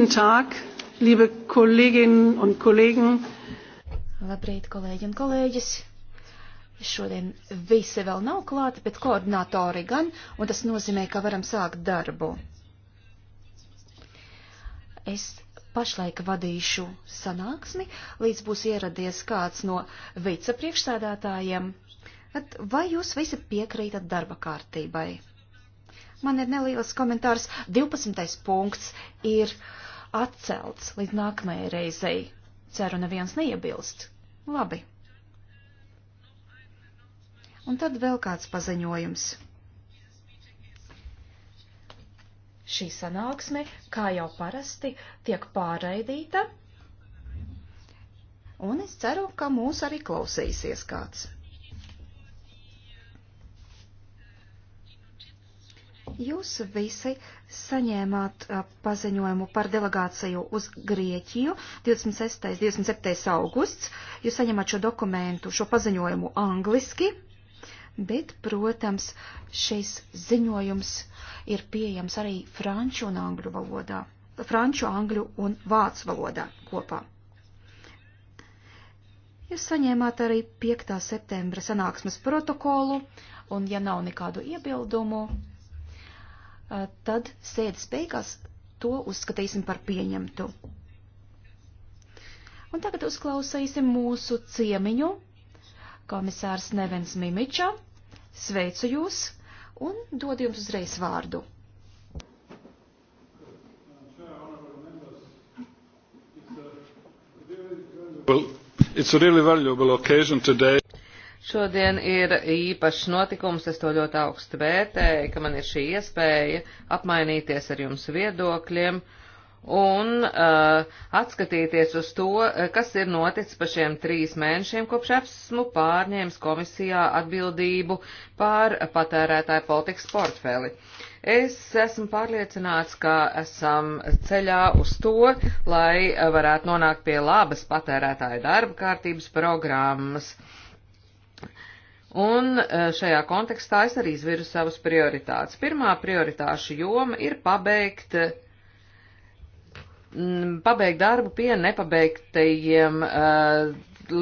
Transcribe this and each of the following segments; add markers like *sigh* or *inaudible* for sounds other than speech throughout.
Guten Tag, liebe Kolleginnen un Kollegen. Labrīt, kolēģi un kolēģis. Šodien visi vēl nav klāti, bet koordinātori gan, un tas nozīmē, ka varam sākt darbu. Es pašlaik vadīšu sanāksmi, līdz būs ieradies kāds no vicepriekšsēdētājiem. Vai jūs visi piekrītat darba kārtībai? Man ir neliels komentārs. 12. punkts ir atcelts līdz nākamajai reizei. Ceru, neviens neiebilst. Labi. Un tad vēl kāds paziņojums. Šī sanāksme, kā jau parasti, tiek pārraidīta, un es ceru, ka mūs arī klausīsies kāds. Jūs visi saņēmāt paziņojumu par delegāciju uz Grieķiju 26. 27. augusts. Jūs saņemat šo dokumentu, šo paziņojumu angliski, bet, protams, šis ziņojums ir pieejams arī franču un angļu valodā. Franču, angļu un vācu valodā kopā. Jūs saņēmāt arī 5. septembra sanāksmes protokolu, un ja nav nekādu iebildumu, tad sēdes beigās to uzskatīsim par pieņemtu. Un tagad uzklausīsim mūsu ciemiņu, komisārs Nevens Mimiča. Sveicu jūs un dodu jums uzreiz vārdu. Well, it's a really valuable occasion today Šodien ir īpašs notikums, es to ļoti augstu vērtēju, ka man ir šī iespēja apmainīties ar jums viedokļiem un uh, atskatīties uz to, kas ir noticis pa šiem trīs mēnešiem, kopš esmu pārņēmis komisijā atbildību pār patērētāju politikas portfeli. Es esmu pārliecināts, ka esam ceļā uz to, lai varētu nonākt pie labas patērētāju darba kārtības programmas. Uh, Un e, šajā kontekstā es arī izviru savas prioritātes. Pirmā prioritāšu joma ir pabeigt, pabeigt darbu pie nepabeigtajiem uh,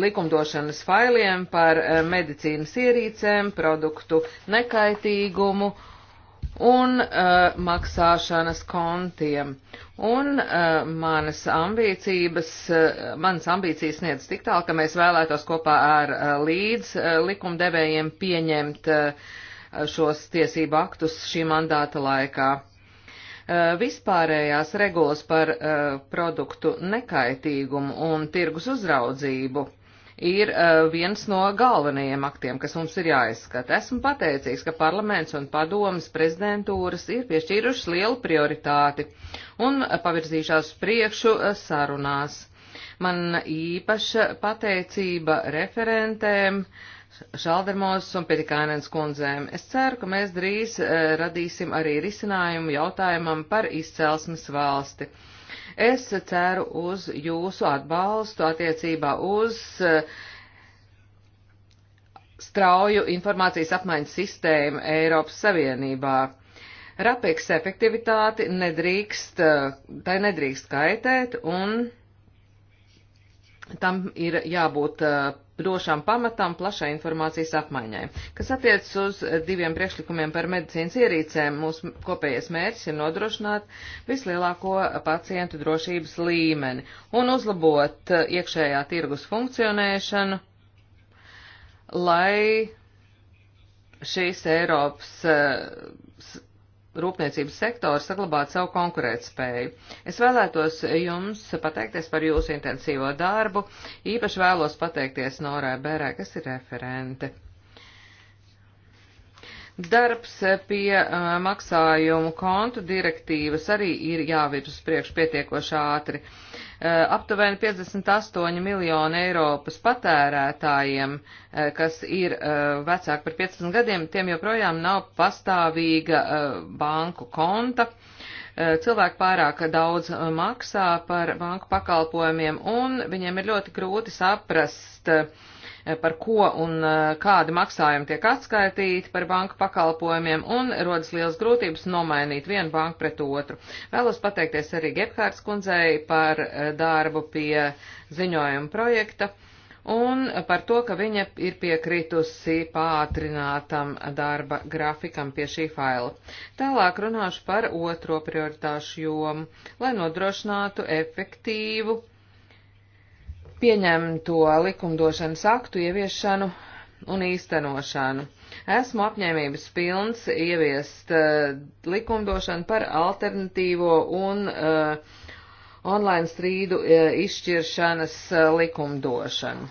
likumdošanas failiem par e, medicīnas ierīcēm, produktu nekaitīgumu un uh, maksāšanas kontiem. Un uh, manas ambīcijas, uh, eh, manas ambīcijas sniedz tik tālu, ka mēs vēlētos kopā ar uh, līdz uh, likumdevējiem pieņemt uh, šos tiesību aktus šī mandāta laikā. Uh, vispārējās regulas par uh, produktu nekaitīgumu un tirgus uzraudzību ir uh, viens no galvenajiem aktiem, kas mums ir jāizskata. Esmu pateicīgs, ka parlaments un padomas prezidentūras ir piešķīrušas lielu prioritāti un pavirzījušās priekšu eh, sarunās. Man īpaša pateicība referentēm. Šaldermos un Pietikānens kundzēm. Es ceru, ka mēs drīz uh, radīsim arī risinājumu jautājumam par izcelsmes valsti. Uh, Es ceru uz jūsu atbalstu attiecībā uz eh, strauju informācijas apmaiņas sistēmu Eiropas Savienībā. Rapeks efektivitāti nedrīkst, eh, tai nedrīkst kaitēt un tam ir jābūt eh, drošām pamatām plašai informācijas apmaiņai. Kas attiecas uz diviem priekšlikumiem par medicīnas ierīcēm, mūsu kopējais mērķis ir nodrošināt vislielāko pacientu drošības līmeni un uzlabot iekšējā tirgus funkcionēšanu, lai šīs Eiropas uh, rūpniecības sektoru saglabāt savu konkurētspēju. Es vēlētos jums pateikties par jūsu intensīvo darbu, īpaši vēlos pateikties Norai Bērē, kas ir referente. Darbs pie uh, maksājumu kontu direktīvas arī ir jāvirz uz priekšu pietiekoši ātri. Uh, aptuveni 58 miljoni Eiropas patērētājiem, uh, kas ir vecāki par 15 gadiem, tiem joprojām nav pastāvīga banku konta. Cilvēki pārāk daudz maksā par banku pakalpojumiem, un viņiem ir ļoti grūti saprast, uh, par ko un eh, kādi maksājumi tiek atskaitīti par banku pakalpojumiem un rodas liels grūtības nomainīt vienu banku pret otru. Vēlos pateikties arī Gebhārds kundzei par eh, darbu pie ziņojuma projekta un par to, ka viņa ir piekritusi pātrinātam darba grafikam pie šī faila. Tālāk runāšu par otro prioritāšu jomu, lai nodrošinātu efektīvu pieņemto likumdošanas aktu ieviešanu un īstenošanu. Esmu apņēmības pilns ieviest uh, likumdošanu par alternatīvo un uh, online strīdu uh, izšķiršanas uh, likumdošanu.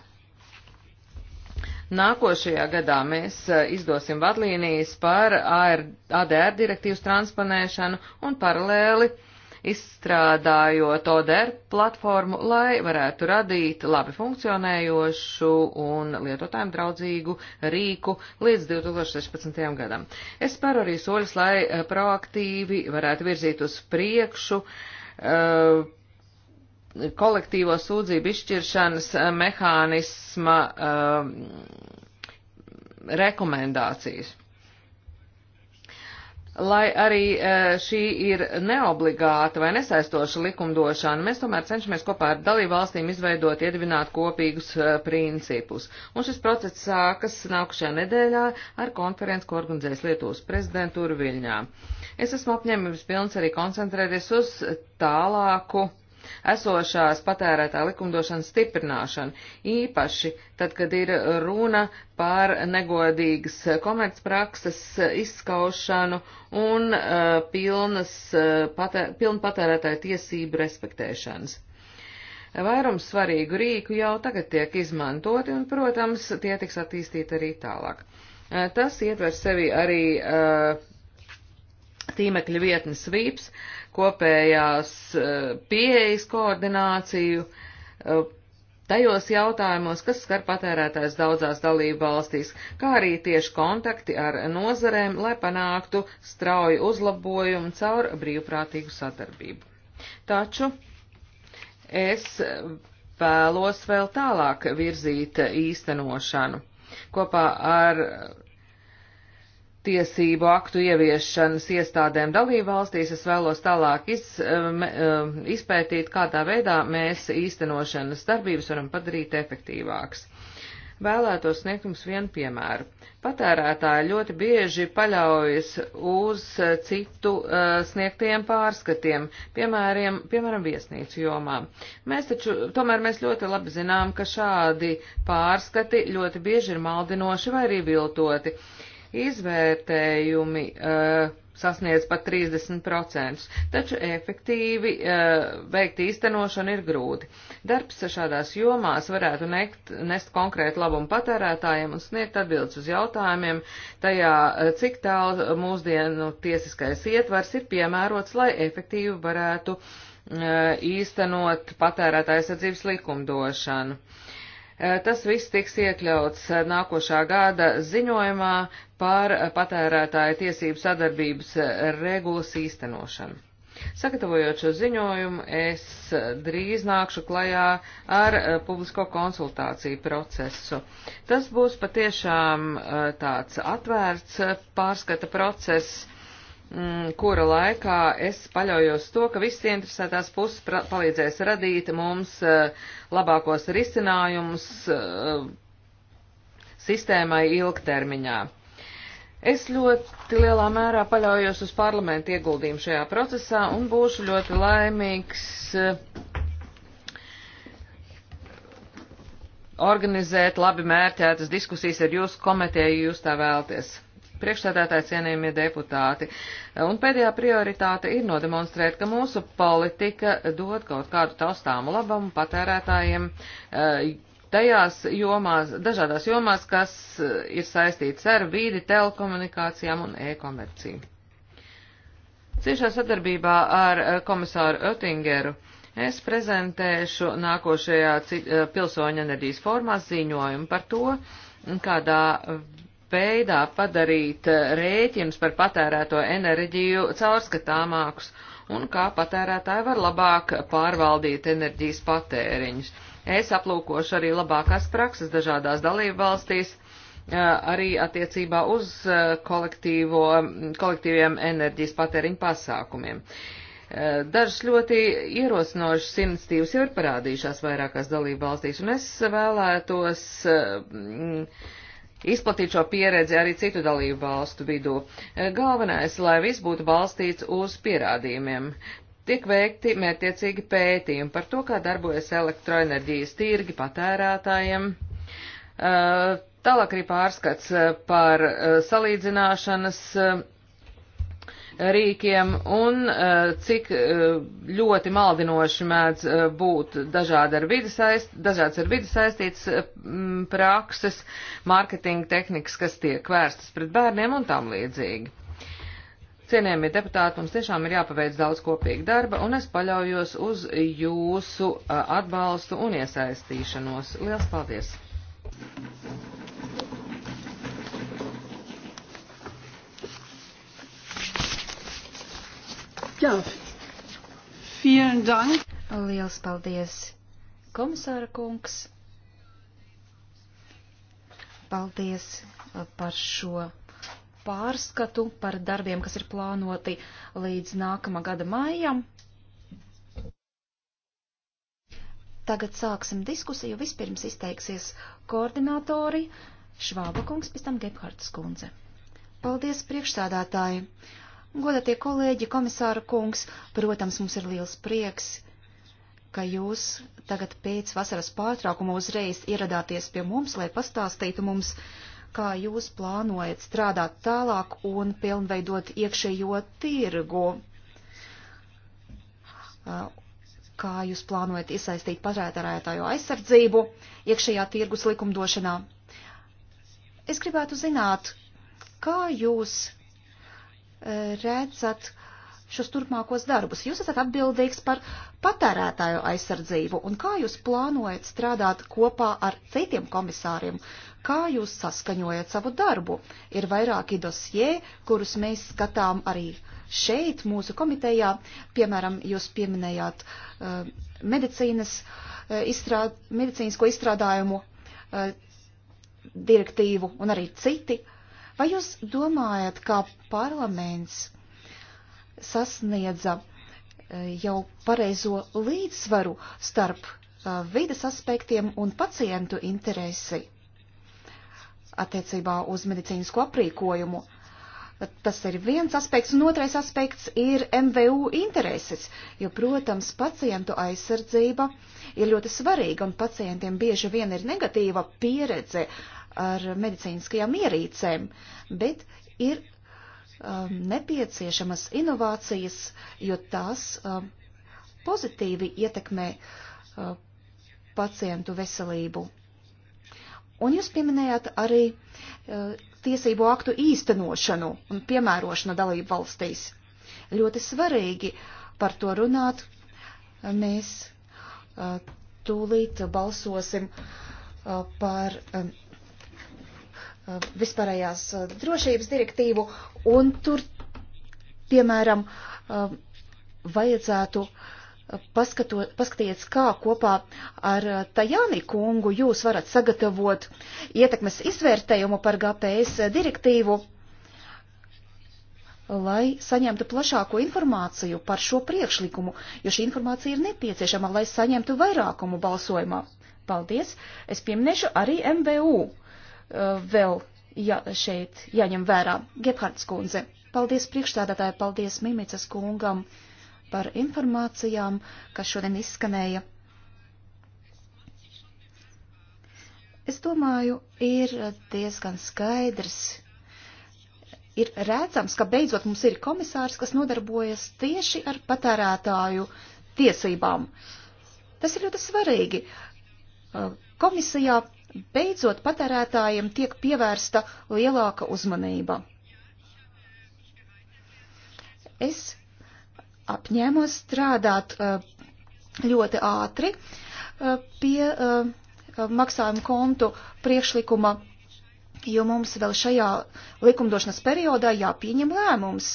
Nākošajā gadā mēs uh, izdosim vadlīnijas par AR, ADR direktīvas transponēšanu un paralēli uh, izstrādājot ODR platformu, lai varētu radīt labi funkcionējošu un lietotājiem draudzīgu rīku līdz 2016. gadam. Es spēru arī soļus, lai eh, proaktīvi varētu virzīt uz priekšu uh, kolektīvo sūdzību izšķiršanas eh, mehānisma uh, rekomendācijas lai arī e, šī ir neobligāta vai nesaistoša likumdošana, mēs tomēr cenšamies kopā ar dalību valstīm izveidot, iedibināt kopīgus e, principus. Un šis process sākas nākušajā nedēļā ar konferenci, ko organizēs Lietuvas prezidentūra Viļņā. Es esmu apņēmības pilns arī koncentrēties uz tālāku esošās patērētā likumdošanas stiprināšanu, īpaši tad, kad ir runa par negodīgas komercprakses izskaušanu un uh, pilnas, uh, patē, pilnu patērētāju tiesību respektēšanas. Vairums svarīgu rīku jau tagad tiek izmantoti un, protams, tie tiks attīstīti arī tālāk. Uh, tas ietver sevi arī uh, tīmekļa vietnes vīps, uh, kopējās eh, pieejas koordināciju eh, tajos jautājumos, kas skar patērētājs daudzās dalību valstīs, kā arī tieši kontakti ar nozarēm, lai panāktu strauju uzlabojumu caur brīvprātīgu sadarbību. Taču es vēlos vēl tālāk virzīt īstenošanu kopā ar tiesību aktu ieviešanas iestādēm dalībvalstīs, es vēlos tālāk iz, um, um, izpētīt, kādā veidā mēs īstenošanas darbības varam padarīt efektīvāks. Vēlētos sniegt jums vienu piemēru. Patērētāji ļoti bieži paļaujas uz citu uh, sniegtiem pārskatiem, piemēriem, piemēram, viesnīcu jomā. Mēs taču, tomēr mēs ļoti labi zinām, ka šādi pārskati ļoti bieži ir maldinoši vai arī viltoti. Uh, izvērtējumi uh, sasniedz pat 30%, taču efektīvi uh, veikt īstenošanu ir grūti. Darbs šādās jomās varētu nekt, nest konkrētu labumu patērētājiem un sniegt atbildes uz jautājumiem tajā, eh, cik tālu mūsdienu tiesiskais ietvars ir piemērots, lai efektīvi varētu uh, īstenot patērētājas atzības likumdošanu. Uh, Eh, tas viss tiks iekļauts eh, nākošā gada ziņojumā par eh, patērētāju tiesību sadarbības regulas īstenošanu. Sagatavojot šo ziņojumu, es drīz nākšu klajā ar publisko konsultāciju procesu. Tas būs patiešām tāds atvērts pārskata process Mm, kura laikā es paļaujos to, ka visas interesētās puses palīdzēs radīt mums eh, labākos risinājumus eh, sistēmai ilgtermiņā. Es ļoti lielā mērā paļaujos uz parlamentu ieguldījumu šajā procesā un būšu ļoti laimīgs eh, organizēt labi mērķētas diskusijas ar jūsu komiteju, jūs tā vēlties priekšstādātāji cienījumie deputāti. Un pēdējā prioritāte ir nodemonstrēt, ka mūsu politika dod kaut kādu taustāmu labumu patērētājiem eh, tajās jomās, dažādās jomās, kas eh, ir saistīts ar vīdi, telekomunikācijām un e-komerciju. Ciešā sadarbībā ar eh, komisāru Oettingeru es prezentēšu nākošajā pilsoņu enerģijas formā ziņojumu par to, kādā veidā padarīt eh, rēķinus par patērēto enerģiju caurskatāmākus un kā patērētāji var labāk pārvaldīt enerģijas patēriņus. Es aplūkošu arī labākās prakses dažādās dalību valstīs, eh, arī attiecībā uz eh, kolektīviem enerģijas patēriņu pasākumiem. Dažas ļoti ierosinošas iniciatīvas jau ir parādījušās vairākās dalību valstīs, un es vēlētos mm, izplatīt šo pieredzi arī citu dalību valstu vidū. Galvenais, lai viss būtu balstīts uz pierādījumiem. Tiek veikti mērtiecīgi pētījumi par to, kā darbojas elektroenerģijas tirgi patērētājiem. Tālāk arī pārskats par salīdzināšanas rīkiem un eh, cik eh, ļoti maldinoši mēdz eh, būt dažādi ar vidi saist, dažādas ar vidi saistītas prakses, mārketinga tehnikas, kas tiek vērstas pret bērniem un tam līdzīgi. Cienējamie deputāti, mums tiešām ir jāpaveic daudz kopīga darba, un es paļaujos uz jūsu atbalstu un iesaistīšanos. Lielas paldies! Jā, vielen dank. Liels paldies, komisāra kungs. Paldies uh, par šo pārskatu par darbiem, kas ir plānoti līdz nākamā gada maijam. Tagad sāksim diskusiju. Vispirms izteiksies koordinātori Švāba kungs, pēc tam Gebhards kundze. Paldies priekšsādātāji! Godatie kolēģi, komisāra kungs, protams, mums ir liels prieks, ka jūs tagad pēc vasaras pārtraukuma uzreiz ieradāties pie mums, lai pastāstītu mums, kā jūs plānojat strādāt tālāk un pilnveidot iekšējo tirgu. Kā jūs plānojat iesaistīt patērētāju aizsardzību iekšējā tirgus likumdošanā? Es gribētu zināt, kā jūs redzat šos turpmākos darbus? Jūs esat atbildīgs par patērētāju aizsardzību, un kā jūs plānojat strādāt kopā ar citiem komisāriem? Kā jūs saskaņojat savu darbu? Ir vairāki dosie, kurus mēs skatām arī šeit, mūsu komitejā. Piemēram, jūs pieminējāt uh, medicīnas, uh, eh, izstrād, medicīnisko izstrādājumu uh, direktīvu un arī citi. Uh, Vai jūs domājat, kā parlaments sasniedza e, jau pareizo līdzsvaru starp e, vides aspektiem un pacientu interesi attiecībā uz medicīnisko aprīkojumu? Tas ir viens aspekts, un otrais aspekts ir MVU intereses, jo, protams, pacientu aizsardzība ir ļoti svarīga, un pacientiem bieži vien ir negatīva pieredze ar medicīniskajām ierīcēm, bet ir um, nepieciešamas inovācijas, jo tās um, pozitīvi ietekmē uh, pacientu veselību. Un jūs pieminējāt arī uh, tiesību aktu īstenošanu un piemērošanu dalību valstīs. Ļoti svarīgi par to runāt. Mēs uh, tūlīt balsosim uh, par um, Uh, vispārējās uh, drošības direktīvu, un tur, piemēram, uh, vajadzētu paskatot, paskatīties, kā kopā ar Tajāni kungu jūs varat sagatavot ietekmes izvērtējumu par GPS direktīvu, lai saņemtu plašāko informāciju par šo priekšlikumu, jo šī informācija ir nepieciešama, lai saņemtu vairākumu balsojumā. Paldies! Es pieminēšu arī MVU Uh, vēl ja, šeit jāņem vērā. Gebhards kundze, paldies priekšstādātāji, paldies Mimicas kungam par informācijām, kas šodien izskanēja. Es domāju, ir diezgan skaidrs. Ir redzams, ka beidzot mums ir komisārs, kas nodarbojas tieši ar patērētāju tiesībām. Tas ir ļoti svarīgi. Uh, komisijā beidzot patērētājiem tiek pievērsta lielāka uzmanība. Es apņēmos strādāt uh, ļoti ātri uh, pie uh, maksājumu kontu priekšlikuma, jo mums vēl šajā likumdošanas periodā jāpieņem lēmums.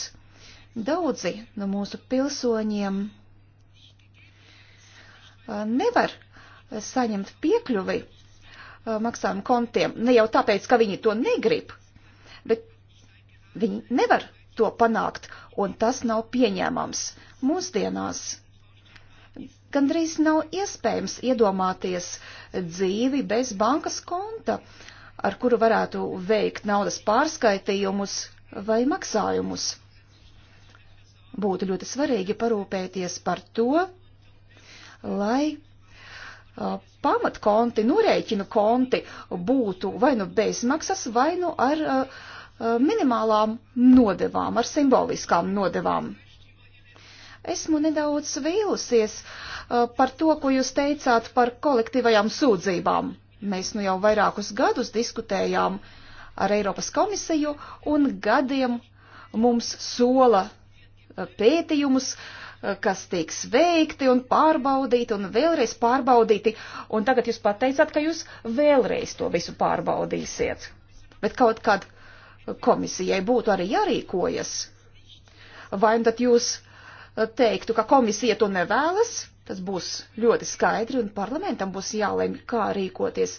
Daudzi no mūsu pilsoņiem nevar saņemt piekļuvi Uh, maksājumu kontiem. Ne jau tāpēc, ka viņi to negrib, bet viņi nevar to panākt, un tas nav pieņēmams mūsdienās. Gandrīz nav iespējams iedomāties dzīvi bez bankas konta, ar kuru varētu veikt naudas pārskaitījumus vai maksājumus. Būtu ļoti svarīgi parūpēties par to, lai pamatkonti, norēķinu konti būtu vai nu bezmaksas, vai nu ar minimālām nodevām, ar simboliskām nodevām. Esmu nedaudz vīlusies par to, ko jūs teicāt par kolektīvajām sūdzībām. Mēs nu jau vairākus gadus diskutējām ar Eiropas komisiju un gadiem mums sola pētījumus, uh, kas tiks veikti un pārbaudīti un vēlreiz pārbaudīti, un tagad jūs pateicāt, ka jūs vēlreiz to visu pārbaudīsiet. Bet kaut kad komisijai būtu arī jārīkojas. Vai nu tad jūs teiktu, ka komisija to nevēlas, tas būs ļoti skaidri un parlamentam būs jālemj, kā rīkoties.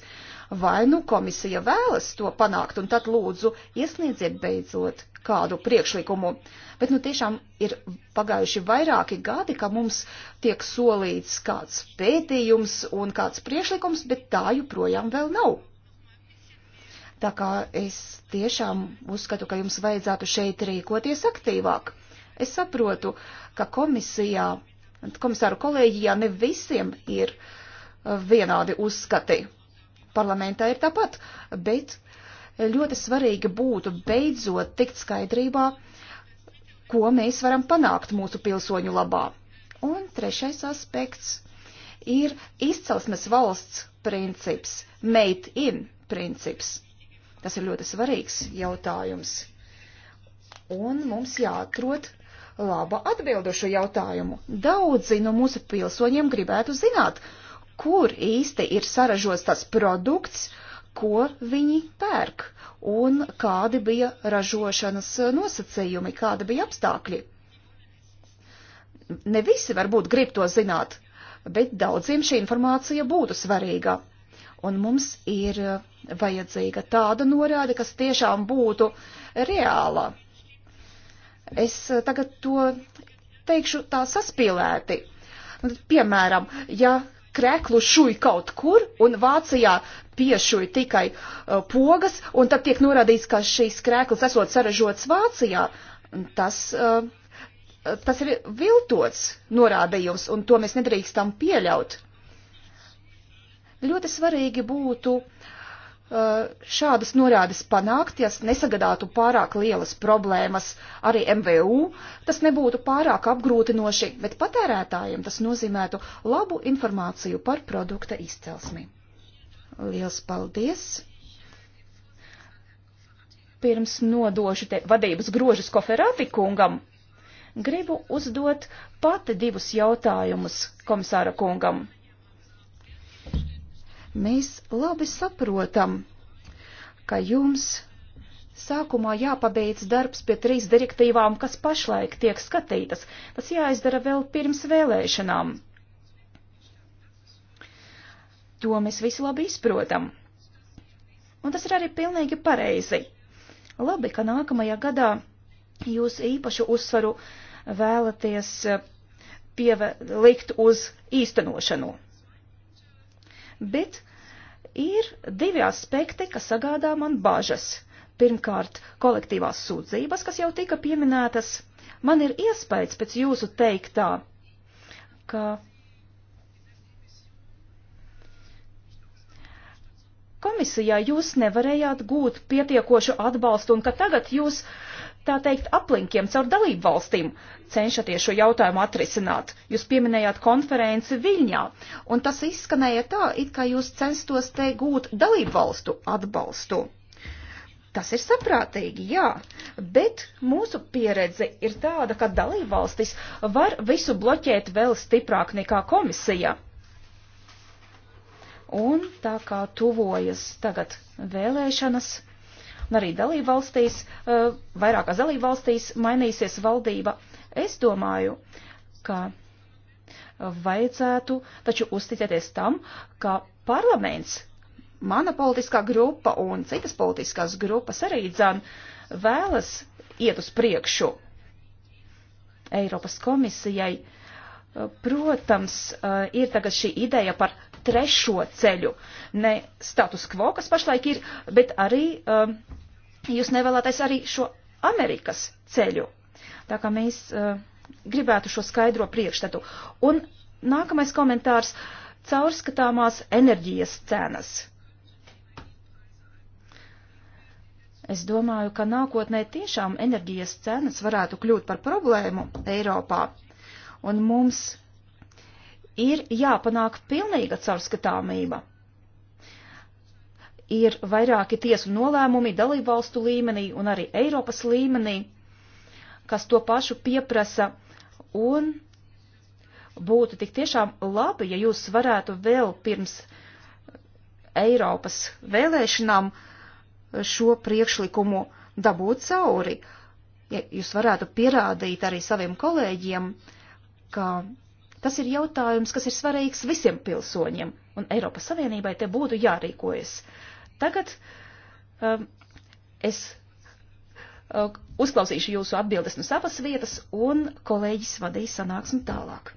Vai nu komisija vēlas to panākt, un tad lūdzu iesniedziet beidzot kādu priekšlikumu. Bet nu tiešām ir pagājuši vairāki gadi, ka mums tiek solīts kāds pētījums un kāds priekšlikums, bet tā joprojām vēl nav. Tā kā es tiešām uzskatu, ka jums vajadzētu šeit rīkoties aktīvāk. Es saprotu, ka komisijā, komisāru kolēģijā ne visiem ir uh, vienādi uzskati parlamentā ir tāpat, bet ļoti svarīgi būtu beidzot tikt skaidrībā, ko mēs varam panākt mūsu pilsoņu labā. Un trešais aspekts ir izcelsmes valsts princips, made in princips. Tas ir ļoti svarīgs jautājums. Un mums jāatrod laba atbildu šo jautājumu. Daudzi no mūsu pilsoņiem gribētu zināt, kur īsti ir saražots tas produkts, ko viņi pērk, un kādi bija ražošanas nosacījumi, kādi bija apstākļi. Ne visi varbūt grib to zināt, bet daudziem šī informācija būtu svarīga. Un mums ir vajadzīga tāda norāde, kas tiešām būtu reāla. Es tagad to teikšu tā saspīlēti. Piemēram, ja kreklu šuj kaut kur, un Vācijā piešuj tikai uh, pogas, un tad tiek norādīts, ka šīs kreklas esot saražots Vācijā. Tas, uh, tas ir viltots norādījums, un to mēs nedrīkstam pieļaut. Ļoti svarīgi būtu uh, Eh, šādas norādes panākt, ja nesagādātu pārāk lielas problēmas arī MVU, tas nebūtu pārāk apgrūtinoši, bet patērētājiem tas nozīmētu labu informāciju par produkta izcelsmi. Liels paldies! Pirms nodošu te vadības grožas koferāti kungam, gribu uzdot pati divus jautājumus komisāra kungam. Mēs labi saprotam, ka jums sākumā jāpabeidz darbs pie trīs direktīvām, kas pašlaik tiek skatītas. Tas jāizdara vēl pirms vēlēšanām. To mēs visi labi izprotam. Un tas ir arī pilnīgi pareizi. Labi, ka nākamajā gadā jūs īpašu uzsvaru vēlaties eh, pieve, likt uz īstenošanu bet ir divi aspekti, kas sagādā man bažas. Pirmkārt, kolektīvās sūdzības, kas jau tika pieminētas. Man ir iespējas pēc jūsu teiktā, ka komisijā jūs nevarējāt gūt pietiekošu atbalstu un ka tagad jūs tā teikt, aplinkiem caur dalību valstīm cenšaties šo jautājumu atrisināt. Jūs pieminējāt konferenci Viļņā, un tas izskanēja tā, it kā jūs censtos te gūt dalību valstu atbalstu. Tas ir saprātīgi, jā, bet mūsu pieredze ir tāda, ka dalību valstis var visu bloķēt vēl stiprāk nekā komisija. Un tā kā tuvojas tagad vēlēšanas, un arī dalību valstīs, eh, vairākās dalību valstīs mainīsies valdība. Es domāju, ka vajadzētu taču uzticēties tam, ka parlaments, mana politiskā grupa un citas politiskās grupas arī dzan vēlas iet uz priekšu Eiropas komisijai. Protams, eh, ir tagad šī ideja par trešo ceļu, ne status quo, kas pašlaik ir, bet arī um, jūs nevēlaties arī šo Amerikas ceļu. Tā kā mēs uh, gribētu šo skaidro priekšstatu. Un nākamais komentārs - caurskatāmās enerģijas cenas. Es domāju, ka nākotnē tiešām enerģijas cenas varētu kļūt par problēmu Eiropā. Un mums ir jāpanāk pilnīga caurskatāmība ir vairāki tiesu nolēmumi dalībvalstu līmenī un arī Eiropas līmenī, kas to pašu pieprasa, un būtu tik tiešām labi, ja jūs varētu vēl pirms Eiropas vēlēšanām šo priekšlikumu dabūt cauri. Ja jūs varētu pierādīt arī saviem kolēģiem, ka tas ir jautājums, kas ir svarīgs visiem pilsoņiem, un Eiropas Savienībai te būtu jārīkojas. Uh, Tagad um, es uh, uzklausīšu jūsu atbildes no savas vietas, un kolēģis vadīs sanāksmi tālāk.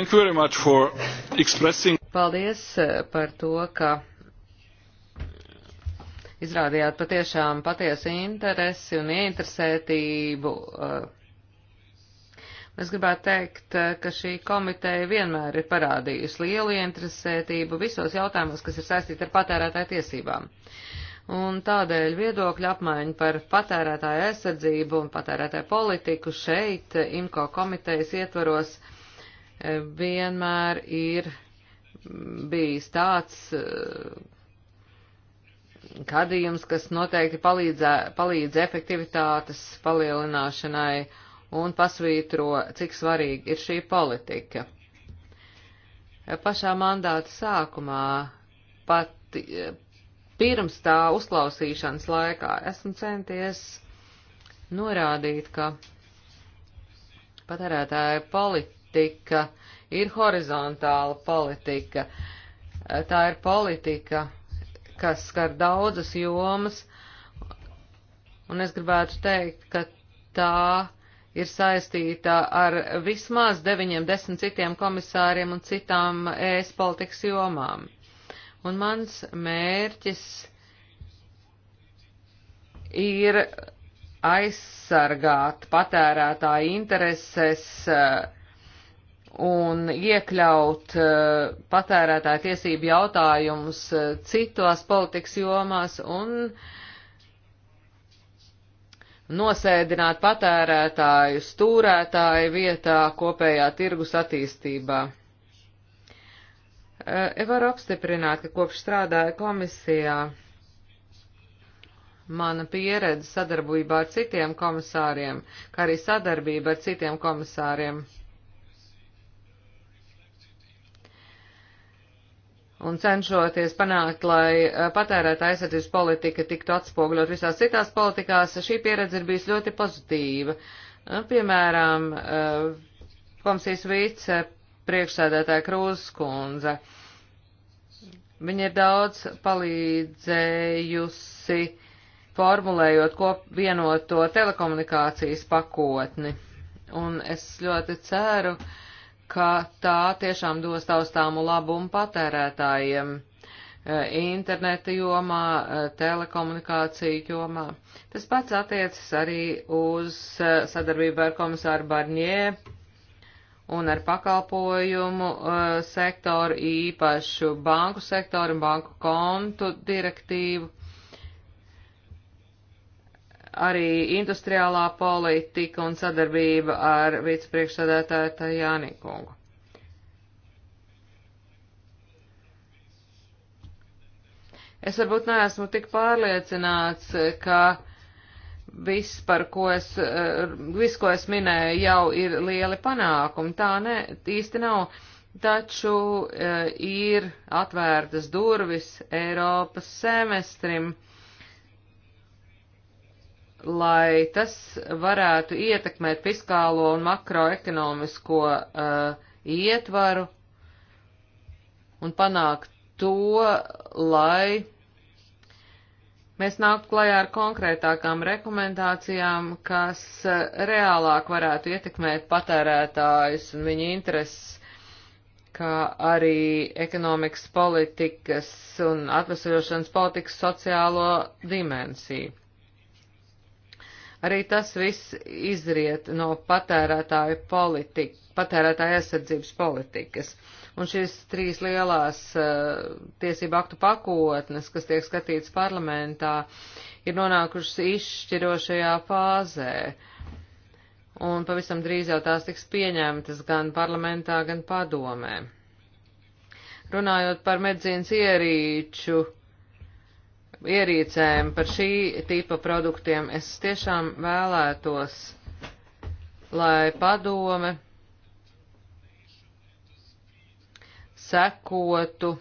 Thank you very much for expressing. Paldies eh, par to, ka izrādījāt patiešām patiesu interesi un ieinteresētību. Eh. Es gribētu teikt, eh, ka šī komiteja vienmēr ir parādījusi lielu interesētību visos jautājumos, kas ir saistīti ar patērētāju tiesībām. Un tādēļ viedokļa apmaiņa par patērētāju aizsardzību un patērētāju politiku šeit, IMCO komitejas ietvaros, uh, vienmēr ir bijis tāds eh, gadījums, kas noteikti palīdzē, palīdz efektivitātes palielināšanai un pasvītro, cik svarīgi ir šī politika. Pašā mandāta sākumā, pat eh, pirms tā uzklausīšanas laikā, esmu centies norādīt, ka patērētāja politika politika ir horizontāla politika. Tā ir politika, kas skar daudzas jomas, un es gribētu teikt, ka tā ir saistīta ar vismaz deviņiem, desmit citiem komisāriem un citām ēs politikas jomām. Un mans mērķis ir aizsargāt patērētāju intereses eh, un iekļaut uh, patērētāju tiesību jautājumus uh, citos politikas jomās un nosēdināt patērētāju stūrētāju vietā kopējā tirgus attīstībā. Uh, varu apstiprināt, ka kopš strādāju komisijā mana pieredze sadarbībā ar citiem komisāriem, kā arī sadarbība ar citiem komisāriem un cenšoties panākt, lai eh, patērēta aizsardzības politika tiktu atspoguļot visās citās politikās, šī pieredze ir bijusi ļoti pozitīva. Eh, piemēram, eh, komisijas vice priekšsēdētāja Krūskundze. Viņa ir daudz palīdzējusi formulējot kop vienoto telekomunikācijas pakotni. Un es ļoti ceru, uh, ka tā tiešām dos taustāmu labumu patērētājiem e, interneta jomā, e, telekomunikāciju jomā. Tas pats attiecas arī uz e, sadarbību ar komisāru Barņē un ar pakalpojumu sektoru, īpašu banku sektoru un banku kontu direktīvu arī industriālā politika un sadarbība ar vicepriekšsādātāju Tajāni kungu. Es varbūt neesmu tik pārliecināts, ka viss, par ko es, viss, ko es minēju, jau ir lieli panākumi. Tā ne, īsti nav, taču eh, ir atvērtas durvis Eiropas semestrim. Uh, lai tas varētu ietekmēt fiskālo un makroekonomisko uh, ietvaru un panākt to, lai mēs nāktu klajā ar konkrētākām rekomendācijām, kas uh, reālāk varētu ietekmēt patērētājus un viņu intereses, kā arī ekonomikas politikas un atvesaļošanas politikas sociālo dimensiju. Arī tas viss izriet no patērētāju politika, patērētāja aizsardzības politikas. Un šīs trīs lielās uh, tiesību aktu pakotnes, kas tiek skatītas parlamentā, ir nonākušas izšķirošajā fāzē. Un pavisam drīz jau tās tiks pieņemtas gan parlamentā, gan padomē. Runājot par medzīnas ierīču, uh, ierīcēm, par šī tipa produktiem. Es tiešām vēlētos, lai padome sekotu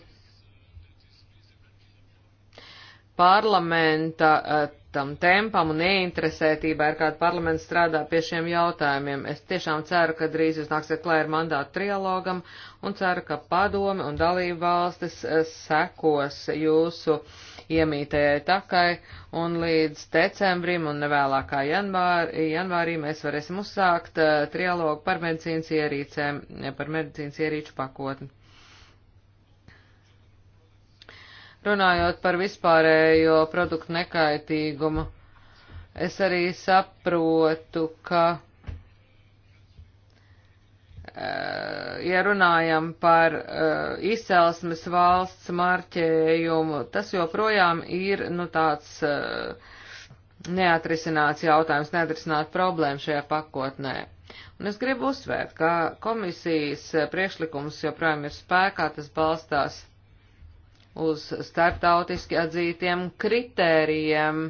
parlamenta eh, tam tempam un neinteresētībai, ar kādu parlaments strādā pie šiem jautājumiem. Es tiešām ceru, ka drīz jūs nāksiet klāj ar mandātu trialogam un ceru, ka padome un dalību valstis eh, sekos jūsu uh, iemītējai takai, un līdz decembrim un nevēlākā janvār, janvārī mēs varēsim uzsākt uh, trialogu par medicīnas ierīcēm, eh, par medicīnas ierīču pakotni. Runājot par vispārējo produktu nekaitīgumu, es arī saprotu, ka ja runājam par eh, izcelsmes valsts marķējumu, tas joprojām ir nu, tāds eh, neatrisināts jautājums, neatrisināt problēmu šajā pakotnē. Un es gribu uzsvērt, ka komisijas priekšlikums joprojām ir spēkā, tas balstās uz starptautiski atzītiem kritērijiem,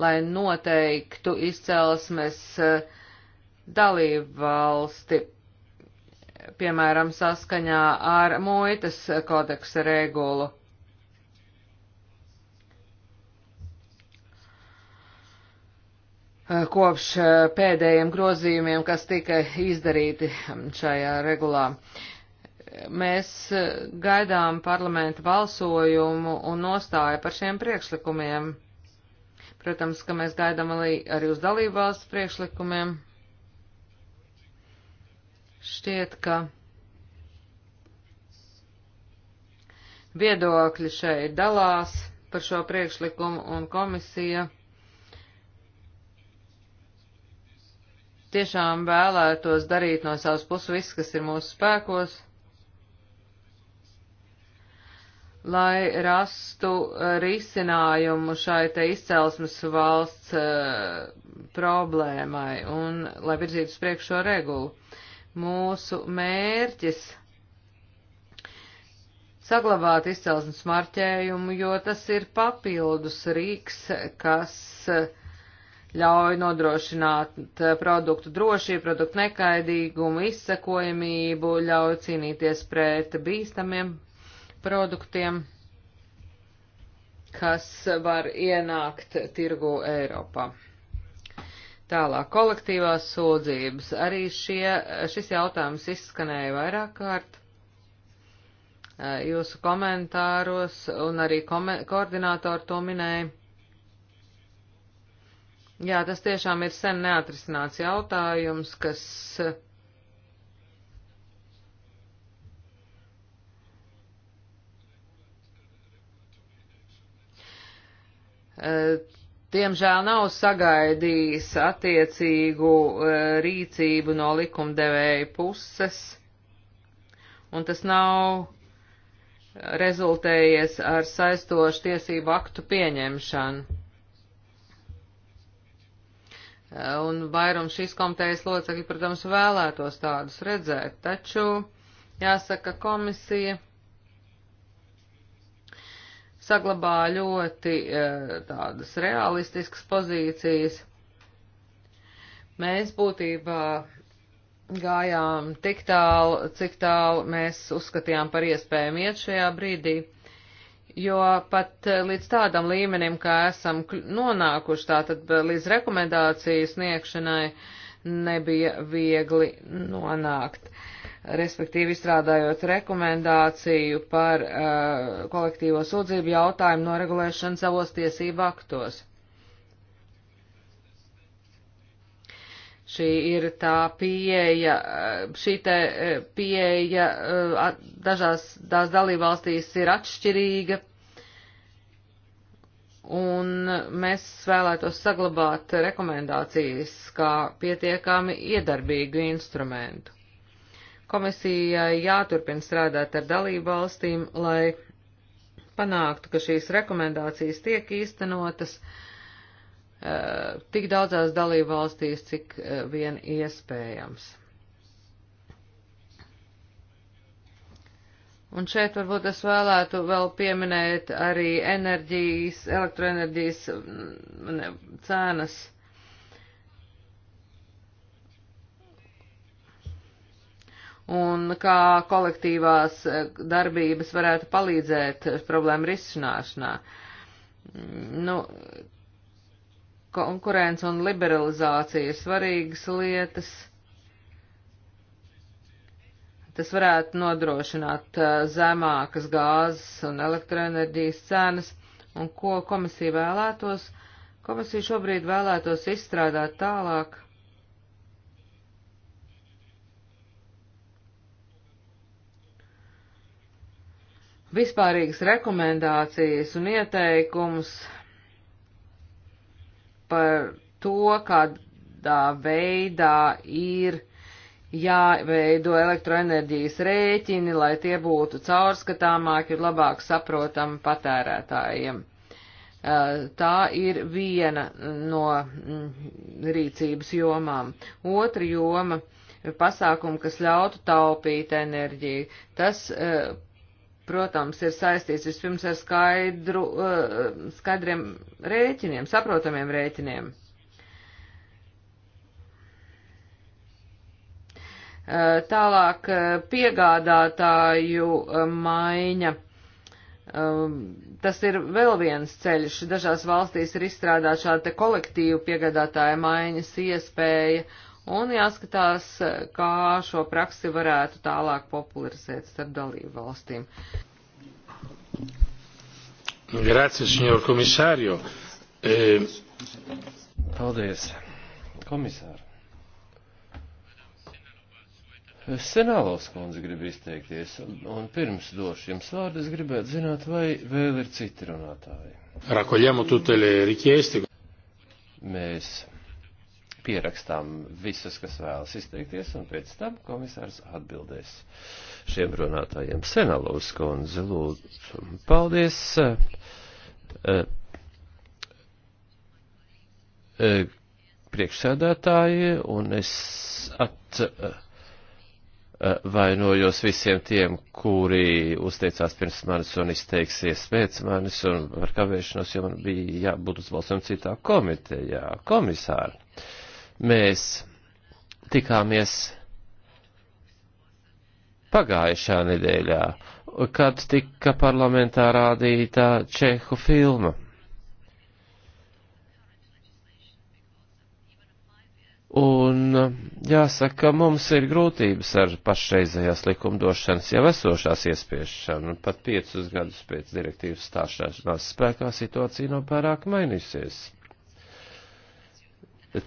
lai noteiktu izcelsmes eh, dalību valsti piemēram, saskaņā ar muitas kodeksa regulu. Kopš pēdējiem grozījumiem, kas tika izdarīti šajā regulā mēs gaidām parlamenta balsojumu un nostāju par šiem priekšlikumiem. Protams, ka mēs gaidām arī, arī uz dalību valsts priekšlikumiem. Šķiet, ka viedokļi šeit dalās par šo priekšlikumu un komisija tiešām vēlētos darīt no savas puses viss, kas ir mūsu spēkos, lai rastu risinājumu šai te izcelsmes valsts uh, problēmai un lai virzītu uz priekšo regulu mūsu mērķis saglabāt izcelsmes marķējumu, jo tas ir papildus rīks, kas ļauj nodrošināt produktu drošību, produktu nekaidīgumu, izsekojamību, ļauj cīnīties pret bīstamiem produktiem, kas var ienākt tirgu Eiropā. Tālāk, kolektīvās sūdzības. Arī šie, šis jautājums izskanēja vairāk kārt jūsu komentāros, un arī komen, koordinātori to minēja. Jā, tas tiešām ir sen neatrisināts jautājums, kas diemžēl nav sagaidījis attiecīgu e, rīcību no likumdevēja puses, un tas nav rezultējies ar saistošu tiesību aktu pieņemšanu. E, un vairums šīs komitejas locekļi, protams, vēlētos tādus redzēt, taču jāsaka komisija saglabā ļoti e, tādas realistiskas pozīcijas. Mēs būtībā gājām tik tālu, cik tālu mēs uzskatījām par iespējumu iet šajā brīdī, jo pat e, līdz tādam līmenim, kā esam nonākuši, tātad e, līdz rekomendāciju sniegšanai, nebija viegli nonākt. Uh, respektīvi izstrādājot rekomendāciju par uh, kolektīvo sūdzību jautājumu noregulēšanu savos tiesību aktos. Šī ir tā pieeja, uh, šī te uh, pieeja uh, dažās tās dalībvalstīs ir atšķirīga, un mēs vēlētos saglabāt rekomendācijas kā pietiekami iedarbīgu instrumentu. Komisijai jāturpina strādāt ar dalību valstīm, lai panāktu, ka šīs rekomendācijas tiek īstenotas uh, tik daudzās dalību valstīs, cik uh, vien iespējams. Un šeit varbūt es vēlētu vēl pieminēt arī enerģijas, elektroenerģijas mm, cenas un kā kolektīvās eh, darbības varētu palīdzēt problēmu risināšanā. Mm, nu, konkurence un liberalizācija ir svarīgas lietas. Tas varētu nodrošināt eh, zemākas gāzes un elektroenerģijas cenas, un ko komisija vēlētos. Komisija šobrīd vēlētos izstrādāt tālāk vispārīgas rekomendācijas un ieteikums par to, kādā veidā ir jāveido elektroenerģijas rēķini, lai tie būtu caurskatāmāki un labāk saprotami patērētājiem. Tā ir viena no mm, rīcības jomām. Otra joma - pasākumi, kas ļautu taupīt enerģiju. Tas protams, ir saistīts vispirms ar skaidru, eh, skaidriem rēķiniem, saprotamiem rēķiniem. Eh, tālāk eh, piegādātāju maiņa. Tas ir vēl viens ceļš. Dažās valstīs ir izstrādāta šāda kolektīva piegādātāja maiņas iespēja un jāskatās, kā šo praksi varētu tālāk popularizēt starp dalību valstīm. Grazie, signor komisārio. E... Paldies, komisāri. Senālovs kundze grib izteikties, un, un pirms došu jums vārdu, es gribētu zināt, vai vēl ir citi runātāji. Rakoļiamo tutte le richieste. Mēs pierakstām visus, kas vēlas izteikties, un pēc tam komisārs atbildēs šiem runātājiem. Senalovs kundze, lūdzu, paldies. Eh, eh, priekšsēdētāji, un es at, eh, vainojos visiem tiem, kuri uzteicās pirms manis un izteiksies pēc manis un par kavēšanos, jo man bija jābūt uzbalsam citā komitejā, komisāra. Mēs tikāmies pagājušā nedēļā, kad tika parlamentā rādīta Čehu filma. Un jāsaka, mums ir grūtības ar pašreizējās likumdošanas jau esošās iespiešanu, un pat piecus gadus pēc direktīvas stāšanās spēkā situācija nav pārāk mainīsies.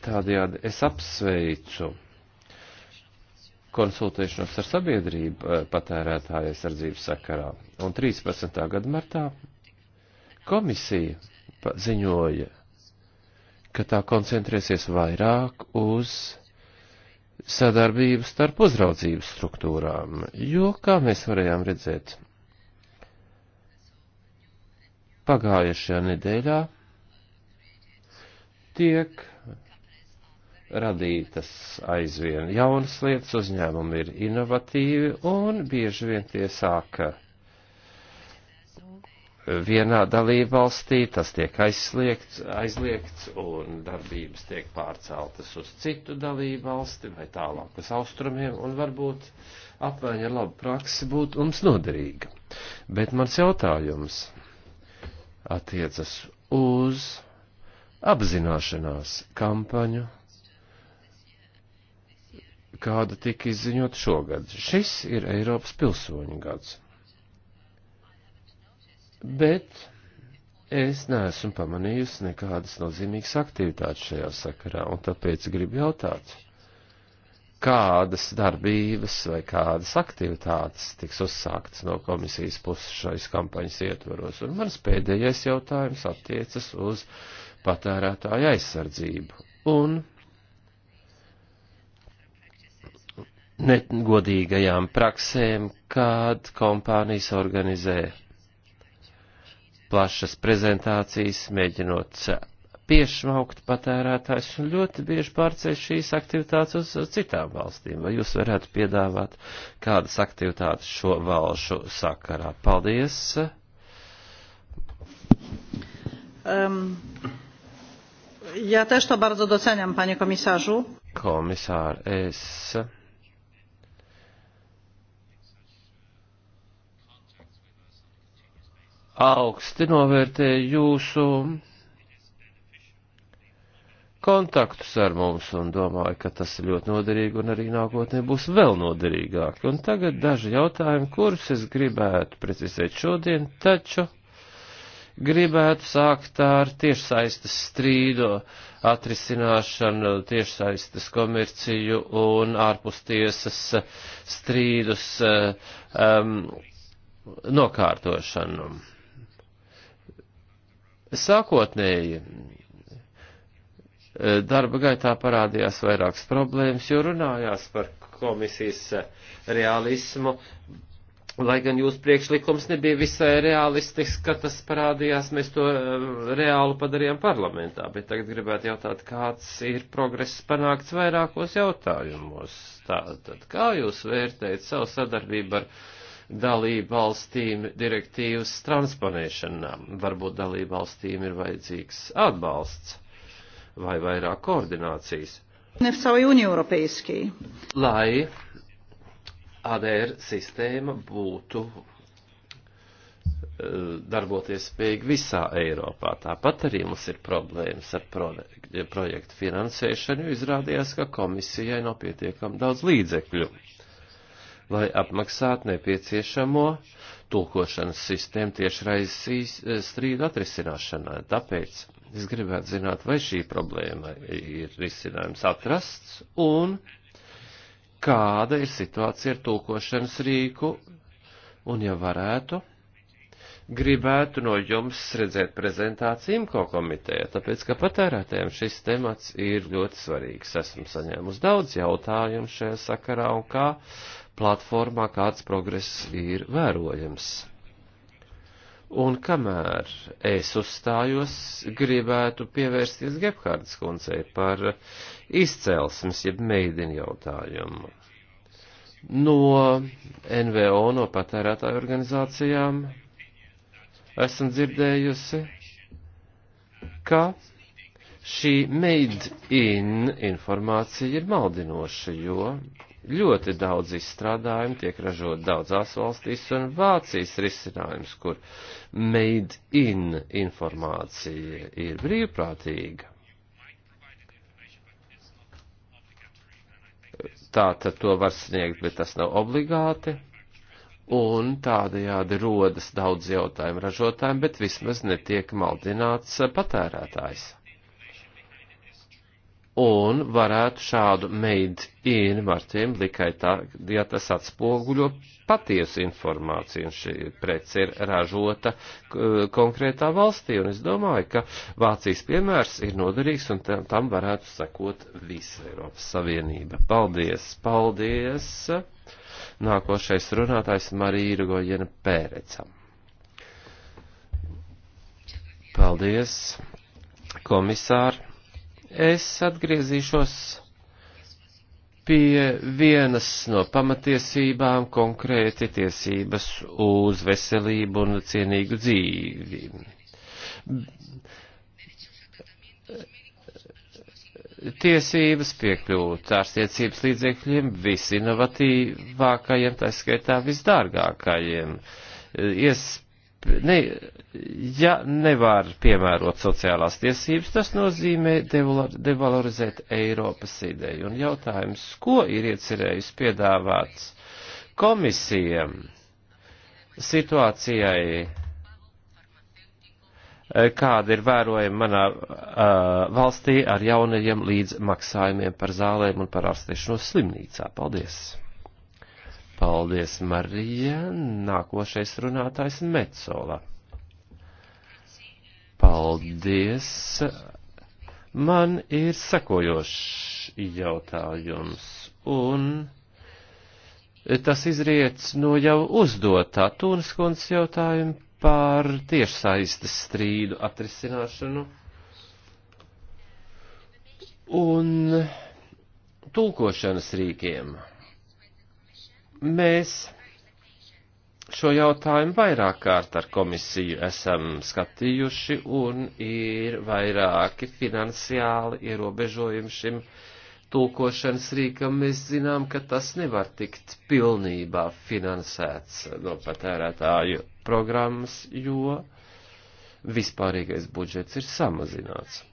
Tādējādi es apsveicu konsultēšanos ar sabiedrību eh, patērētāju aizsardzības sakarā. Un 13. gada martā komisija ziņoja, ka tā koncentrēsies vairāk uz sadarbību starp uzraudzības struktūrām, jo, kā mēs varējām redzēt, pagājušajā nedēļā tiek radītas aizvien jaunas lietas, uzņēmumi ir inovatīvi un bieži vien tie sāka vienā dalībvalstī, tas tiek aizliegts, aizliegts un darbības tiek pārceltas uz citu dalībvalsti vai tālāk uz austrumiem un varbūt apmaiņa ar labu praksi būtu mums noderīga. Bet mans jautājums attiecas uz apzināšanās kampaņu kāda tika izziņot šogad. Šis ir Eiropas pilsoņu gads. Bet es neesmu pamanījusi nekādas nozīmīgas aktivitātes šajā sakarā, un tāpēc gribu jautāt, kādas darbības vai kādas aktivitātes tiks uzsāktas no komisijas puses šais kampaņas ietvaros. Un mans pēdējais jautājums attiecas uz patērētāju aizsardzību. Un negodīgajām praksēm, kad kompānijas organizē plašas prezentācijas, mēģinot piešmaukt patērētājs un ļoti bieži pārceļ šīs aktivitātes uz citām valstīm. Vai jūs varētu piedāvāt kādas aktivitātes šo valšu sakarā? Paldies! Um, ja też to bardzo doceniam, panie komisarzu. Komisār, es augsti novērtēju jūsu kontaktus ar mums un domāju, ka tas ir ļoti noderīgi un arī nākotnē būs vēl noderīgāk. Un tagad daži jautājumi, kurus es gribētu precizēt šodien, taču gribētu sākt ar tiešsaistes strīdu atrisināšanu, tiešsaistes komerciju un ārpustiesas strīdus um, nokārtošanu. Sākotnēji eh, darba gaitā parādījās vairākas problēmas, jo runājās par komisijas eh, realismu, lai gan jūs priekšlikums nebija visai realistisks, kad tas parādījās, mēs to eh, reālu padarījām parlamentā, bet tagad gribētu jautāt, kāds ir progress panākts vairākos jautājumos. Tātad, kā jūs vērtējat savu sadarbību ar dalību valstīm direktīvas transponēšanā. Varbūt dalību valstīm ir vajadzīgs atbalsts vai vairāk koordinācijas. Ne v całej Unii Europejskiej. Lai ADR sistēma būtu eh, darboties spējīgi visā Eiropā. Tāpat arī mums ir problēmas ar projektu finansēšanu, jo izrādījās, ka komisijai nav pietiekami daudz līdzekļu lai apmaksātu nepieciešamo tulkošanas sistēmu tiešraizes eh, strīdu atrisināšanai. Tāpēc es gribētu zināt, vai šī problēma ir risinājums atrasts un kāda ir situācija ar tulkošanas rīku, un ja varētu, gribētu no jums redzēt prezentāciju IMCO komitejā, tāpēc, ka patērētājiem šis temats ir ļoti svarīgs. Esmu saņēmusi daudz jautājumu šajā sakarā, un kā platformā kāds progress ir vērojams. Un kamēr es uzstājos, gribētu pievērsties Gebhārdas koncei par izcelsmes, jeb meidini jautājumu. No NVO, no patērētāju organizācijām esam dzirdējusi, ka šī made in informācija ir maldinoša, jo Ļoti daudz izstrādājumu tiek ražot daudzās valstīs un Vācijas risinājums, kur made in informācija ir brīvprātīga. Tā tad to var sniegt, bet tas nav obligāti. Un tādajādi rodas daudz jautājumu ražotājiem, bet vismaz netiek maldināts patērētājs un varētu šādu made in marķējumu tikai tā, ja tas atspoguļo patiesu informāciju, un šī prece ir ražota konkrētā valstī, un es domāju, ka Vācijas piemērs ir noderīgs, un tam, tam varētu sekot visa Eiropas Savienība. Paldies, paldies! Nākošais runātājs Marija Irgojena Pērecam. Paldies, komisāri! Es atgriezīšos pie vienas no pamatiesībām, konkrēti tiesības uz veselību un cienīgu dzīvi. Tiesības piekļūt ārstniecības līdzekļiem visinovatīvākajiem, tā skaitā visdārgākajiem. Iespējams, ne, ja nevar piemērot sociālās tiesības, tas nozīmē devalorizēt Eiropas ideju. Un jautājums, ko ir iecerējis piedāvāt komisijam situācijai, eh, kāda ir vērojama manā uh, valstī ar jaunajiem līdzmaksājumiem par zālēm un par ārstēšanos slimnīcā. Paldies! Paldies, Marija. Nākošais runātājs Metsola. Paldies. Man ir sekojošs jautājums, un tas izriec no jau uzdotā Tūnskons jautājuma par tiešsaistes strīdu atrisināšanu. Un tulkošanas rīkiem. Mēs šo jautājumu vairāk kārt ar komisiju esam skatījuši un ir vairāki finansiāli ierobežojumi šim tulkošanas rīkam. Mēs zinām, ka tas nevar tikt pilnībā finansēts no patērētāju programmas, jo vispārīgais budžets ir samazināts.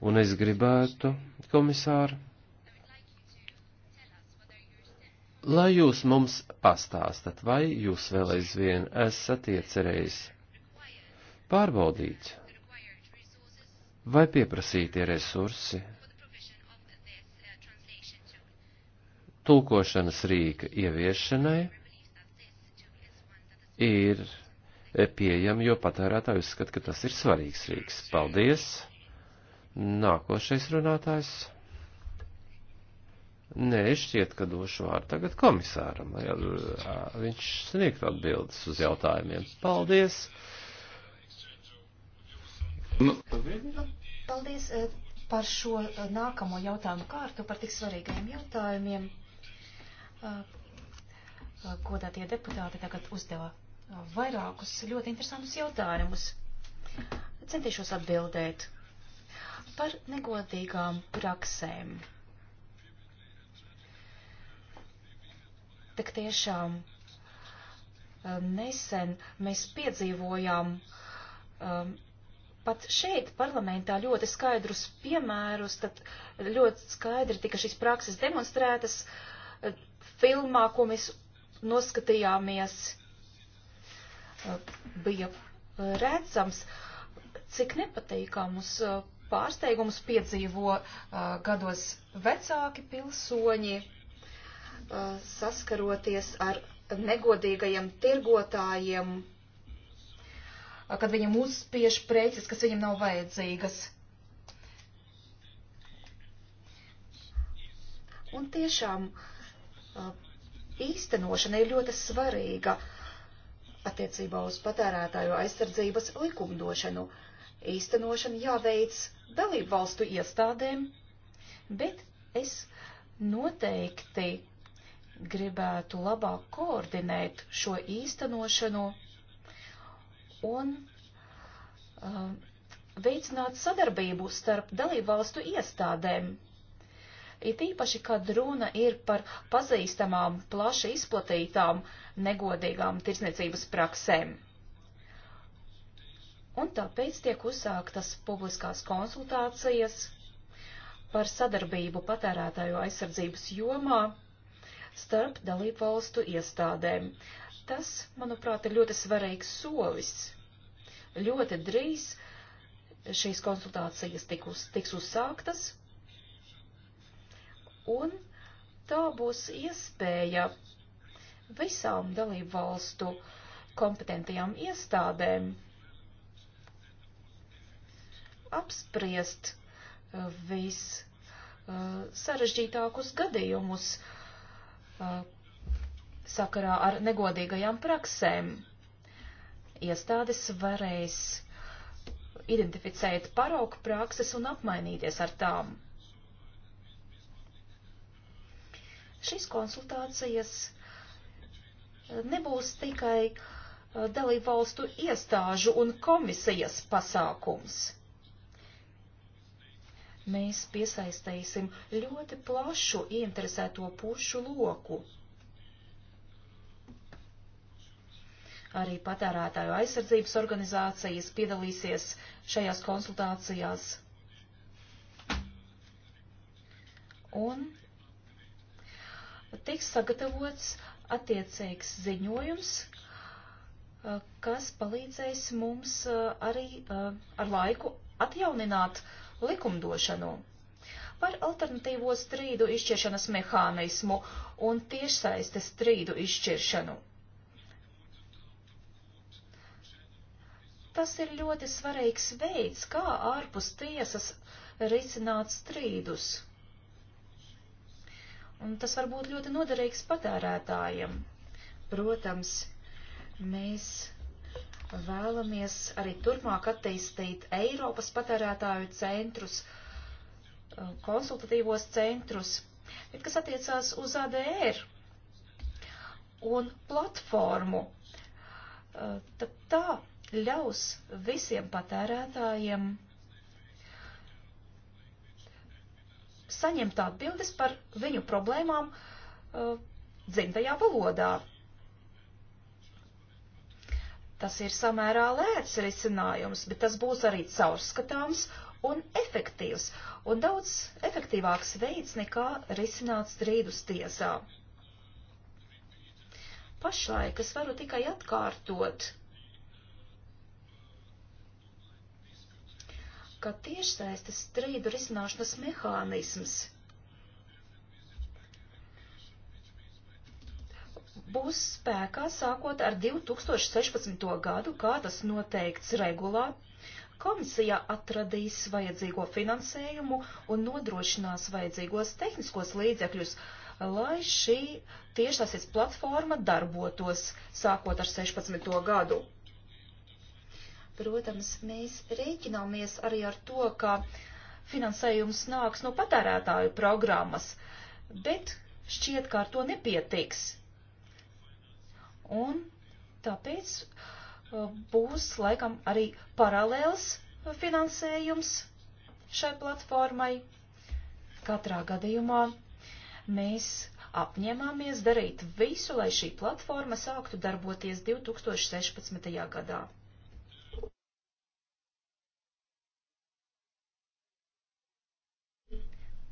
Un es gribētu, komisāri, Lai jūs mums pastāstat, vai jūs vēl aizvien esat iecerējis pārbaudīt, vai pieprasītie resursi tulkošanas rīka ieviešanai ir pieejami, jo patērētāji uzskata, ka tas ir svarīgs rīks. Paldies! Nākošais runātājs. Nē, šķiet, ka došu vārdu tagad komisāram, lai viņš sniegtu atbildes uz jautājumiem. Paldies! Nu. Paldies par šo nākamo jautājumu kārtu, par tik svarīgiem jautājumiem, ko tā tie deputāti tagad uzdeva vairākus ļoti interesantus jautājumus. Centīšos atbildēt par negodīgām praksēm. Tik tiešām eh, nesen mēs piedzīvojām um, pat šeit parlamentā ļoti skaidrus piemērus, tad ļoti skaidri tika šīs prakses demonstrētas eh, filmā, ko mēs noskatījāmies, bija redzams, cik nepatīkamus pārsteigumus piedzīvo gados vecāki pilsoņi Uh, saskaroties ar negodīgajiem tirgotājiem, uh, kad viņam uzspiež preces, kas viņam nav vajadzīgas. Un tiešām uh, īstenošana ir ļoti svarīga attiecībā uz patērētāju aizsardzības likumdošanu. Īstenošana jāveic dalību valstu iestādēm, bet es noteikti gribētu labāk koordinēt šo īstenošanu un uh, veicināt sadarbību starp dalībvalstu iestādēm. It īpaši, kad runa ir par pazīstamām, plaši izplatītām negodīgām tirsniecības praksēm. Un tāpēc tiek uzsāktas publiskās konsultācijas par sadarbību patērētāju aizsardzības jomā starp dalību valstu iestādēm. Tas, manuprāt, ir ļoti svarīgs solis. Ļoti drīz šīs konsultācijas tikus, tiks uzsāktas, un tā būs iespēja visām dalību valstu kompetentajām iestādēm apspriest uh, vis uh, sarežģītākus gadījumus, uh, sakarā ar negodīgajām praksēm. Iestādes varēs identificēt paraugu prakses un apmainīties ar tām. Šīs konsultācijas nebūs tikai uh, dalību valstu iestāžu un komisijas pasākums mēs piesaistīsim ļoti plašu ieinteresēto pušu loku. Arī patērētāju aizsardzības organizācijas piedalīsies šajās konsultācijās. Un tiks sagatavots attiecīgs ziņojums, kas palīdzēs mums arī ar laiku atjaunināt uh, likumdošanu par alternatīvo strīdu izšķiršanas mehānismu un tiešsaistes strīdu izšķiršanu. Tas ir ļoti svarīgs veids, kā ārpus tiesas risināt strīdus. Un tas var būt ļoti noderīgs patērētājiem. Protams, mēs vēlamies arī turpmāk attīstīt Eiropas patērētāju centrus, uh, konsultatīvos centrus, bet kas attiecās uz ADR un platformu, uh, tad tā ļaus visiem patērētājiem saņemt atbildes par viņu problēmām uh, dzimtajā valodā. Tas ir samērā lēts risinājums, bet tas būs arī caurskatāms un efektīvs, un daudz efektīvāks veids nekā risināt strīdus tiesā. Pašlaik es varu tikai atkārtot, ka tiešsaistes strīdu risināšanas mehānisms būs spēkā sākot ar 2016. gadu, kā tas noteikts regulā. Komisija atradīs vajadzīgo finansējumu un nodrošinās vajadzīgos tehniskos līdzekļus, lai šī tiešsaistes platforma darbotos sākot ar 16. gadu. Protams, mēs rēķināmies arī ar to, ka finansējums nāks no patērētāju programmas, bet šķiet, ka ar to nepietiks Un tāpēc uh, būs laikam arī paralēls finansējums šai platformai. Katrā gadījumā mēs apņēmāmies darīt visu, lai šī platforma sāktu darboties 2016. gadā.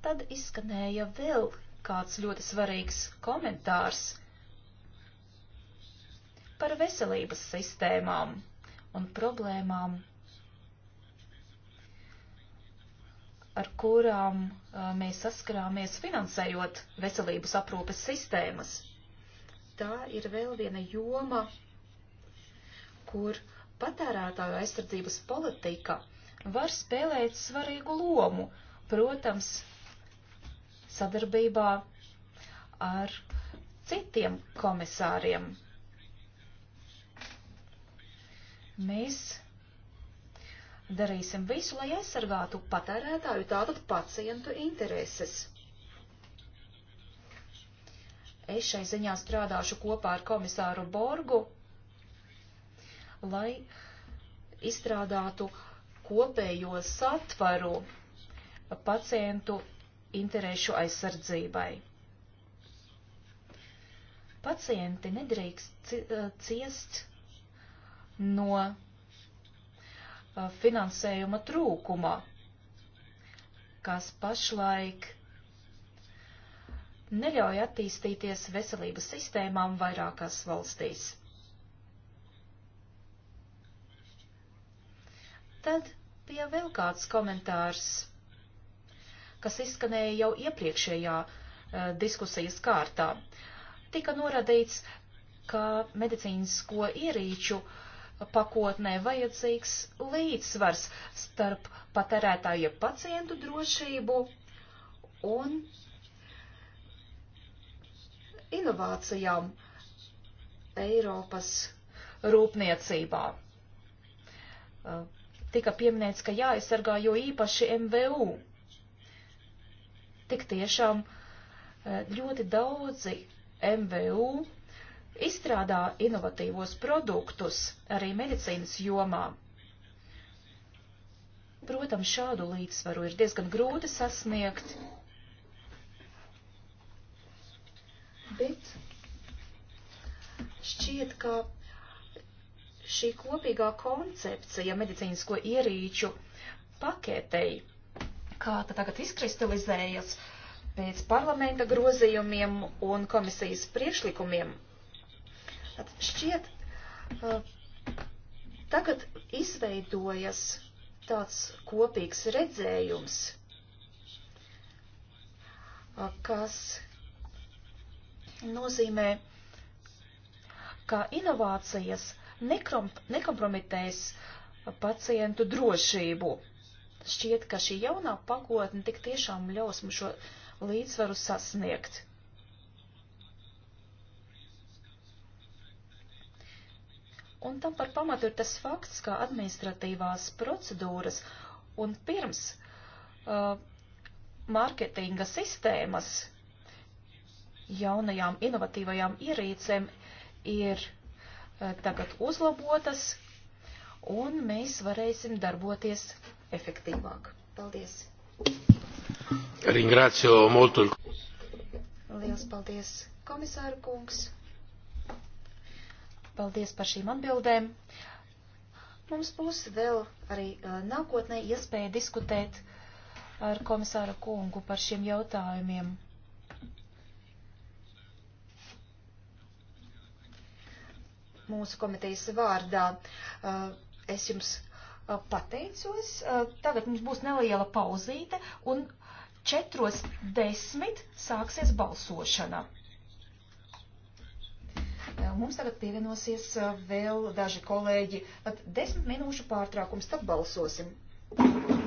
Tad izskanēja vēl kāds ļoti svarīgs komentārs par veselības sistēmām un problēmām, ar kurām mēs saskarāmies finansējot veselības aprūpes sistēmas. Tā ir vēl viena joma, kur patērētāju aizsardzības politika var spēlēt svarīgu lomu, protams, sadarbībā ar citiem komisāriem Mēs darīsim visu, lai aizsargātu patērētāju tātad pacientu intereses. Es šai ziņā strādāšu kopā ar komisāru Borgu, lai izstrādātu kopējo satvaru pacientu interešu aizsardzībai. Pacienti nedrīkst ciest no uh, finansējuma trūkuma, kas pašlaik neļauj attīstīties veselības sistēmām vairākās valstīs. Tad bija vēl kāds komentārs, kas izskanēja jau iepriekšējā uh, diskusijas kārtā. Tika norādīts, ka medicīnisko ierīču uh, pakotnē vajadzīgs līdzsvars starp patērētāju pacientu drošību un inovācijām Eiropas rūpniecībā. Uh, tika pieminēts, ka jāaizsargā jo īpaši MVU. Tik tiešām uh, ļoti daudzi MVU izstrādā inovatīvos produktus arī medicīnas jomā. Protams, šādu līdzsvaru ir diezgan grūti sasniegt, bet šķiet, ka šī kopīgā koncepcija medicīnisko ierīču paketei, kā ta tagad izkristalizējas pēc parlamenta grozījumiem un komisijas priešlikumiem, Tad šķiet, tagad izveidojas tāds kopīgs redzējums, kas nozīmē, ka inovācijas nekompromitēs pacientu drošību. Šķiet, ka šī jaunā pakotne tik tiešām ļaus mums šo līdzsvaru sasniegt. Un tam par pamatu ir tas fakts, ka administratīvās procedūras un pirms uh, mārketinga sistēmas jaunajām inovatīvajām ierīcēm ir uh, tagad uzlabotas, un mēs varēsim darboties efektīvāk. Paldies! Ringrazio molto. Liels paldies, komisāra kungs! Paldies par šīm atbildēm. Mums būs vēl arī nākotnē iespēja diskutēt ar komisāru kungu par šiem jautājumiem. Mūsu komitejas vārdā es jums pateicos. Tagad mums būs neliela pauzīte un 4.10 sāksies balsošana. Mums tagad pievienosies eh, vēl daži kolēģi. Pat desmit minūšu pārtraukums, tad balsosim. Thank you.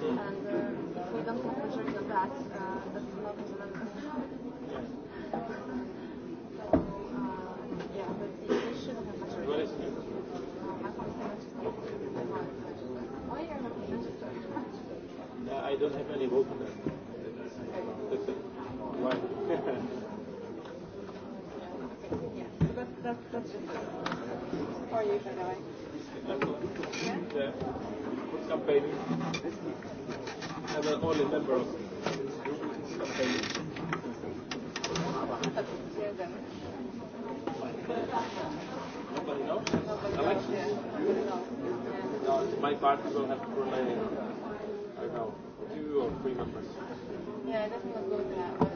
and uh, if we don't have majority of that, uh, that's not another question. so, uh, yeah, but if we should have majority. Uh, I can't say much. Why are not registered? no, I don't have any vote on that. That's it. Why? okay, *laughs* yeah. So that's, that's, that's just it. Or you, by the way. Yeah? Yeah. Campaigning member of Nobody knows? Alex? No, my party will have to rely on, I don't know, two or three members. Yeah, it doesn't look good now.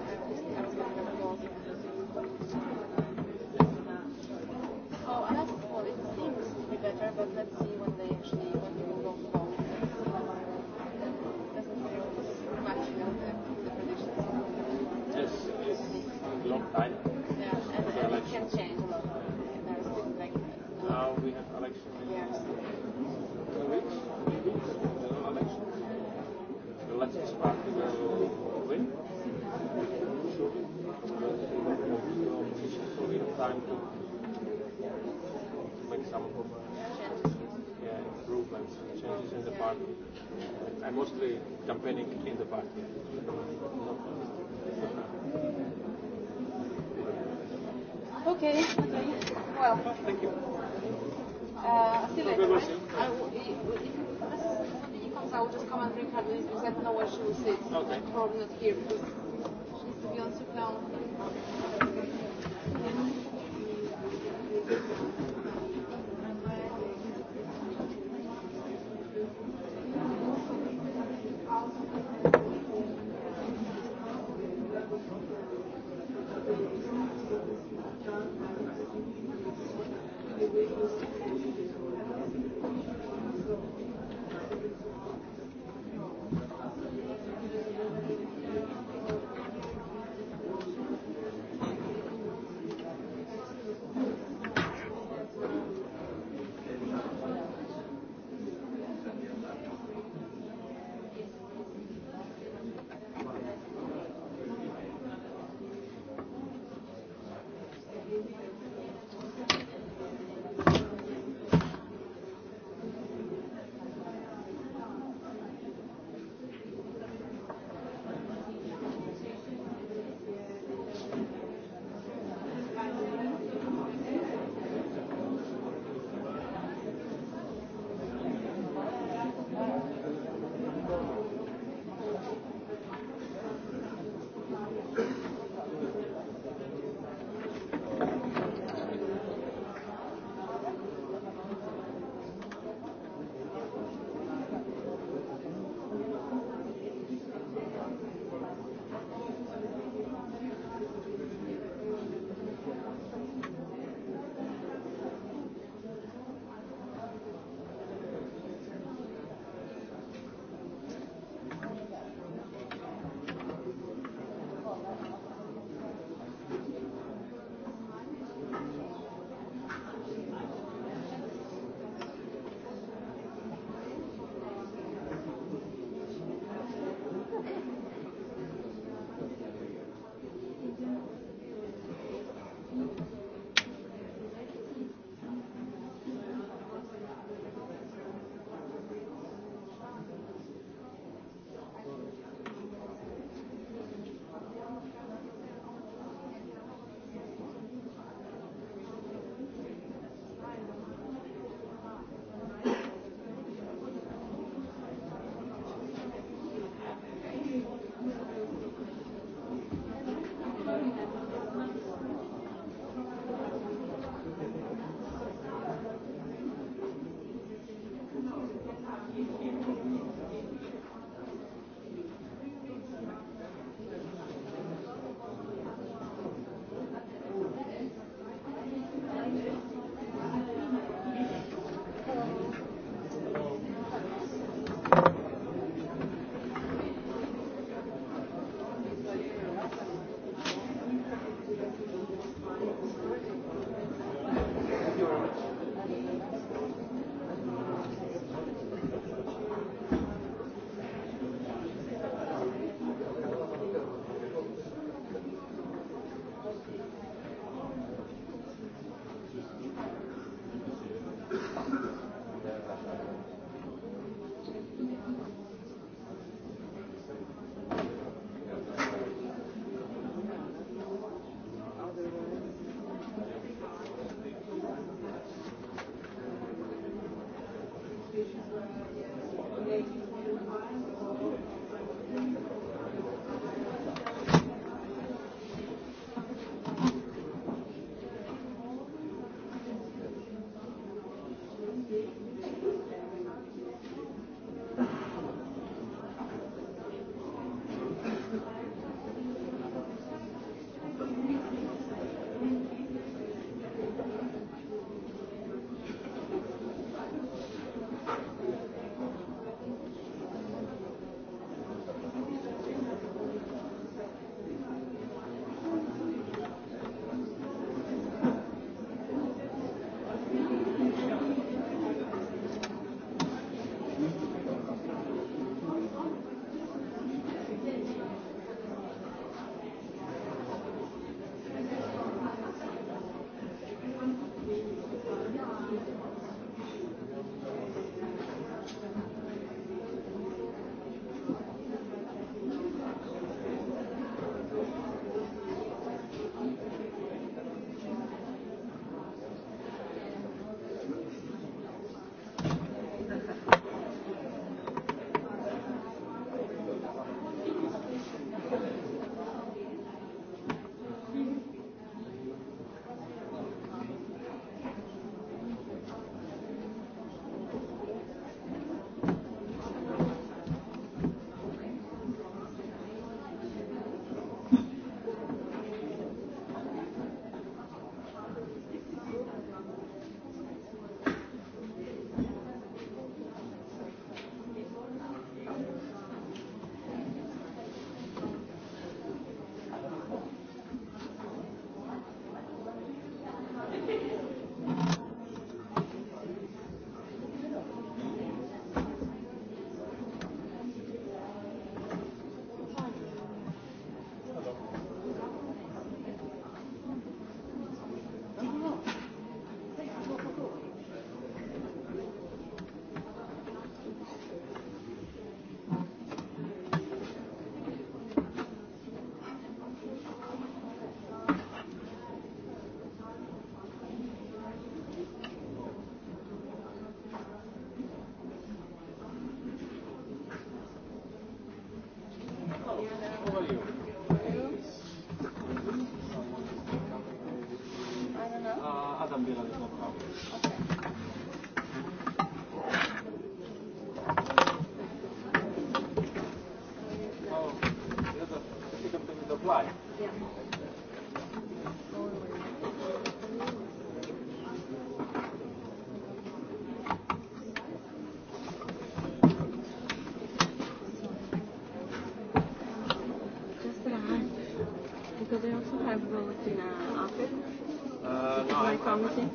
from the thing?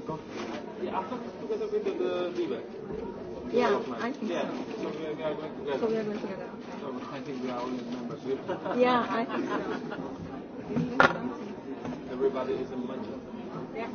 Yeah, I thought together with the, the Viva. Yeah, I think yeah. so. so we are going together. So we are going together, okay. So I think we are all in membership. yeah, I think so. Everybody is a member. Yeah.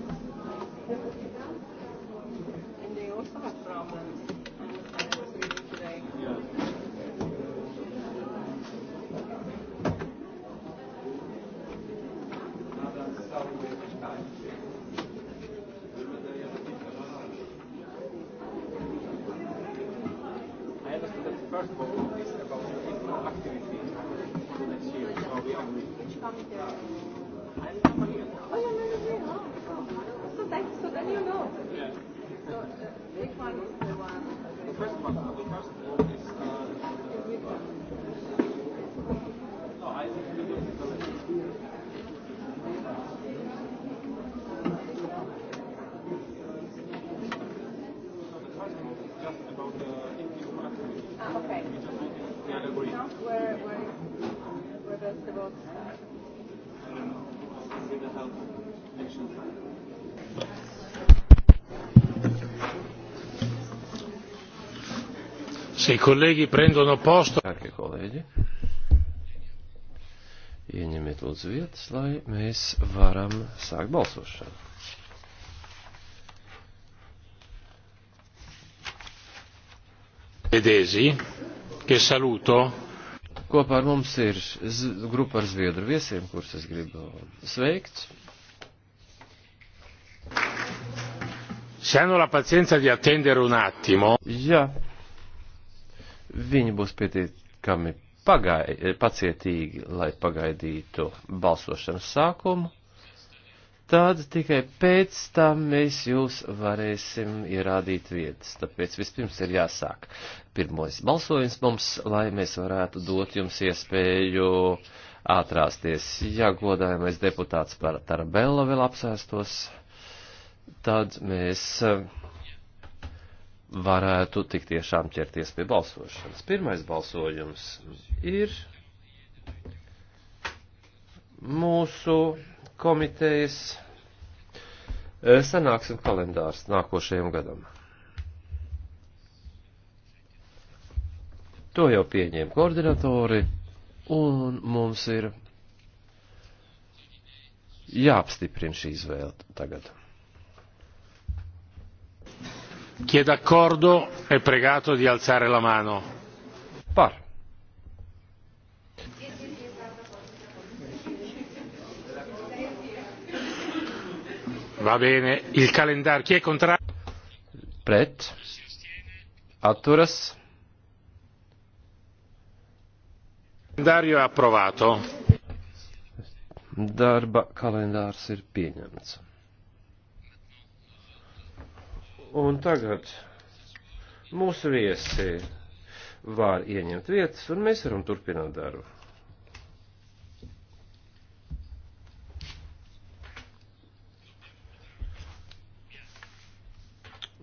Se i colleghi prendono posto. Anche colleghi. Ieņemiet lūdzu vietas, lai mēs varam sākt balsošanu. Edesi, che saluto. Kopā ar mums ir grupa ar zviedru viesiem, kurus es gribu sveikt. Se hanno la pazienza di attendere un attimo. Jā. Ja Viņi būs pietiekami pagai, pacietīgi, lai pagaidītu balsošanas sākumu. Tad tikai pēc tam mēs jūs varēsim ierādīt vietas. Tāpēc vispirms ir jāsāk pirmais balsojums mums, lai mēs varētu dot jums iespēju ātrāsties. Ja godājamais deputāts par Tarabella vēl apsēstos, tad mēs. Uh, varētu tik tiešām ķerties pie balsošanas. Pirmais balsojums ir mūsu komitejas e, sanāksim kalendārs nākošajam gadam. To jau pieņēma koordinatori, un mums ir jāapstiprina šī izvēle tagad. Chi è d'accordo è pregato di alzare la mano. Par. Va bene, il calendario. Chi è contrario? Pret. Atturas. Il calendario è approvato. Darba kalendārs ir pieņemts. Un tagad mūsu viesi var ieņemt vietas, un mēs varam turpināt darbu.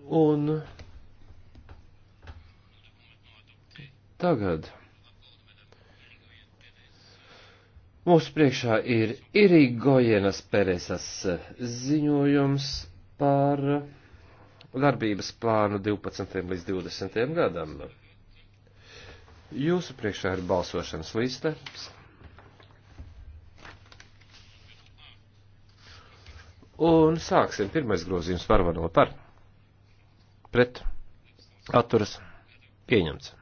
Un tagad mūsu priekšā ir Irigojenas Peresas ziņojums par darbības plānu 12. līdz 20. gadam. Jūsu priekšā ir balsošanas liste. Un sāksim pirmais grozījums varvano par. Pret. Atturas. Pieņemts.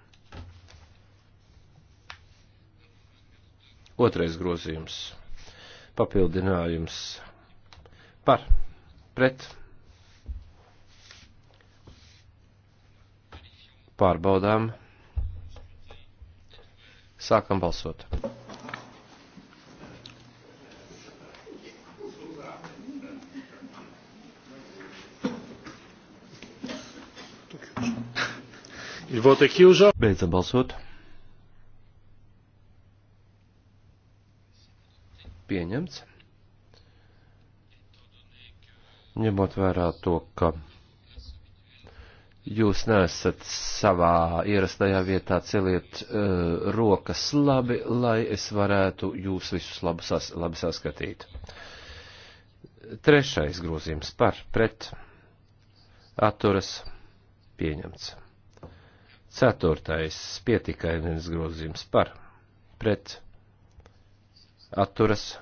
Otrais grozījums. Papildinājums. Par. Pret Pārbaudām. Sākam balsot. Il voto è chiuso. Beidzam balsot. Pieņemts. Ņemot vērā to, ka jūs nesat savā ierastajā vietā, celiet uh, rokas labi, lai es varētu jūs visus labi, sas, labi saskatīt. Trešais grozījums par pret atturas pieņemts. Ceturtais pietikainens grozījums par pret atturas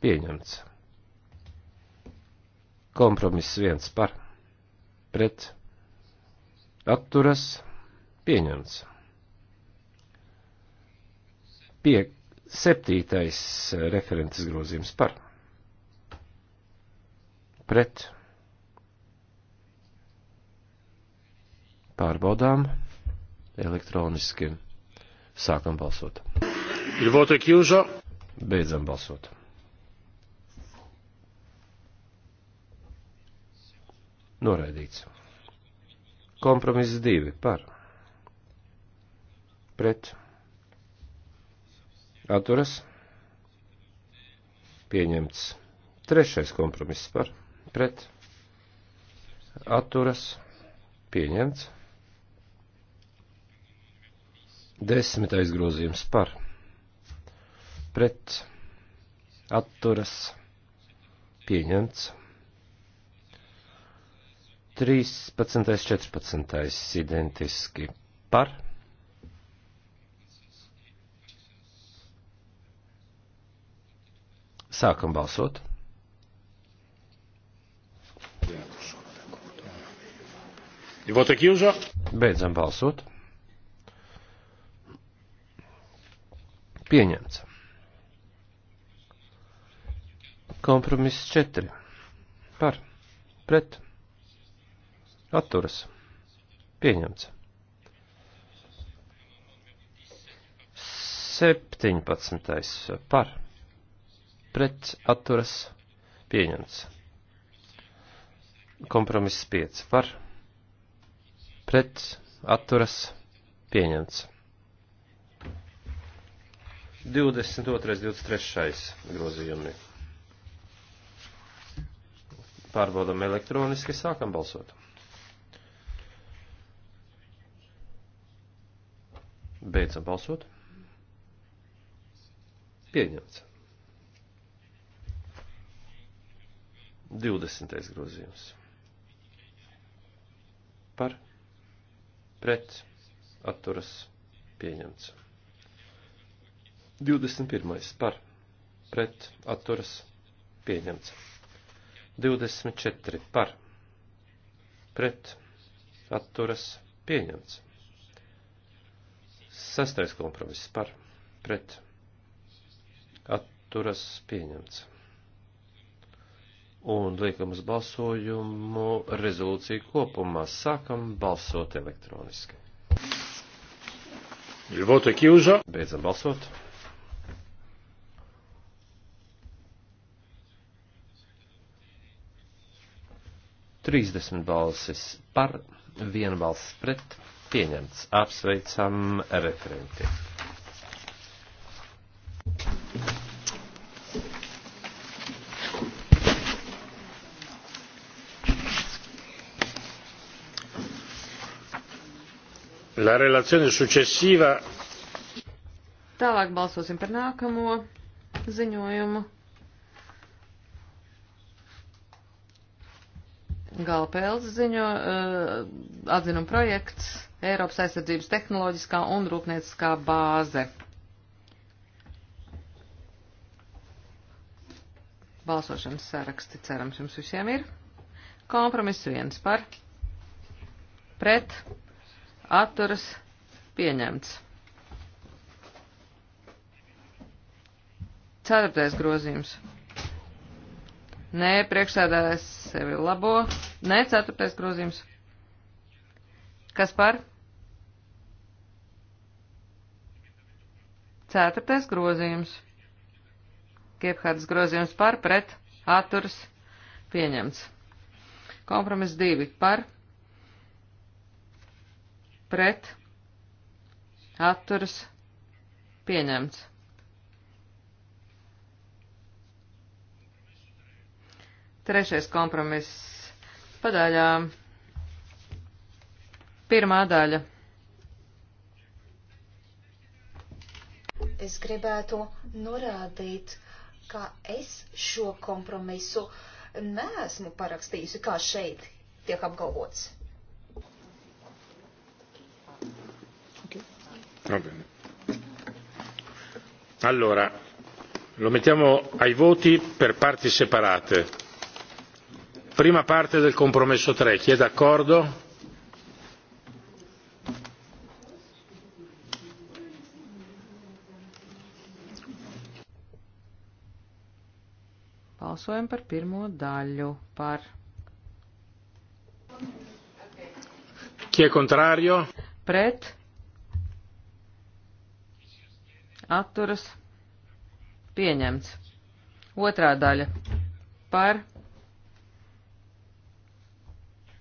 pieņemts. Kompromiss viens par pret atturas atturas pieņemts. Pie septītais eh, referentes grozījums par pret pārbaudām elektroniski sākam balsot. Ir votek jūža. Beidzam balsot. Noraidīts. Kompromiss 2 par pret atturas pieņemts. Trešais kompromiss par pret atturas pieņemts. Desmitais grozījums par pret atturas pieņemts. 13, 14 identiski par. Sākam balsot. Beidzam balsot. Pieņemts. Kompromiss 4. Par. Pret. Atturas. Pieņemts. 17. par. Pret atturas. Pieņemts. Kompromiss 5 par. Pret atturas. Pieņemts. 22. 23. grozījumi. Pārbaudam elektroniski, sākam balsot. Beidzam balsot. Pieņemts. 20. grozījums. Par, pret, atturas, pieņemts. 21. par, pret, atturas, pieņemts. 24. par, pret, atturas, pieņemts. Sastais kompromiss par pret atturas pieņemts. Un liekam uz balsojumu rezolūciju kopumā. Sākam balsot elektroniski. Il voto è chiuso. Beidzam balsot. Trīsdesmit balsis par, viena balss pret pieņemts. Apsveicam referenti. La relazione successiva. Tālāk balsosim par nākamo ziņojumu. Galpēls ziņo uh, atzinuma projekts. Eiropas aizsardzības tehnoloģiskā un rūpnieciskā bāze. Balsošanas saraksti cerams jums visiem ir. Kompromiss viens par, pret, atturas, pieņemts. Ceturtais grozījums. Nē, priekšsēdētājs sevi labo. Nē, ceturtais grozījums. Kas par? Ceturtais grozījums. Kiephards grozījums par pret atturs pieņemts. Kompromiss divi par pret atturs pieņemts. Trešais kompromiss padaļām. Pirmā daļa. Es gribētu norādīt, ka es šo kompromisu neesmu parakstījusi, kā šeit tiek apgalvots. Okay. Okay. Allora, lo mettiamo ai voti per parti separate. Prima parte del compromesso 3. Chi è d'accordo? Balsojam par pirmo daļu. Par. Kie kontrārio? Pret. Atturas. Pieņemts. Otrā daļa. Par.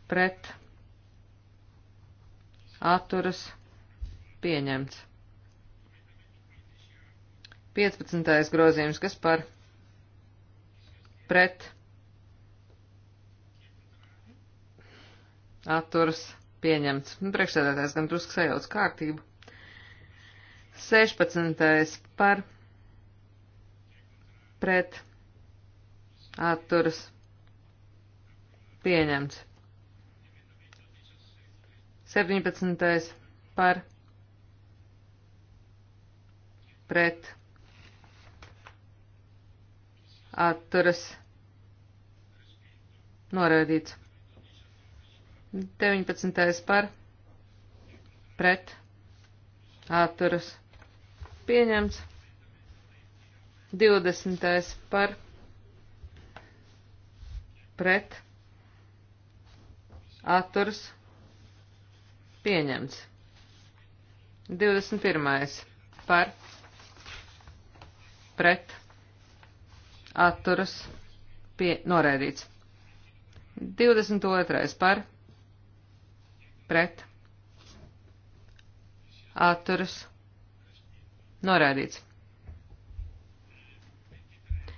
Pret. Atturas. Pieņemts. 15. grozījums, kas par pret atturas pieņemts. Nu, priekšsēdētājs gan drusku sajauc kārtību. 16. par pret atturas pieņemts. 17. par pret atturas noraidīts. 19. par pret atturas pieņemts. 20. par pret atturas pieņemts. 21. par pret atturas pieņemts atturas pie noraidīts. 22. par pret atturas noraidīts.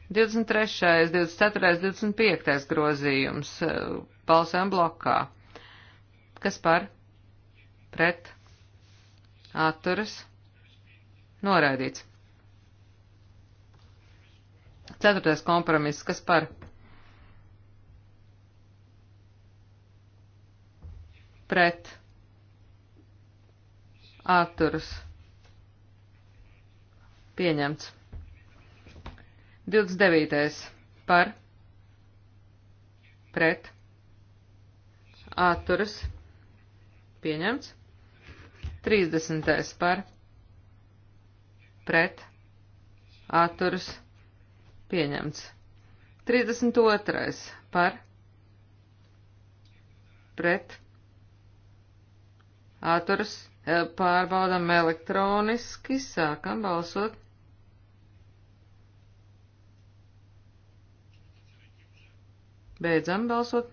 23., 24., 25. grozījums eh, balsēm blokā. Kas par? Pret. Atturas. Noraidīts. Ceturtais kompromiss, kas par? Pret. Atturas. Pieņemts. 29. par. Pret. Atturas. Pieņemts. 30. par pret, atturas, Pieņemts. 32. par pret atturas e, pārbaudam elektroniski, sākam balsot. Beidzam balsot.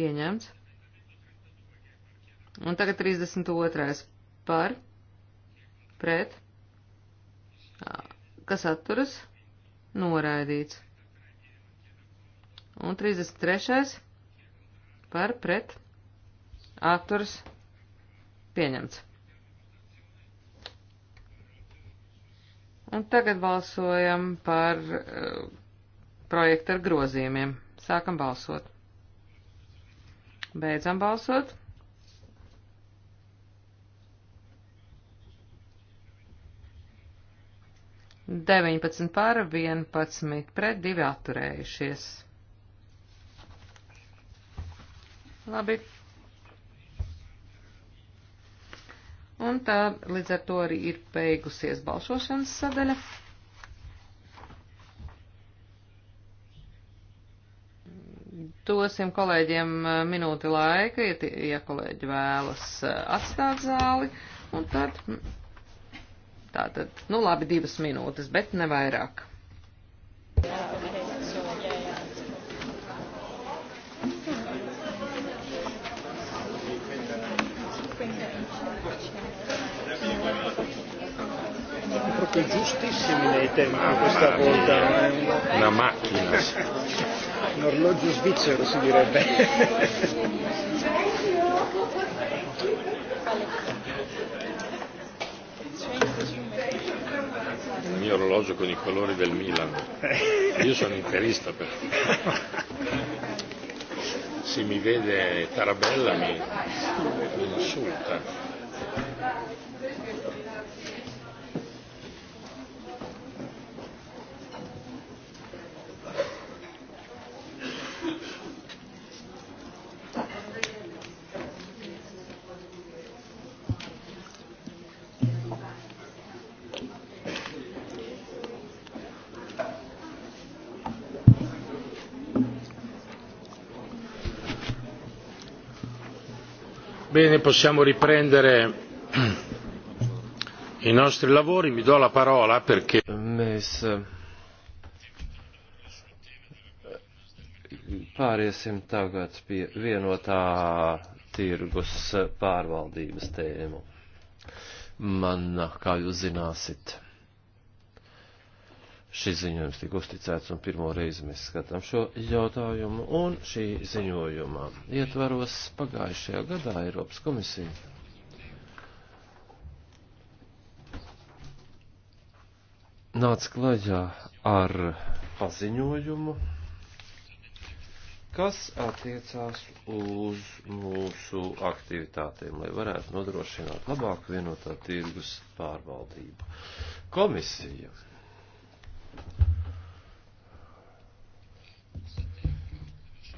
Pieņemts. Un tagad 32. par pret kas atturas, noraidīts. Un 33. par pret atturas pieņemts. Un tagad balsojam par uh, projektu ar grozījumiem. Sākam balsot. Beidzam balsot. 19 pār 11 pret 2 atturējušies. Labi. Un tā līdz ar to arī ir beigusies balsošanas sadaļa. Dosim kolēģiem minūti laika, ja, ja kolēģi vēlas atstāt zāli, un tad Tātad, nu labi, divas minūtes, bet ne vairāk. Proprio giustissimi nei tempi questa volta. Una macchina. Un orologio svizzero si direbbe. *laughs* mio orologio con i colori del Milan. Io sono interista, però. Se mi vede Tarabella mi, mi insulta. Bene, possiamo riprendere i nostri lavori. Mi do la parola perché. Mēs pāriesim tagad pie vienotā tirgus pārvaldības tēmu. Man, kā jūs zināsit, šis ziņojums tika uzticēts un pirmo reizi mēs skatām šo jautājumu un šī ziņojumā. Ietvaros pagājušajā gadā Eiropas komisija. Nāc klajā ar paziņojumu, kas attiecās uz mūsu aktivitātēm, lai varētu nodrošināt labāku vienotā tirgus pārvaldību. Komisija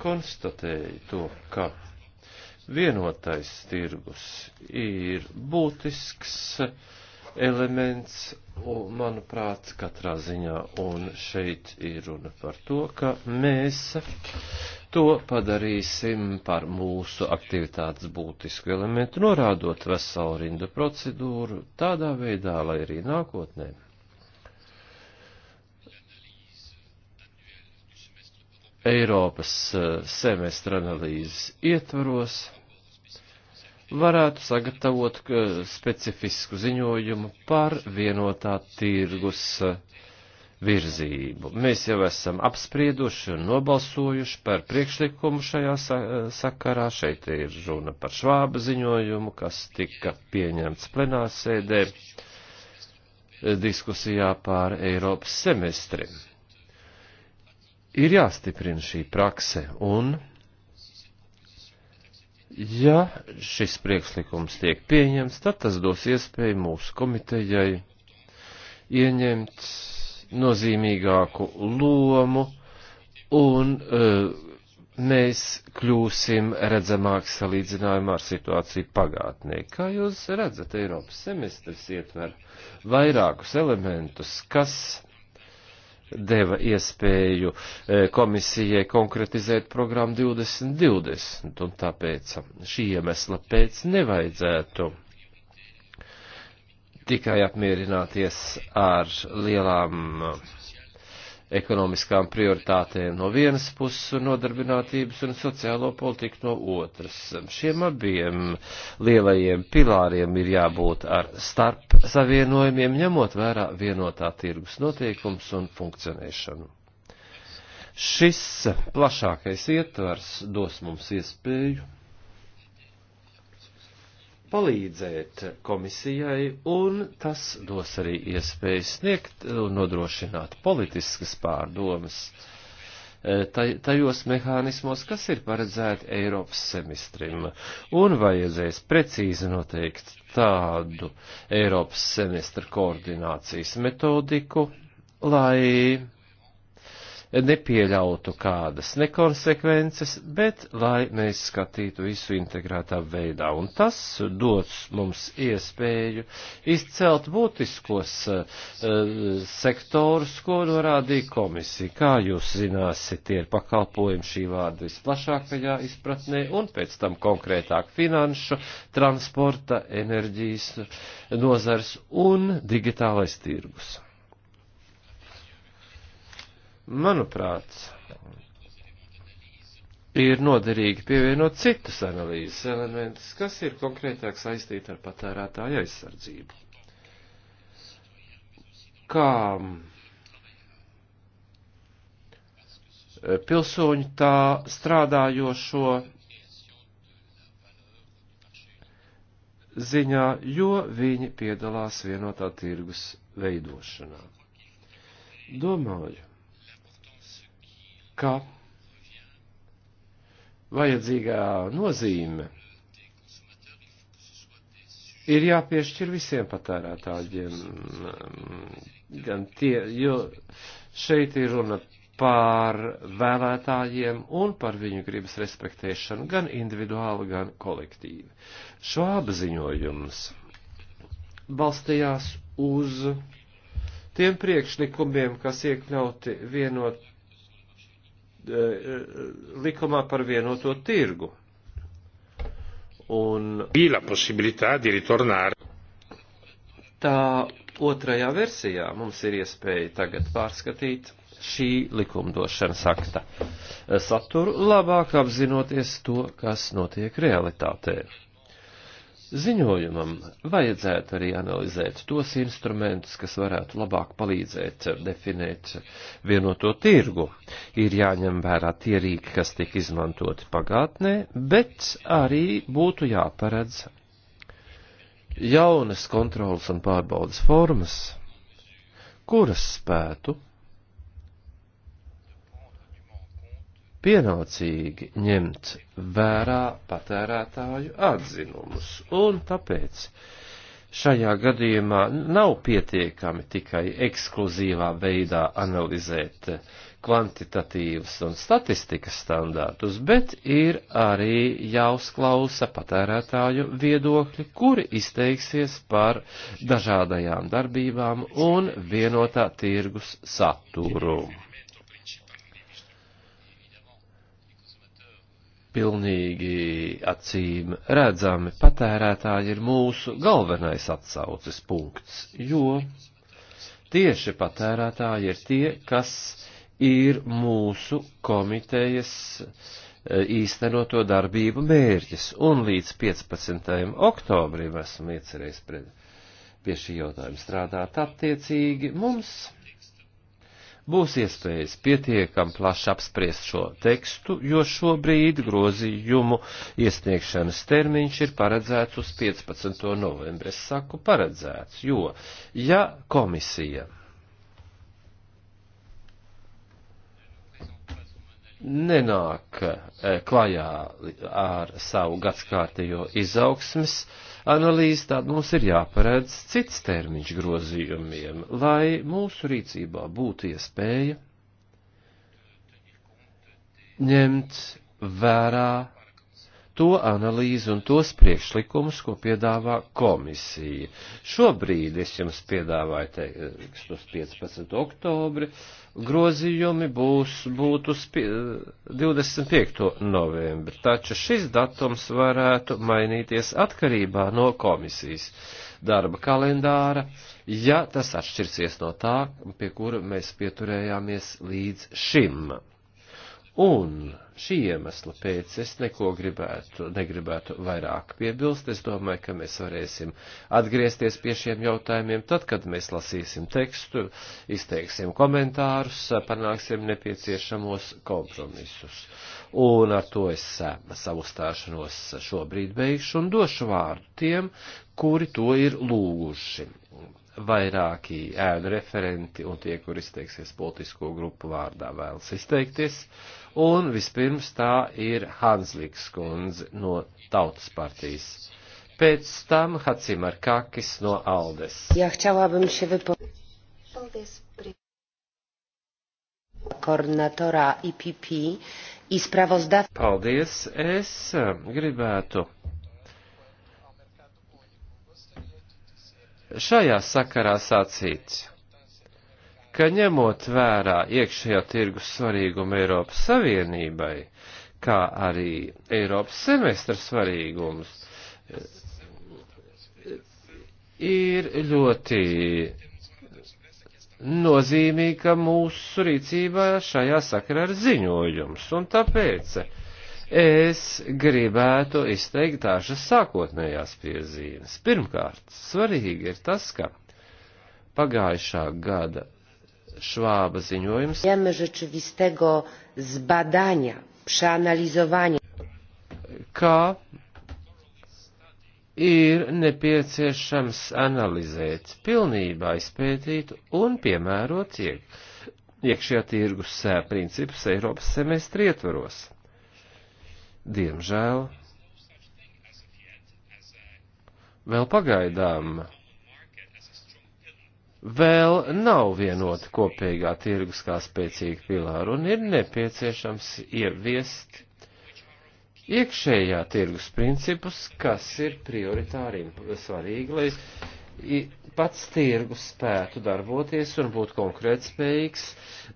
konstatēja to, ka vienotais tirgus ir būtisks elements, un, manuprāt, katrā ziņā, un šeit ir runa par to, ka mēs to padarīsim par mūsu aktivitātes būtisku elementu, norādot veselu rindu procedūru tādā veidā, lai arī nākotnē Eiropas eh, semestra analīzes ietvaros varētu sagatavot eh, specifisku ziņojumu par vienotā tirgus eh, virzību. Mēs jau esam apsprieduši un nobalsojuši par priekšlikumu šajā sakarā. Šeit ir runa par švāba ziņojumu, kas tika pieņemts plenārsēdē diskusijā pār Eiropas semestri ir jāstiprina šī prakse, un ja šis priekšlikums tiek pieņemts, tad tas dos iespēju mūsu komitejai ieņemt nozīmīgāku lomu, un uh, mēs kļūsim redzamāk salīdzinājumā ar situāciju pagātnē. Kā jūs redzat, Eiropas semestris ietver vairākus elementus, kas deva iespēju e, komisijai konkretizēt programmu 2020, un tāpēc šī iemesla pēc nevajadzētu tikai apmierināties ar lielām uh, ekonomiskām prioritātēm no vienas puses un nodarbinātības un sociālo politiku no otras. Šiem abiem lielajiem pilāriem ir jābūt ar starp savienojumiem, ņemot vērā vienotā tirgus noteikums un funkcionēšanu. Šis plašākais ietvars dos mums iespēju palīdzēt komisijai, un tas dos arī iespēju sniegt un nodrošināt politiskas pārdomas e, tajos mehānismos, kas ir paredzēti Eiropas semestrim, un vajadzēs precīzi noteikt tādu Eiropas semestra koordinācijas metodiku, lai nepieļautu kādas nekonsekvences, bet lai mēs skatītu visu integrētā veidā. Un tas dots mums iespēju izcelt būtiskos uh, sektorus, ko norādīja komisija. Kā jūs zināsiet, tie ir pakalpojumi šī vārda visplašākajā izpratnē, un pēc tam konkrētāk finanšu, transporta, enerģijas nozars un digitālais tirgus. Manuprāt, ir noderīgi pievienot citus analīzes elementus, kas ir konkrētāk saistīti ar patērētāju aizsardzību. Kā pilsoņu tā strādājošo ziņā, jo viņi piedalās vienotā tirgus veidošanā. Domāju, ka vajadzīgā nozīme ir jāpiešķir visiem patērētājiem, gan tie, jo šeit ir runa par vēlētājiem un par viņu gribas respektēšanu gan individuāli, gan kolektīvi. Šo apziņojums balstījās uz tiem priekšlikumiem, kas iekļauti vienot E, e, likumā par vienoto tirgu. Un tā otrajā versijā mums ir iespēja tagad pārskatīt šī likumdošanas akta saturu, labāk apzinoties to, kas notiek realitātē. Ziņojumam vajadzētu arī analizēt tos instrumentus, kas varētu labāk palīdzēt definēt vienoto tirgu. Ir jāņem vērā tie rīki, kas tika izmantoti pagātnē, bet arī būtu jāparedz jaunas kontrolas un pārbaudas formas, kuras spētu pienācīgi ņemt vērā patērētāju atzinumus, un tāpēc šajā gadījumā nav pietiekami tikai ekskluzīvā veidā analizēt kvantitatīvus un statistikas standārtus, bet ir arī jāuzklausa patērētāju viedokļi, kuri izteiksies par dažādajām darbībām un vienotā tirgus saturu. pilnīgi acīm redzami patērētāji ir mūsu galvenais atsauces punkts, jo tieši patērētāji ir tie, kas ir mūsu komitejas e, īstenoto darbību mērķis, un līdz 15. oktobrim esam iecerējis pie šī jautājuma strādāt attiecīgi mums būs iespējas pietiekam plaši apspriest šo tekstu, jo šobrīd grozījumu iesniegšanas termiņš ir paredzēts uz 15. novembri. Es saku paredzēts, jo ja komisija nenāk eh, klajā ar savu gadskārtējo izaugsmes, uh, analīzi, tad mums ir jāparedz cits termiņš grozījumiem, lai mūsu rīcībā būtu iespēja ņemt vērā to analīzi un tos priekšlikumus, ko piedāvā komisija. Šobrīd es jums piedāvāju tekstus 15. oktobri, grozījumi būs, būtu 25. novembri, taču šis datums varētu mainīties atkarībā no komisijas darba kalendāra, ja tas atšķirsies no tā, pie kura mēs pieturējāmies līdz šim. Un šī iemesla pēc es neko gribētu, negribētu vairāk piebilst. Es domāju, ka mēs varēsim atgriezties pie šiem jautājumiem tad, kad mēs lasīsim tekstu, izteiksim komentārus, panāksim nepieciešamos kompromisus. Un ar to es eh, savu stāšanos šobrīd beigšu un došu vārdu tiem, kuri to ir lūguši vairāki ēnu referenti un tie, kur izteiksies politisko grupu vārdā vēlas izteikties. Un vispirms tā ir Hanslīks kundze no Tautas partijas. Pēc tam Hacimar Kakis no Aldes. Jā, chciałabym się wypowiedzieć. Paldies, koordinatora IPP i sprawozdawcy. Paldies, es um, gribētu šajā sakarā sacīts, ka ņemot vērā iekšējā tirgus svarīgumu Eiropas Savienībai, kā arī Eiropas semestra svarīgums, ir ļoti nozīmīgi, ka mūsu rīcībā šajā sakarā ir ziņojums, un tāpēc Es gribētu izteikt dažas sākotnējās piezīmes. Pirmkārt, svarīgi ir tas, ka pagājušā gada švāba ziņojums kā ir nepieciešams analizēt, pilnībā izpētīt un piemērot iek, iekšējā tirgus eh, principus Eiropas semestri ietvaros diemžēl, vēl pagaidām vēl nav vienota kopīgā tirgus kā spēcīga pilāra un ir nepieciešams ieviest iekšējā tirgus principus, kas ir prioritāri svarīgi, lai pats tirgus spētu darboties un būt konkurētspējīgs,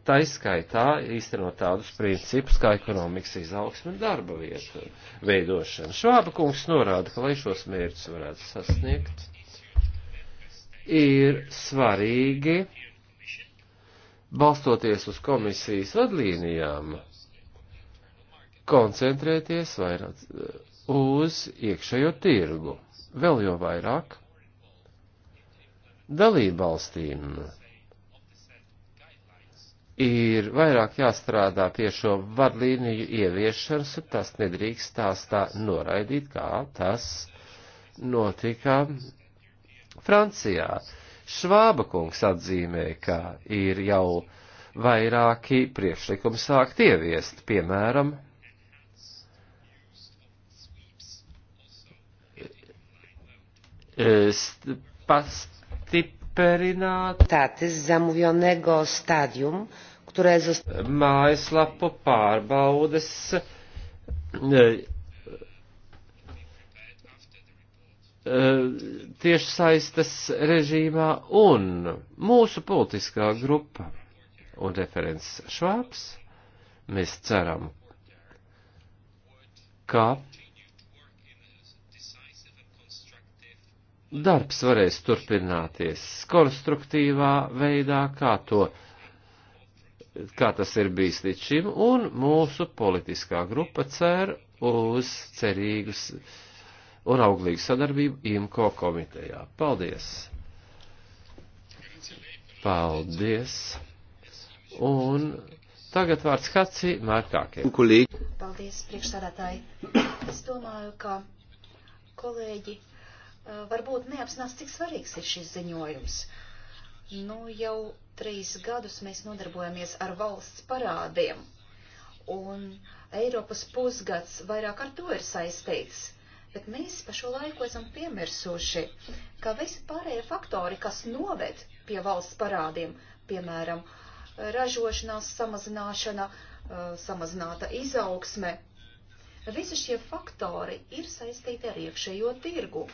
tā izskaitā īstenot tādus principus kā ekonomikas izaugsme un darba vietu veidošana. Švāba kungs norāda, ka lai šos mērķus varētu sasniegt, ir svarīgi, balstoties uz komisijas vadlīnijām, koncentrēties vairāk uz iekšējo tirgu, vēl jau vairāk Dalībvalstīm ir vairāk jāstrādā pie šo vadlīniju ieviešanas, un tas nedrīkst tās tā noraidīt, kā tas notika Francijā. Švāba kungs atzīmē, ka ir jau vairāki priekšlikumi sākt ieviest, piemēram, past stiprināt stadium, kurē zust... mājaslapu pārbaudes e, e, tieši saistas režīmā un mūsu politiskā grupa un referents Švāps, mēs ceram, ka darbs varēs turpināties konstruktīvā veidā, kā to, kā tas ir bijis līdz šim, un mūsu politiskā grupa cer uz cerīgus un auglīgu sadarbību IMCO komitejā. Paldies! Paldies! Un tagad vārds Haci Mārkākiem. Paldies, priekšsādātāji. Es domāju, ka kolēģi Eh, varbūt neapzinās, cik svarīgs ir šis ziņojums. Nu, jau trīs gadus mēs nodarbojamies ar valsts parādiem, un Eiropas pusgads vairāk ar to ir saistīts. Bet mēs pa šo laiku esam piemirsuši, ka visi pārējie faktori, kas noved pie valsts parādiem, piemēram, ražošanās samazināšana, eh, samazināta izaugsme, visi šie faktori ir saistīti ar iekšējo tirgu.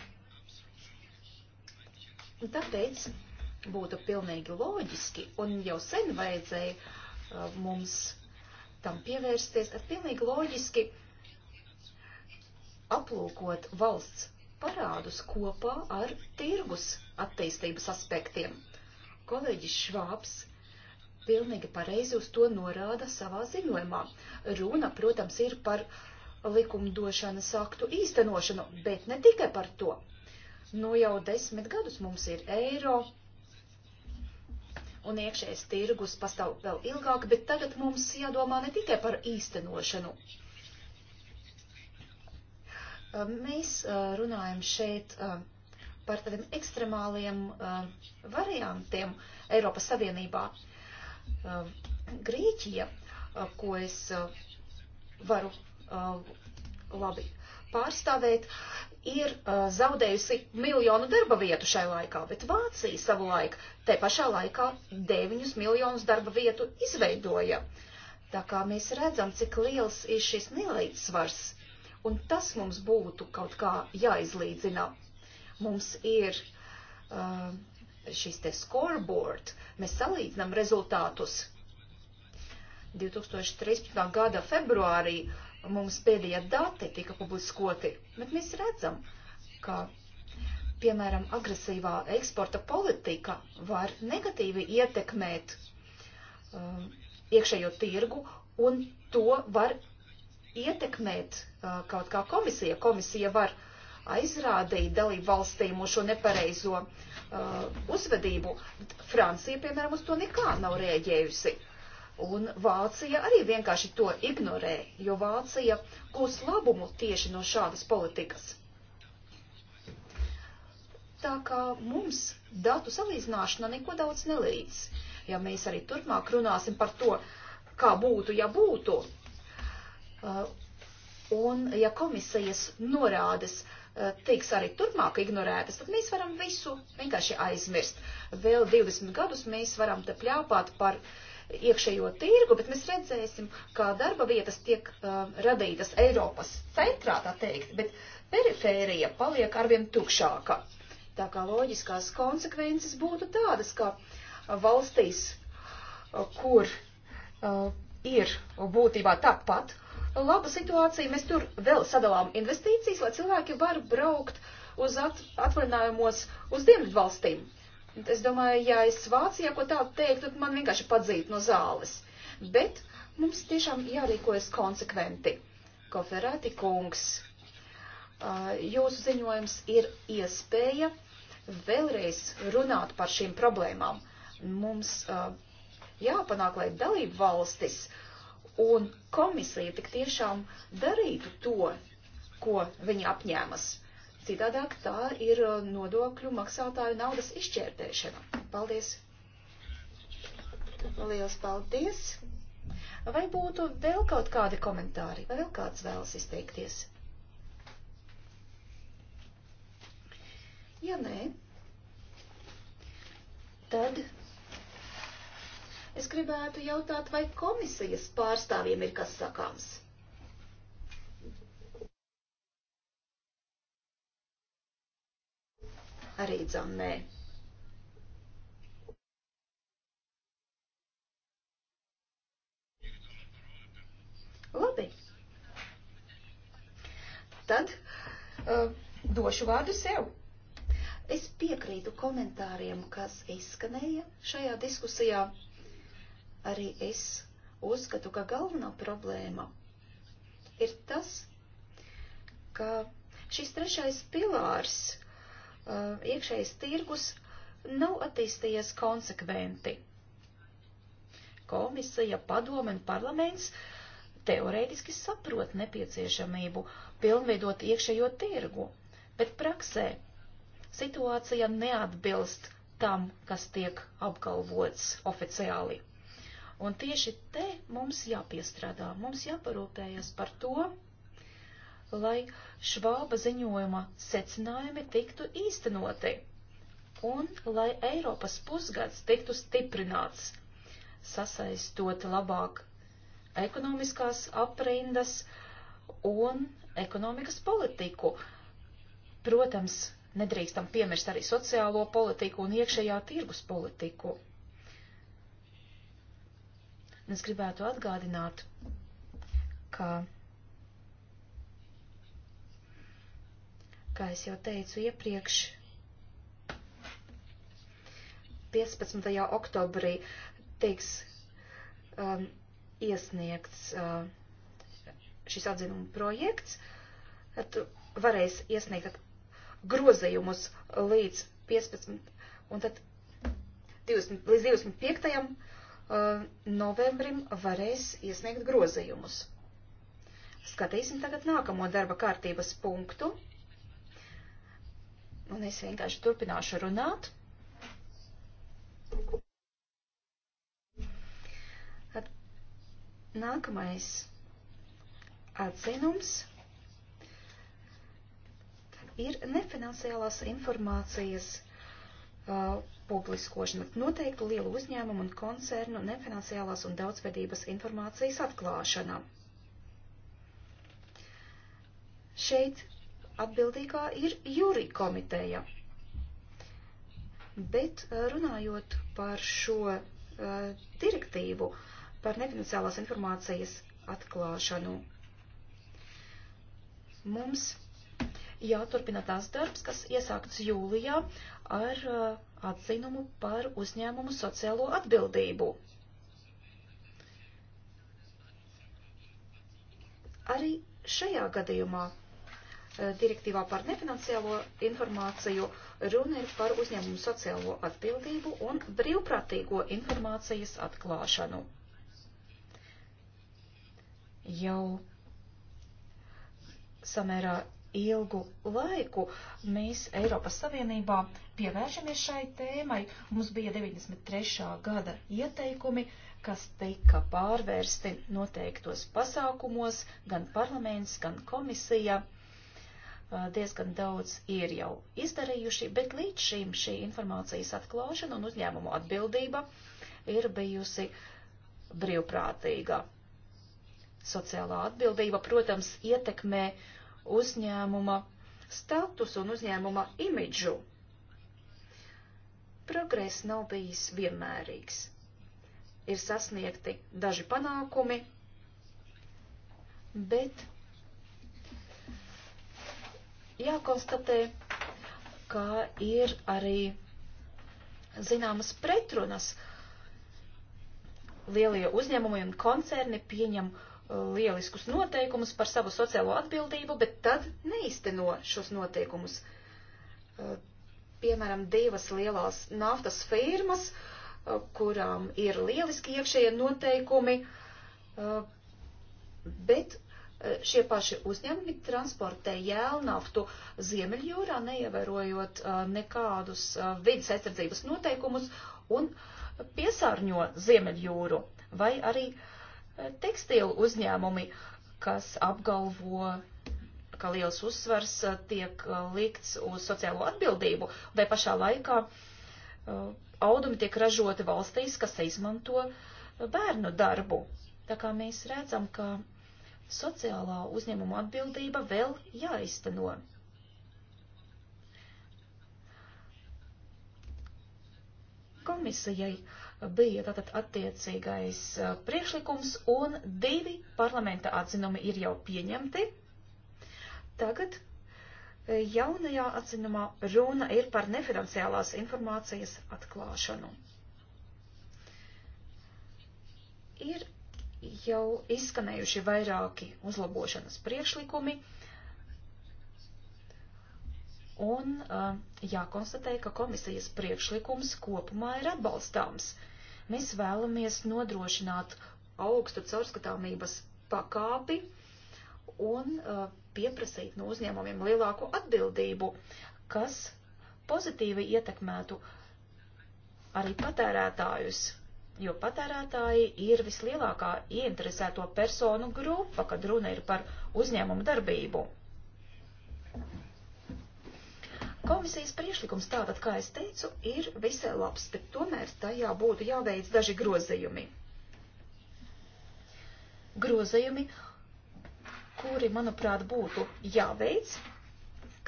Un nu, tāpēc būtu pilnīgi loģiski un jau sen vajadzēja uh, mums tam pievērsties, tad pilnīgi loģiski aplūkot valsts parādus kopā ar tirgus attīstības aspektiem. Kolēģis Švāps pilnīgi pareizi uz to norāda savā ziņojumā. Runa, protams, ir par likumdošanas aktu īstenošanu, bet ne tikai par to. Nu jau desmit gadus mums ir eiro, un iekšējais tirgus pastāv vēl ilgāk, bet tagad mums jādomā ne tikai par īstenošanu. Mēs runājam šeit par tādiem ekstremāliem variantiem Eiropas Savienībā. Grieķija, ko es varu labi pārstāvēt, ir uh, zaudējusi miljonu darba vietu šai laikā, bet Vācija savulaik te pašā laikā 9 miljonus darba vietu izveidoja. Tā kā mēs redzam, cik liels ir šis nelīdzsvars, un tas mums būtu kaut kā jāizlīdzina. Mums ir uh, šis te scoreboard, mēs salīdzinām rezultātus. 2013. gada februārī uh, mums pēdējie dati tika publiskoti, bet mēs redzam, ka, piemēram, agresīvā eksporta politika var negatīvi ietekmēt um, iekšējo tirgu, un to var ietekmēt uh, kaut kā komisija. Komisija var aizrādīt dalību valstīm uz šo nepareizo uh, uzvedību. Francija, piemēram, uz to nekā nav rēģējusi. Un Vācija arī vienkārši to ignorē, jo Vācija gūs labumu tieši no šādas politikas. Tā kā mums datu salīdzināšana neko daudz nelīdz. Ja mēs arī turpmāk runāsim par to, kā būtu, ja būtu, uh, un ja komisijas norādes uh, tiks arī turpmāk ignorētas, tad mēs varam visu vienkārši aizmirst. Vēl 20 gadus mēs varam te pļāpāt par uh, iekšējo tirgu, bet mēs redzēsim, kā darba vietas tiek uh, radītas Eiropas centrā, tā teikt, bet perifērija paliek arvien tukšāka. Tā kā loģiskās konsekvences būtu tādas, ka valstīs, uh, kur uh, ir būtībā tāpat laba situācija, mēs tur vēl sadalām investīcijas, lai cilvēki var braukt uz at atvaļinājumos uz dienvidvalstīm. Es domāju, ja es Vācijā ko tādu teiktu, tad man vienkārši padzītu no zāles. Bet mums tiešām jārīkojas konsekventi. Koferēti kungs, jūsu ziņojums ir iespēja vēlreiz runāt par šīm problēmām. Mums jāpanāk, lai dalību valstis un komisija tik tiešām darītu to, ko viņi apņēmas Citādāk tā ir uh, nodokļu maksātāju naudas izšķērdēšana. Paldies! Lielas paldies! Vai būtu vēl kaut kādi komentāri, vai vēl kāds vēlas izteikties? Ja nē, tad es gribētu jautāt, vai komisijas pārstāvjiem ir kas sakāms? arī dzam nē. Labi. Tad uh, došu vārdu sev. Es piekrītu komentāriem, kas izskanēja šajā diskusijā. Arī es uzskatu, ka galvenā problēma ir tas, ka šis trešais pilārs Uh, iekšējais tirgus nav attīstījies konsekventi. Komisija, padome un parlaments teorētiski saprot nepieciešamību pilnveidot iekšējo tirgu, bet praksē situācija neatbilst tam, kas tiek apgalvots oficiāli. Un tieši te mums jāpiestrādā, mums jāparūpējas par to, lai Švāba ziņojuma secinājumi tiktu īstenoti un lai Eiropas pusgads tiktu stiprināts, sasaistot labāk ekonomiskās aprindas un ekonomikas politiku. Protams, nedrīkstam piemirst arī sociālo politiku un iekšējā tirgus politiku. Es gribētu atgādināt, ka Kā es jau teicu iepriekš, 15. oktobrī tiks um, iesniegts uh, šis atzinuma projekts. Tad varēs iesniegt grozījumus līdz 15. un tad 20, līdz 25. Uh, novembrim varēs iesniegt grozījumus. Skatīsim tagad nākamo darba kārtības punktu. Un es vienkārši turpināšu runāt. At, nākamais atzinums ir nefinanciālās informācijas uh, publiskošana, noteiktu lielu uzņēmumu un koncernu nefinanciālās un daudzvedības informācijas atklāšana. Šeit atbildīgā ir jūri komiteja. Bet eh, runājot par šo uh, direktīvu par nefinansiālās informācijas atklāšanu, mums jāturpina tās darbs, kas iesākts jūlijā ar uh, atzinumu par uzņēmumu sociālo atbildību. Arī šajā gadījumā Eh, direktīvā par nefinanciālo informāciju runa ir par uzņēmumu sociālo atbildību un brīvprātīgo informācijas atklāšanu. Jau samērā ilgu laiku mēs Eiropas Savienībā pievēršamies šai tēmai. Mums bija 93. gada ieteikumi, kas tika pārvērsti noteiktos pasākumos, gan parlaments, gan komisija Eh, diezgan daudz ir jau izdarījuši, bet līdz šim šī informācijas atklāšana un uzņēmumu atbildība ir bijusi brīvprātīga. Sociālā atbildība, protams, ietekmē uzņēmuma statusu un uzņēmuma imidžu. Progress nav bijis vienmērīgs. Ir sasniegti daži panākumi, bet jākonstatē, ka ir arī zināmas pretrunas. Lielie uzņēmumi un koncerni pieņem uh, lieliskus noteikumus par savu sociālo atbildību, bet tad neizteno šos noteikumus. Uh, piemēram, divas lielās naftas firmas, uh, kurām ir lieliski iekšējie noteikumi, bet Eh, šie paši uzņēmumi transportē jēlnaftu Ziemeļjūrā, neievērojot eh, nekādus eh, vidas aizsardzības noteikumus un piesārņo Ziemeļjūru. Vai arī tekstilu uzņēmumi, kas apgalvo, ka liels uzsvars tiek likts uz sociālo atbildību, vai pašā laikā audumi tiek ražoti valstīs, kas izmanto bērnu darbu. Tā kā mēs redzam, ka sociālā uzņēmuma atbildība vēl jāizteno. Komisijai bija tātad attiecīgais priekšlikums un divi parlamenta atzinumi ir jau pieņemti. Tagad jaunajā atzinumā runa ir par nefinanciālās informācijas atklāšanu. Ir jau izskanējuši vairāki uzlabošanas priekšlikumi. Un uh, jākonstatē, ka komisijas priekšlikums kopumā ir atbalstāms. Mēs vēlamies nodrošināt augstu caurskatāmības pakāpi un uh, pieprasīt no uzņēmumiem lielāku atbildību, kas pozitīvi ietekmētu arī patērētājus jo patērētāji ir vislielākā ieinteresēto personu grupa, kad runa ir par uzņēmumu darbību. Komisijas priešlikums tātad, kā es teicu, ir visai labs, bet tomēr tajā būtu jāveic daži grozējumi. Grozējumi, kuri, manuprāt, būtu jāveic,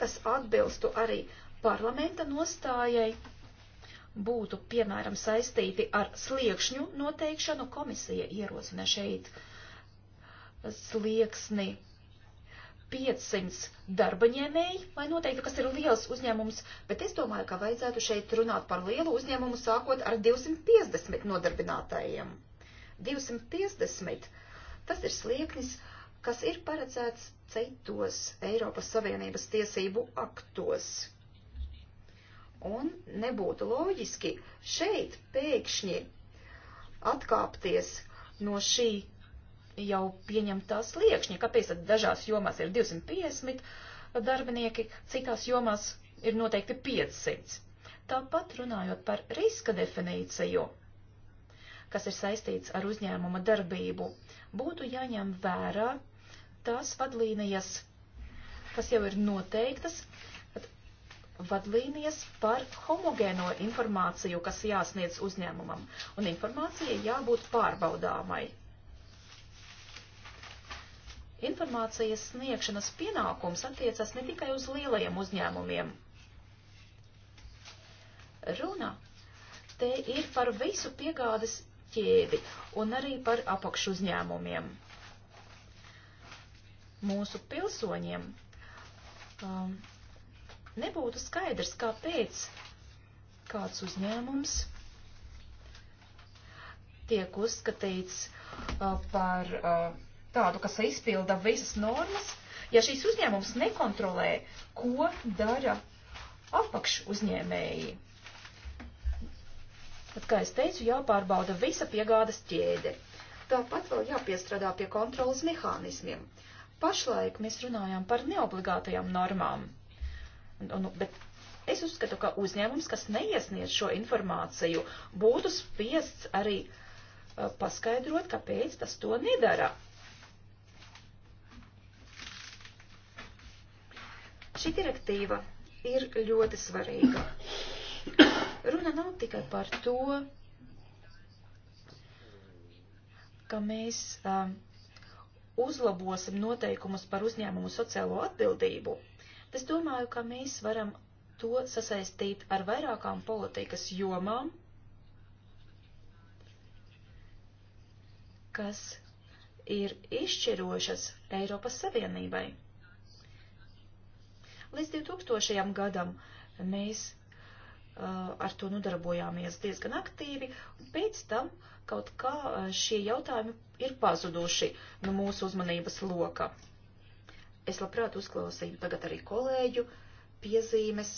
kas atbilstu arī parlamenta nostājai būtu, piemēram, saistīti ar sliekšņu noteikšanu, komisija ierosina šeit slieksni 500 darba ņēmēji, lai noteiktu, kas ir liels uzņēmums, bet es domāju, ka vajadzētu šeit runāt par lielu uzņēmumu sākot ar 250 nodarbinātājiem. 250 tas ir slieknis, kas ir paredzēts citos Eiropas Savienības tiesību aktos. Un nebūtu loģiski šeit pēkšņi atkāpties no šī jau pieņemtās liekšņa. Kāpēc tad dažās jomās ir 250 darbinieki, citās jomās ir noteikti 500? Tāpat runājot par riska definīciju, kas ir saistīts ar uzņēmuma darbību, būtu jāņem vērā tās vadlīnijas, kas jau ir noteiktas vadlīnijas par homogēno informāciju, kas jāsniedz uzņēmumam, un informācija jābūt pārbaudāmai. Informācijas sniegšanas pienākums attiecas ne tikai uz lielajiem uzņēmumiem. Runa te ir par visu piegādes ķēdi un arī par apakšu uzņēmumiem. Mūsu pilsoņiem um, nebūtu skaidrs, kāpēc kāds uzņēmums tiek uzskatīts uh, par uh, tādu, kas izpilda visas normas, ja šīs uzņēmums nekontrolē, ko dara apakš uzņēmēji. Tad, kā es teicu, jāpārbauda visa piegādas ķēde. Tāpat vēl jāpiestrādā pie kontrolas mehānismiem. Pašlaik mēs runājam par neobligātajām normām. Nu, nu, bet es uzskatu, ka uzņēmums, kas neiesniedz šo informāciju, būtu spiests arī uh, paskaidrot, kāpēc tas to nedara. Šī direktīva ir ļoti svarīga. Runa nav tikai par to, ka mēs uh, uzlabosim noteikumus par uzņēmumu sociālo atbildību Es domāju, ka mēs varam to sasaistīt ar vairākām politikas jomām, kas ir izšķirošas Eiropas Savienībai. Līdz 2000. gadam mēs uh, ar to nodarbojāmies diezgan aktīvi, un pēc tam kaut kā uh, šie jautājumi ir pazuduši no mūsu uzmanības loka. Es labprāt uzklausīju tagad arī kolēģu piezīmes.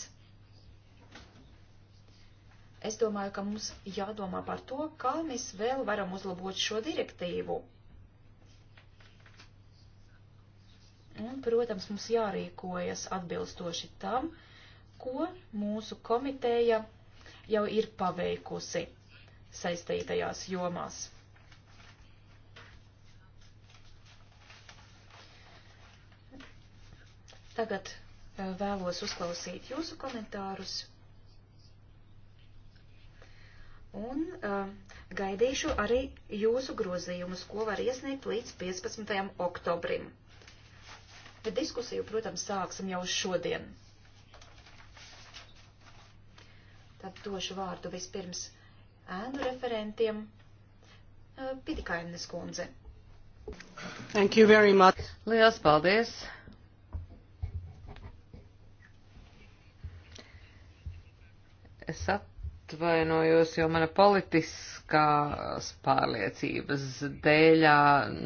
Es domāju, ka mums jādomā par to, kā mēs vēl varam uzlabot šo direktīvu. Un, protams, mums jārīkojas atbilstoši tam, ko mūsu komiteja jau ir paveikusi saistītajās jomās. Tagad eh, vēlos uzklausīt jūsu komentārus. Un uh, gaidīšu arī jūsu grozījumus, ko var iesniegt līdz 15. oktobrim. Bet diskusiju, protams, sāksim jau šodien. Tad došu vārdu vispirms ēnu referentiem. Uh, Pitikainis kundze. Thank you very much. Lielas paldies. Es atvainojos, jo mana politiskās pārliecības dēļā,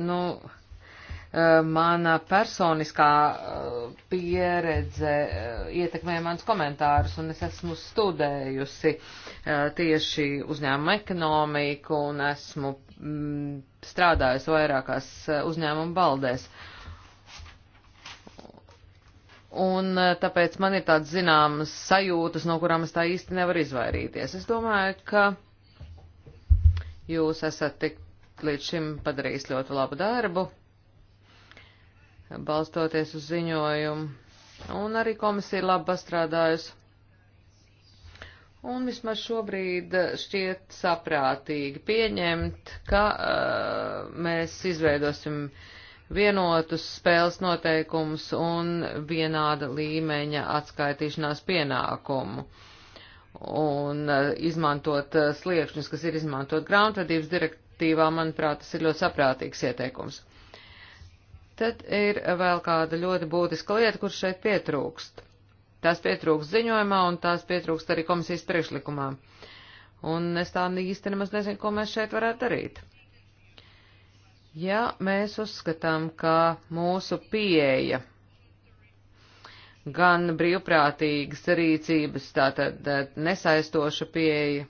nu, eh, mana personiskā eh, pieredze eh, ietekmē mans komentārus, un es esmu studējusi tieši uzņēmuma ekonomiku un esmu mm, strādājusi vairākās uzņēmuma baldēs. Uh, Un eh, tāpēc man ir tāds zināmas sajūtas, no kurām es tā īsti nevaru izvairīties. Es domāju, ka jūs esat tik līdz šim padarījis ļoti labu darbu, balstoties uz ziņojumu, un arī komisija labi pastrādājusi. Un vismaz šobrīd šķiet saprātīgi pieņemt, ka uh, mēs izveidosim uh, vienotus spēles noteikumus un vienāda līmeņa atskaitīšanās pienākumu. Un uh, izmantot uh, sliekšņus, kas ir izmantot grāmatvedības direktīvā, manuprāt, tas ir ļoti saprātīgs ieteikums. Tad ir vēl kāda ļoti būtiska lieta, kur šeit pietrūkst. Tās pietrūkst ziņojumā un tās pietrūkst arī komisijas priekšlikumā. Un es tā īsti nemaz nezinu, ko mēs šeit varētu darīt. Ja mēs uzskatām, ka mūsu pieeja gan brīvprātīgas rīcības, tātad eh, nesaistoša pieeja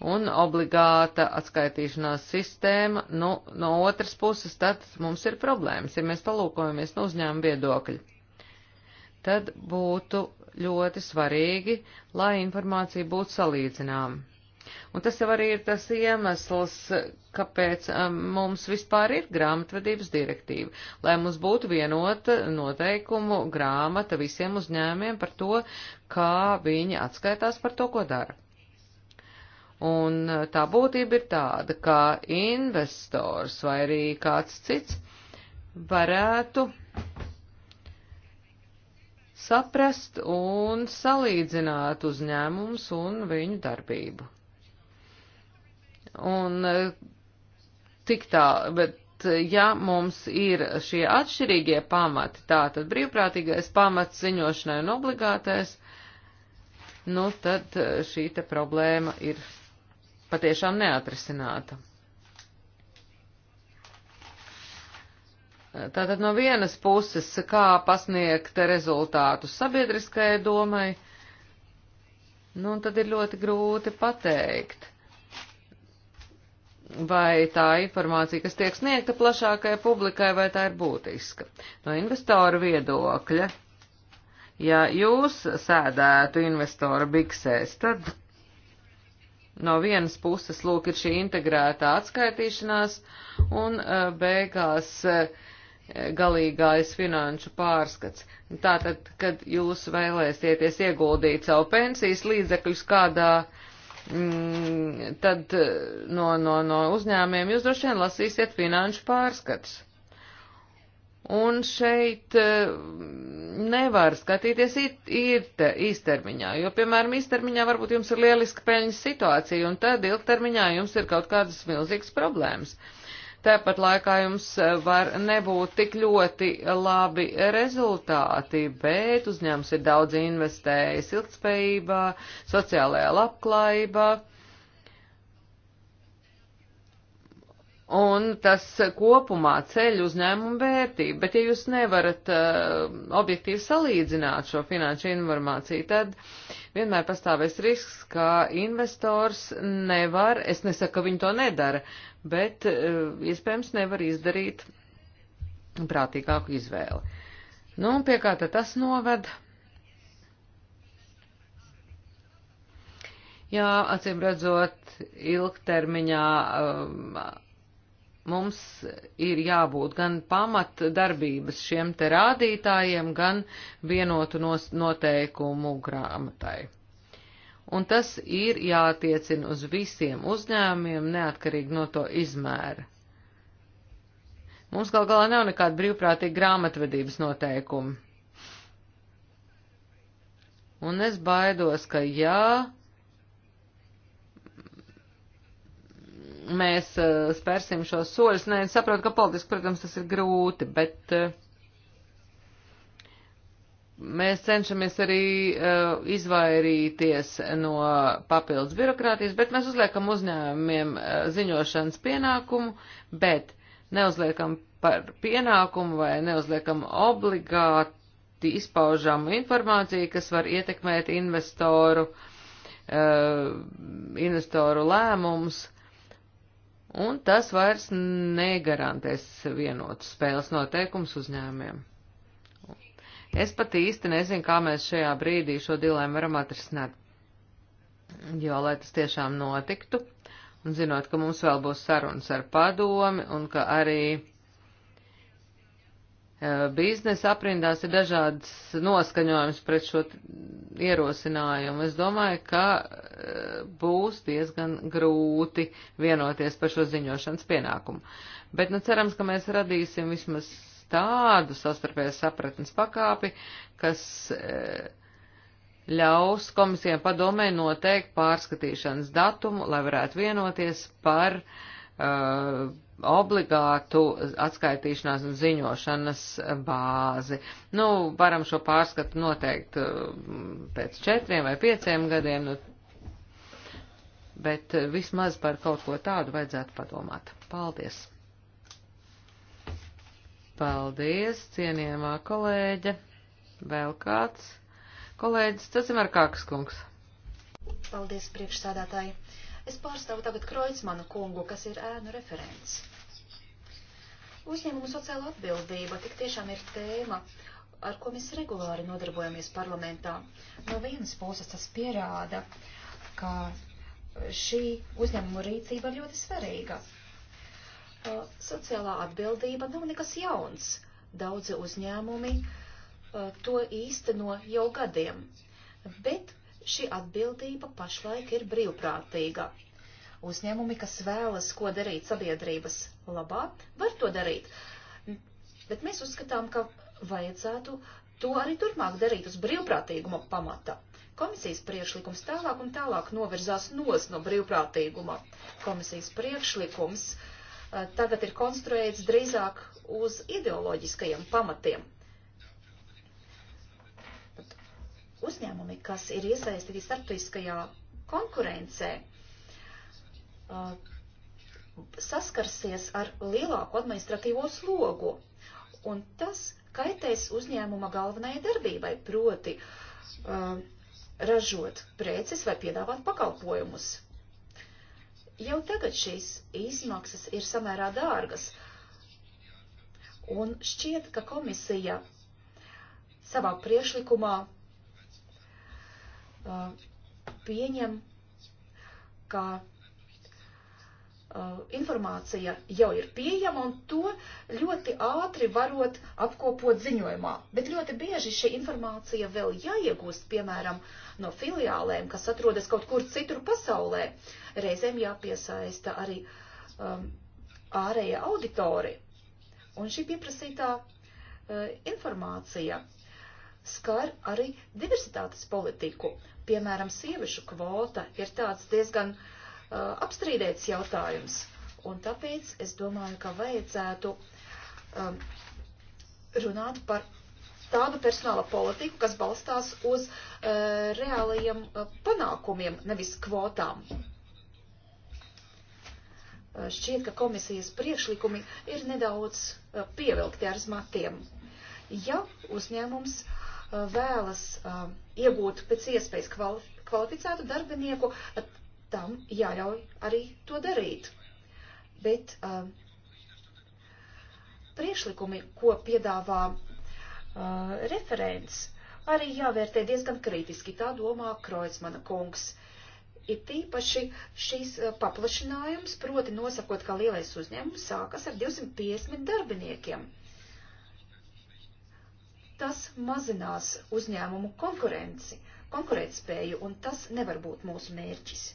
un obligāta atskaitīšanās sistēma, nu, no otras puses, tad mums ir problēmas, ja mēs palūkojamies no uzņēmuma viedokļa. Tad būtu ļoti svarīgi, lai informācija būtu salīdzināma. Un tas jau arī ir tas iemesls, kāpēc um, mums vispār ir grāmatvedības direktīva, lai mums būtu vienota noteikumu grāmata visiem uzņēmiem par to, kā viņi atskaitās par to, ko dara. Un uh, tā būtība ir tāda, ka investors vai arī kāds cits varētu saprast un salīdzināt uzņēmumus un viņu darbību. Un eh, tik tā, bet eh, ja mums ir šie atšķirīgie pamati, tātad brīvprātīgais pamats ziņošanai un obligātais, nu tad eh, šī te problēma ir patiešām neatrisināta. Tātad no vienas puses, kā pasniegt rezultātu sabiedriskajai domai, nu tad ir ļoti grūti pateikt vai tā informācija, kas tiek sniegta plašākai publikai, vai tā ir būtiska. No investoru viedokļa, ja jūs sēdētu investoru biksēs, tad no vienas puses lūk ir šī integrētā atskaitīšanās un eh, beigās eh, galīgais finanšu pārskats. Tātad, kad jūs vēlēsieties ieguldīt savu pensijas līdzekļus kādā uh, mm, tad eh, no, no, no uzņēmiem jūs droši vien lasīsiet finanšu pārskats. Un šeit eh, nevar skatīties īstermiņā, jo, piemēram, īstermiņā varbūt jums ir lieliska peļņas situācija, un tad ilgtermiņā jums ir kaut kādas milzīgas problēmas. Uh, tāpat laikā jums eh, var nebūt tik ļoti labi rezultāti, bet uzņēmums ir daudz investējis ilgspējībā, sociālajā labklājībā. Un tas kopumā ceļ uzņēmumu vērtību, bet ja jūs nevarat uh, objektīvi salīdzināt šo finanšu informāciju, tad vienmēr pastāvēs risks, ka investors nevar, es nesaku, ka viņi to nedara, bet eh, iespējams nevar izdarīt prātīgāku izvēli. Nu, un pie kā tad tas noved? Jā, acīm redzot, ilgtermiņā um, mums ir jābūt gan pamatdarbības šiem te rādītājiem, gan vienotu noteikumu grāmatai un tas ir jātiecina uz visiem uzņēmumiem, neatkarīgi no to izmēra. Mums gal galā nav nekāda brīvprātīga grāmatvedības noteikuma. Un es baidos, ka jā, mēs uh, spērsim šos soļus. Nē, es saprotu, ka politiski, protams, tas ir grūti, bet uh, mēs cenšamies arī uh, izvairīties no papildus birokrātijas, bet mēs uzliekam uzņēmumiem uh, ziņošanas pienākumu, bet neuzliekam par pienākumu vai neuzliekam obligāti izpaužamu informāciju, kas var ietekmēt investoru, uh, investoru lēmumus. Un tas vairs negarantēs vienotus spēles noteikumus uzņēmumiem. Es pat īsti nezinu, kā mēs šajā brīdī šo dilēmu varam atrisināt. Jo, lai tas tiešām notiktu, un zinot, ka mums vēl būs sarunas ar padomi, un ka arī e, biznesa aprindās ir dažādas noskaņojums pret šo ierosinājumu. Es domāju, ka e, būs diezgan grūti vienoties par šo ziņošanas pienākumu. Bet, nu, cerams, ka mēs radīsim vismaz tādu sastarpējas sapratnes pakāpi, kas eh, ļaus komisijām padomē noteikt pārskatīšanas datumu, lai varētu vienoties par uh, obligātu atskaitīšanās un ziņošanas bāzi. Nu, varam šo pārskatu noteikt uh, pēc četriem vai pieciem gadiem, nu, bet vismaz par kaut ko tādu vajadzētu padomāt. Paldies! Paldies, cienījamā kolēģe. Vēl kāds? Kolēģis, tas ir Markāks kungs. Paldies, priekšsādātāji. Es pārstāvu tagad Kroicmanu kungu, kas ir ēnu referents. Uzņēmumu sociāla atbildība tik tiešām ir tēma, ar ko mēs regulāri nodarbojamies parlamentā. No vienas puses tas pierāda, ka šī uzņēmuma rīcība ir ļoti svarīga. Sociālā atbildība nav nekas jauns. Daudzi uzņēmumi uh, to īsteno jau gadiem, bet šī atbildība pašlaik ir brīvprātīga. Uzņēmumi, kas vēlas ko darīt sabiedrības labā, var to darīt, bet mēs uzskatām, ka vajadzētu to arī turpmāk darīt uz brīvprātīguma pamata. Komisijas priekšlikums tālāk un tālāk novirzās nos no brīvprātīguma. Komisijas priekšlikums uh, Eh, tagad ir konstruēts drīzāk uz ideoloģiskajiem pamatiem. Uzņēmumi, kas ir iesaistīti starptautiskajā konkurencē, eh, saskarsies ar lielāku administratīvo slogu, un tas kaitēs uzņēmuma galvenajai darbībai, proti uh, ražot preces vai piedāvāt pakalpojumus. Jau tagad šīs izmaksas ir samērā dārgas, un šķiet, ka komisija savā priešlikumā uh, pieņem, ka Uh, informācija jau ir pieejama un to ļoti ātri varot apkopot ziņojumā. Bet ļoti bieži šī informācija vēl jāiegūst, piemēram, no filiālēm, kas atrodas kaut kur citur pasaulē. Reizēm jāpiesaista arī um, ārēja auditori. Un šī pieprasītā uh, informācija skar arī diversitātes politiku. Piemēram, sieviešu kvota ir tāds diezgan uh, Uh, apstrīdēts jautājums. Un tāpēc es domāju, ka vajadzētu um, runāt par tādu personāla politiku, kas balstās uz uh, reālajiem uh, panākumiem, nevis kvotām. Uh, šķiet, ka komisijas priekšlikumi ir nedaudz uh, pievilkti ar matiem. Ja uzņēmums uh, vēlas uh, iegūt pēc iespējas kvalificētu darbinieku, tam jāļauj arī to darīt. Bet uh, priešlikumi, ko piedāvā uh, referents, arī jāvērtē diezgan kritiski, tā domā Kroicmana kungs. Ir tīpaši šīs uh, paplašinājums, proti nosakot, ka lielais uzņēmums sākas ar 250 darbiniekiem. Tas mazinās uzņēmumu konkurenci, konkurētspēju, un tas nevar būt mūsu mērķis.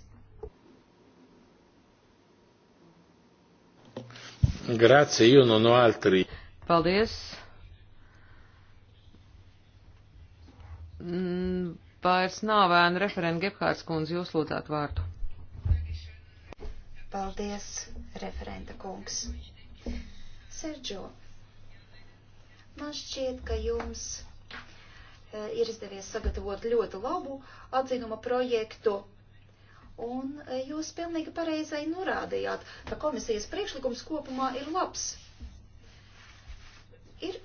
Grazie, io non ho altri. Paldies. Mm, vairs nav ēna referenta Gebhārds kundze, jūs lūdzāt vārdu. Paldies, referenta kungs. Sergio, man šķiet, ka jums eh, ir izdevies sagatavot ļoti labu atzinuma projektu Un e, jūs pilnīgi pareizai norādījāt, ka komisijas priekšlikums kopumā ir labs. Ir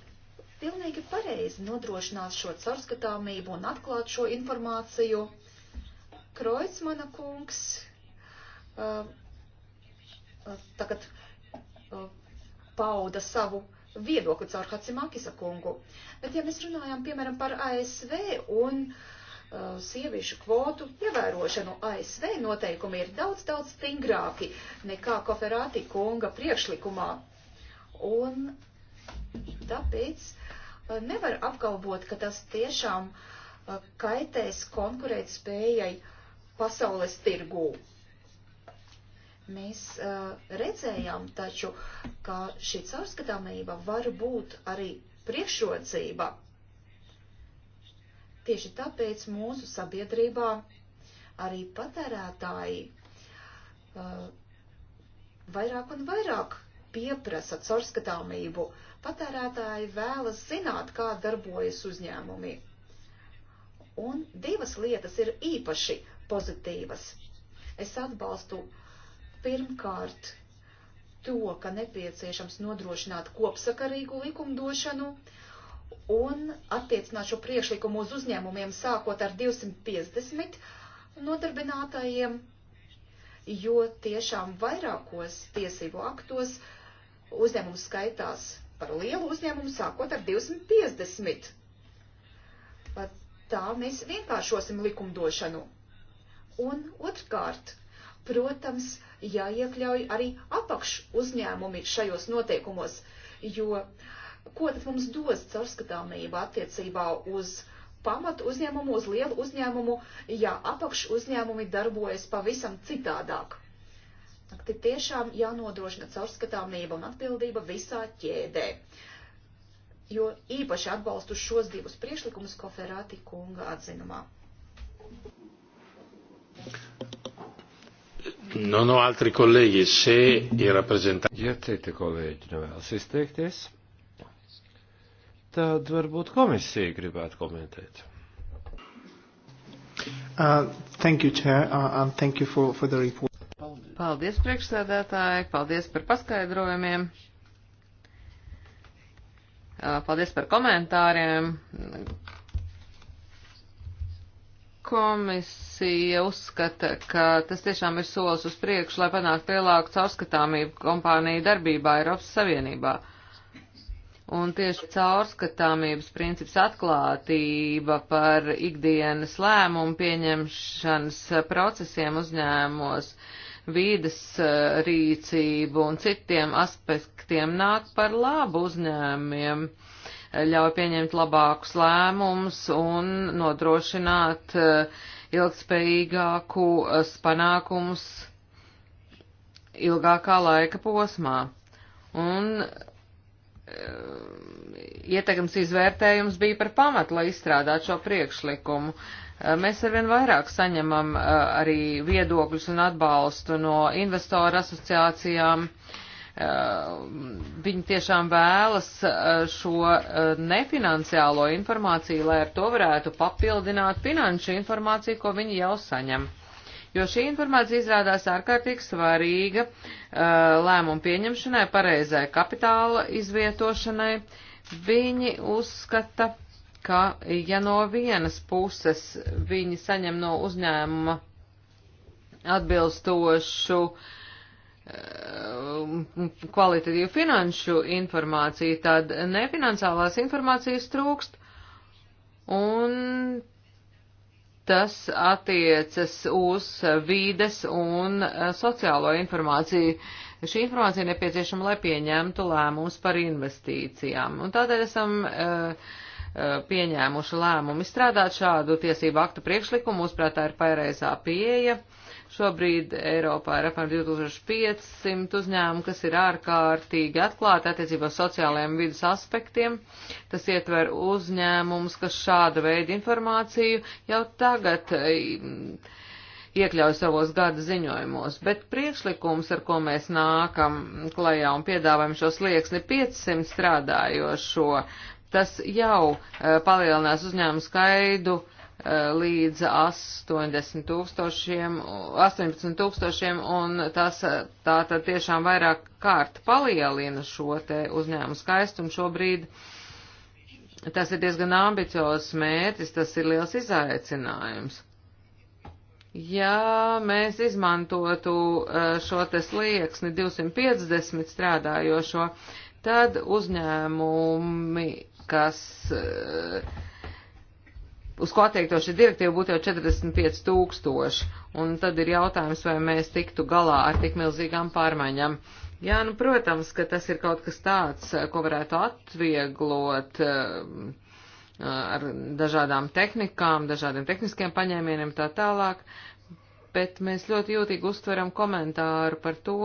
pilnīgi pareizi nodrošināt šo caurskatāmību un atklāt šo informāciju. Kreutzmana kungs uh, tagad uh, pauda savu viedokli caur Hacimakisa kungu. Bet ja mēs runājam, piemēram, par ASV un uh, Uh, sieviešu kvotu ievērošanu. ASV noteikumi ir daudz, daudz stingrāki nekā Koferāti kunga priekšlikumā. Un tāpēc uh, nevar apgalvot, ka tas tiešām uh, kaitēs konkurēt spējai pasaules tirgū. Mēs uh, redzējām taču, ka šī caurskatāmība var būt arī priekšrocība Tieši tāpēc mūsu sabiedrībā arī patērētāji uh, vairāk un vairāk pieprasa caurskatāmību. Patērētāji vēlas zināt, kā darbojas uzņēmumi. Un divas lietas ir īpaši pozitīvas. Es atbalstu pirmkārt to, ka nepieciešams nodrošināt kopsakarīgu likumdošanu, uh, un attiecināt šo priekšlikumu uz uzņēmumiem sākot ar 250 nodarbinātājiem, jo tiešām vairākos tiesību aktos uzņēmumu skaitās par lielu uzņēmumu sākot ar 250. Pat tā mēs vienkāršosim likumdošanu. Un otrkārt, protams, jāiekļauj arī apakš uzņēmumi šajos noteikumos, jo uh, ko tas mums dos caurskatāmība attiecībā uz pamatu uzņēmumu, uz lielu uzņēmumu, ja apakš uzņēmumi darbojas pavisam citādāk. Te tiešām jānodrošina caurskatāmība un atbildība visā ķēdē. Jo īpaši atbalstu šos divus priešlikumus koferāti kunga atzinumā. Non ho altri colleghi, se i rappresentanti. Ja citi colleghi, nevēlas izteikties. Tad varbūt komisija gribētu komentēt. Uh, thank you, Chair, uh, and thank you for, for the report. Paldies, paldies priekšsēdētāji, paldies par paskaidrojumiem. Uh, paldies par komentāriem. Komisija uzskata, ka tas tiešām ir solis uz priekšu, lai panāktu lielāku caurskatāmību kompāniju darbībā Eiropas Savienībā. Uh, Un tieši caurskatāmības princips atklātība par ikdienas lēmumu pieņemšanas procesiem uzņēmumos, vīdes eh, rīcību un citiem aspektiem nāk par labu uzņēmiem, eh, ļauj pieņemt labākus lēmumus un nodrošināt eh, ilgspējīgāku panākumus ilgākā laika posmā. Un Um, ietekmes izvērtējums bija par pamatu, lai izstrādātu šo priekšlikumu. Uh, mēs arvien vairāk saņemam uh, arī viedokļus un atbalstu no investoru asociācijām. Uh, viņi tiešām vēlas šo nefinanciālo informāciju, lai ar to varētu papildināt finanšu informāciju, ko viņi jau saņem jo šī informācija izrādās ārkārtīgi svarīga uh, lēmumu pieņemšanai, pareizai kapitāla izvietošanai. Viņi uzskata, ka ja no vienas puses viņi saņem no uzņēmuma atbilstošu uh, kvalitatīvu finanšu informāciju, tad nefinansālās informācijas trūkst, un Tas attiecas uz vīdes un eh, sociālo informāciju. Šī informācija nepieciešama, lai pieņemtu lēmumus par investīcijām. Un tādēļ esam uh, pieņēmuši lēmumu izstrādāt šādu tiesību aktu priekšlikumu. Mūsuprāt, tā ir pareizā pieeja. Uh, Šobrīd Eiropā ir apmēram 2500 uzņēmumu, kas ir ārkārtīgi atklāti attiecībā sociālajiem vidus aspektiem. Tas ietver uzņēmumus, kas šāda veida informāciju jau tagad mm, iekļauj savos gada ziņojumos, bet priekšlikums, ar ko mēs nākam klajā un piedāvājam šo slieksni 500 strādājošo, tas jau eh, palielinās uzņēmumu skaidu līdz 80 tūkstošiem, 18 tūkstošiem, un tas tā tad tiešām vairāk kārt palielina šo te uzņēmumu skaistumu šobrīd. Tas ir diezgan ambiciozs mērķis, tas ir liels izaicinājums. Ja mēs izmantotu e, šo te slieksni 250 strādājošo, tad uzņēmumi, kas uh, uz ko attiekto šī direktīva būtu jau 45 tūkstoši, un tad ir jautājums, vai mēs tiktu galā ar tik milzīgām pārmaiņām. Jā, nu, protams, ka tas ir kaut kas tāds, ko varētu atvieglot eh, ar dažādām tehnikām, dažādiem tehniskiem paņēmieniem tā tālāk, bet mēs ļoti jūtīgi uztveram komentāru par to,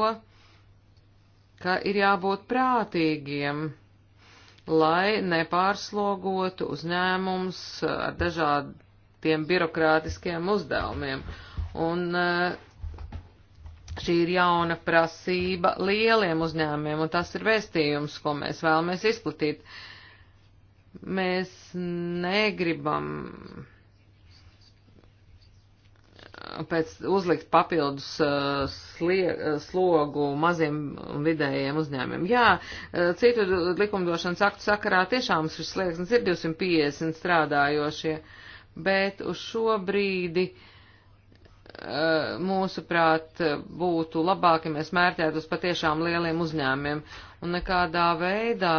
ka ir jābūt prātīgiem lai nepārslogotu uzņēmums ar dažādiem birokrātiskiem uzdevumiem. Un eh, šī ir jauna prasība lieliem uzņēmumiem, un tas ir vēstījums, ko mēs vēlamies izplatīt. Mēs negribam pēc uzlikt papildus uh, slie, uh, slogu maziem un vidējiem uzņēmiem. Jā, uh, citu likumdošanas aktu sakarā tiešām šis slieksnis ir 250 strādājošie, bet uz šo brīdi mūsuprāt būtu labāk, ja mēs mērķētu uz patiešām lieliem uzņēmiem un nekādā veidā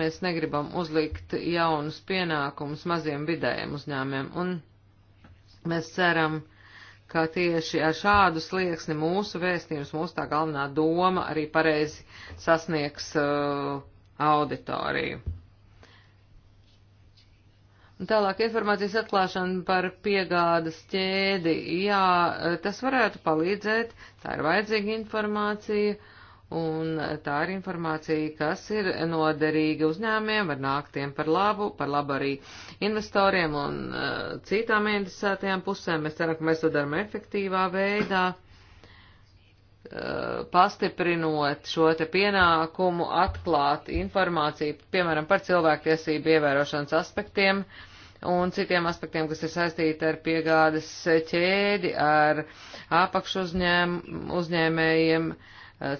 mēs negribam uzlikt jaunus pienākumus maziem vidējiem uzņēmiem. Un Mēs ceram, ka tieši ar šādu slieksni mūsu vēstījums, mūsu tā galvenā doma arī pareizi sasniegs uh, auditoriju. Tālāk informācijas atklāšana par piegādas ķēdi. Jā, tas varētu palīdzēt, tā ir vajadzīga informācija. Uh, Un tā ir informācija, kas ir noderīga uzņēmiem, var nākt tiem par labu, par labu arī investoriem un uh, citām interesētajām pusēm. Mēs ceram, ka mēs to darām efektīvā veidā, uh, pastiprinot šo te pienākumu, atklāt informāciju, piemēram, par cilvēktiesību ievērošanas aspektiem un citiem aspektiem, kas ir saistīti ar piegādes ķēdi, ar apakšuzņēmējiem. Uzņēm,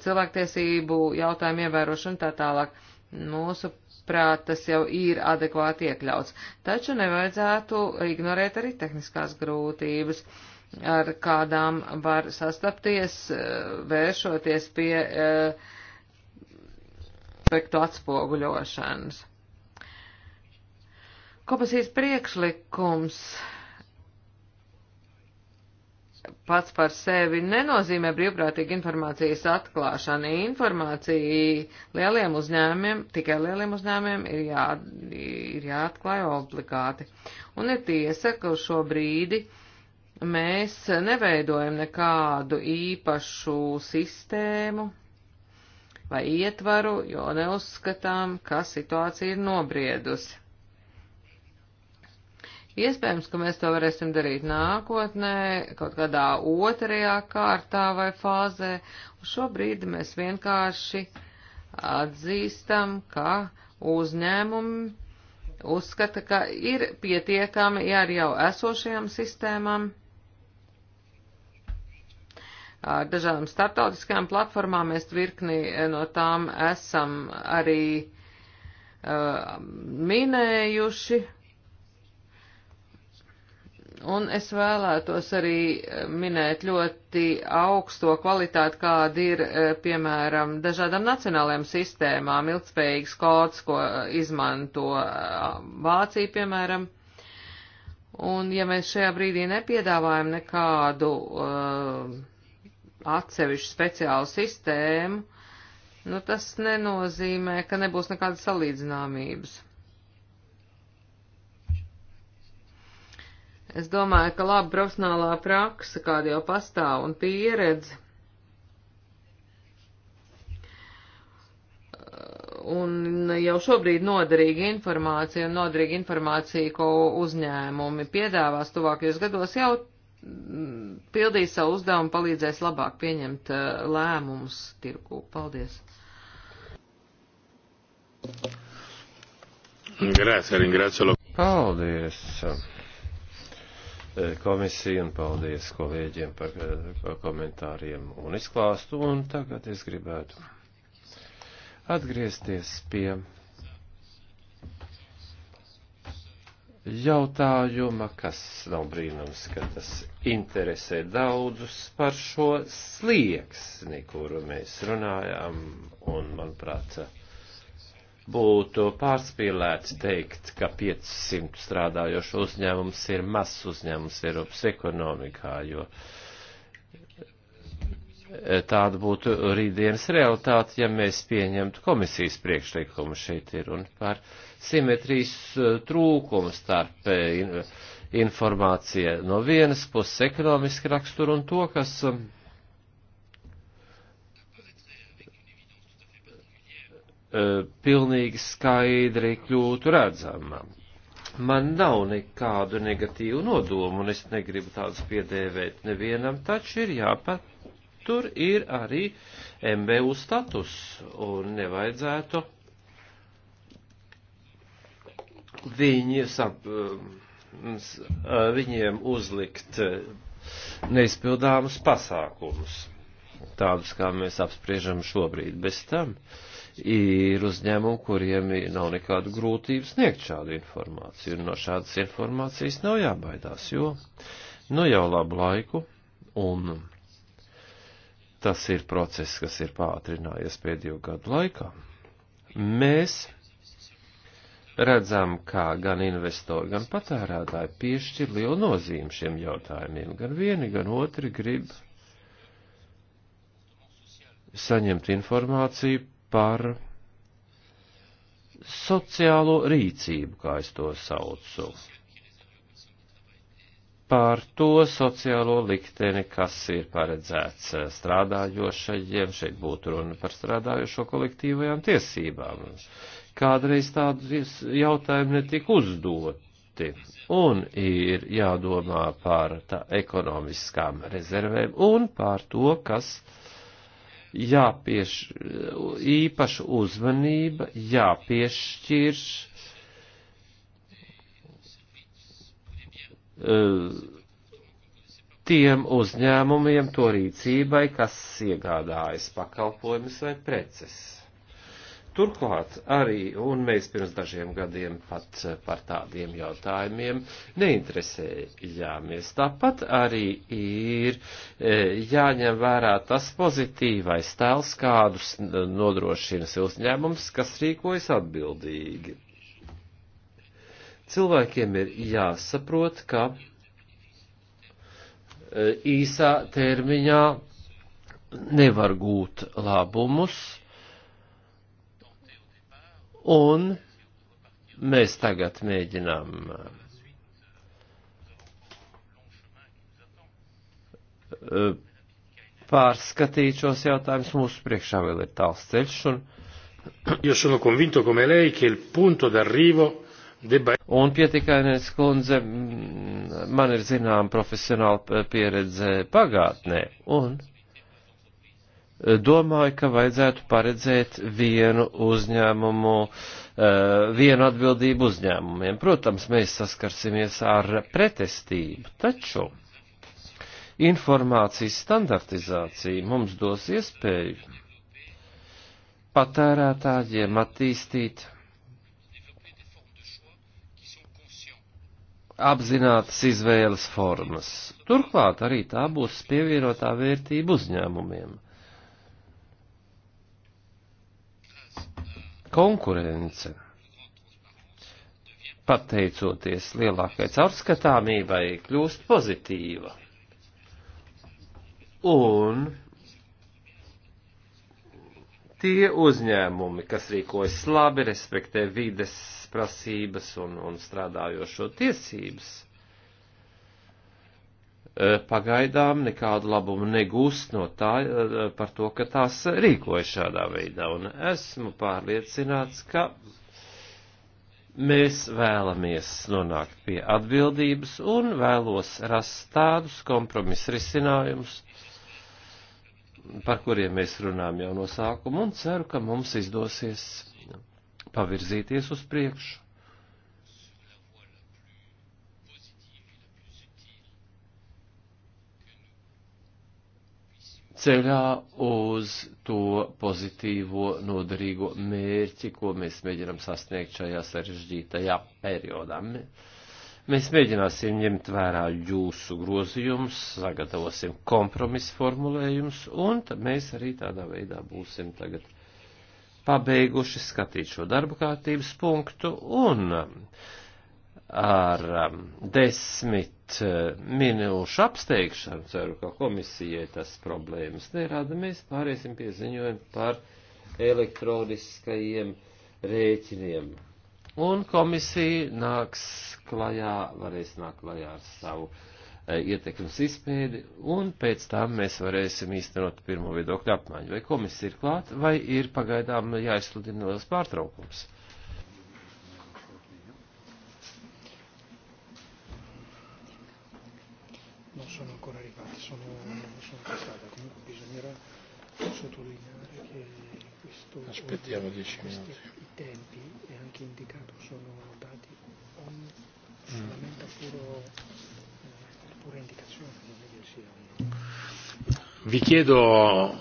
cilvēktiesību jautājumu ievērošanu tā tālāk. Mūsu prāt, tas jau ir adekvāti iekļauts. Taču nevajadzētu ignorēt arī tehniskās grūtības, ar kādām var sastapties, eh, vēršoties pie eh, aspektu atspoguļošanas. Kopasīs priekšlikums pats par sevi nenozīmē brīvprātīgu informācijas atklāšanu. Informācija lieliem uzņēmiem, tikai lieliem uzņēmiem ir, jā, ir jāatklāj obligāti. Un ir tiesa, ka uz šo brīdi mēs neveidojam nekādu īpašu sistēmu vai ietvaru, jo neuzskatām, ka situācija ir nobriedusi. Iespējams, ka mēs to varēsim darīt nākotnē, kaut kādā otrajā kārtā vai fāzē, un šobrīd mēs vienkārši atzīstam, ka uzņēmumi uzskata, ka ir pietiekami ja ar jau esošajām sistēmām, ar dažādām startautiskajām platformām, mēs virkni no tām esam arī uh, minējuši Un es vēlētos arī eh, minēt ļoti augsto kvalitāti, kāda ir, eh, piemēram, dažādām nacionālajām sistēmām, ilgspējīgs kods, ko eh, izmanto Vācija, piemēram. Un ja mēs šajā brīdī nepiedāvājam nekādu uh, atsevišķu speciālu sistēmu, nu tas nenozīmē, ka nebūs nekādas salīdzināmības. Es domāju, ka laba profesionālā praksa, kāda jau pastāv un pieredze, un jau šobrīd noderīga informācija un noderīga informācija, ko uzņēmumi piedāvās tuvākajos gados, jau mm, pildīs savu uzdevumu, palīdzēs labāk pieņemt eh, lēmumus tirku. Paldies! Paldies! E, komisiju un paldies kolēģiem e, par komentāriem un izklāstu. Un tagad es gribētu atgriezties pie jautājuma, kas nav brīnums, ka tas interesē daudzus par šo slieksni, kuru mēs runājām, un, manuprāt, būtu pārspīlēts teikt, ka 500 strādājošu uzņēmums ir mazs uzņēmums Eiropas ekonomikā, jo e, tāda būtu rītdienas realitāte, ja mēs pieņemtu komisijas priekšlikumu šeit ir un par simetrijas e, trūkumu starp e, informācija no vienas puses ekonomiski rakstur un to, kas Eh, pilnīgi skaidri kļūtu redzama. Man nav nekādu negatīvu nodomu, un es negribu tādus piedēvēt nevienam, taču ir jāpat, tur ir arī MBU status, un nevajadzētu viņi sap, eh, eh, viņiem uzlikt neizpildāmus pasākumus, tādus, kā mēs apspriežam šobrīd. Bez tam. Uh, ir uzņēmumi, kuriem nav nekādu grūtību sniegt šādu informāciju, un no šādas informācijas nav jābaidās, jo nu jau labu laiku, un tas ir process, kas ir pātrinājies pēdējo gadu laikā, mēs redzam, kā gan investori, gan patērētāji piešķir lielu nozīmi šiem jautājumiem, gan vieni, gan otri grib saņemt informāciju par sociālo rīcību, kā es to saucu, par to sociālo likteni, kas ir paredzēts strādājošajiem, šeit būtu runa par strādājošo kolektīvajām tiesībām. Kādreiz tādu jautājumu netika uzdoti, un ir jādomā par tā ekonomiskām rezervēm un par to, kas uh, jāpieš īpaša uzmanība, jāpiešķirš e, tiem uzņēmumiem to rīcībai, kas iegādājas pakalpojumus vai preces. Turklāt arī, un mēs pirms dažiem gadiem pat eh, par tādiem jautājumiem neinteresējāmies. Tāpat arī ir eh, jāņem vērā tas pozitīvais tēls, kādus nodrošina uzņēmums, kas rīkojas atbildīgi. Cilvēkiem ir jāsaprot, ka eh, īsā termiņā nevar gūt labumus, Un mēs tagad mēģinām eh, pārskatīt šos jautājumus. Mūsu priekšā vēl ir tāls ceļš. Un... *coughs* Io sono convinto come lei che il punto d'arrivo debba. Un pietikainies kundze, mm, man ir zinām profesionāla pieredze pagātnē. Un domāju, ka vajadzētu paredzēt vienu uzņēmumu, eh, vienu atbildību uzņēmumiem. Protams, mēs saskarsimies ar pretestību, taču informācijas standartizācija mums dos iespēju patērētājiem attīstīt apzinātas izvēles formas. Turklāt arī tā būs pievienotā vērtība uzņēmumiem. konkurence, pateicoties lielākai caurskatāmībai, kļūst pozitīva. Un tie uzņēmumi, kas rīkojas labi, respektē vides prasības un, un strādājošo tiesības, Eh, pagaidām nekādu labumu negūst no tā, eh, par to, ka tās rīkojas šādā veidā. Un esmu pārliecināts, ka mēs vēlamies nonākt pie atbildības un vēlos rast tādus kompromisu risinājumus, par kuriem mēs runājam jau no sākuma, un ceru, ka mums izdosies pavirzīties uz priekšu. ceļā uz to pozitīvo, noderīgo mērķi, ko mēs mēģinam sasniegt šajā sarežģītajā periodā. Mēs mēģināsim ņemt vērā jūsu grozījumus, sagatavosim kompromisu formulējumus, un mēs arī tādā veidā būsim tagad pabeiguši skatīt šo darbu kārtības punktu, un ar um, desmit uh, minūšu apsteigšanu. Ceru, ka komisijai tas problēmas nerada. Mēs pāriesim pie ziņojuma par elektroniskajiem rēķiniem. Un komisija nāks klajā, varēs nākt klajā ar savu uh, ietekmes izpēdi, un pēc tam mēs varēsim īstenot pirmo viedokļu apmaiņu. Vai komisija ir klāt, vai ir pagaidām jāizsludina liels pārtraukums? non sono ancora arrivati, sono, sono passata. Comunque bisognerà sottolineare che questo, Aspettiamo dieci questi, minuti. i tempi e anche indicato sono dati ogni, mm. solamente a puro, eh, pura indicazione, non è che sia un... Vi chiedo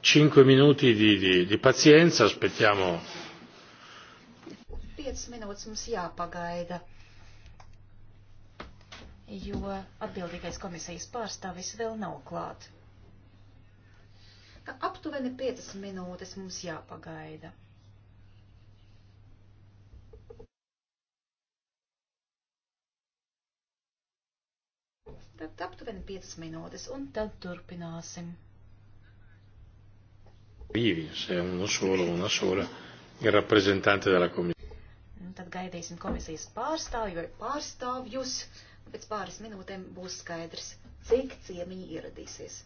5 minuti di, di, di pazienza, aspettiamo. 5 minūtes mums jāpagaida jo atbildīgais komisijas pārstāvis vēl nav klāt. Tā aptuveni 5 minūtes mums jāpagaida. Tad aptuveni 5 minūtes, un tad turpināsim. Vivi, se uno solo, una sola, il rappresentante della commissione. Nu, tad gaidīsim komisijas pārstāvju vai pārstāvjus. Pēc pāris minūtēm būs skaidrs, cik ciemiņi ieradīsies.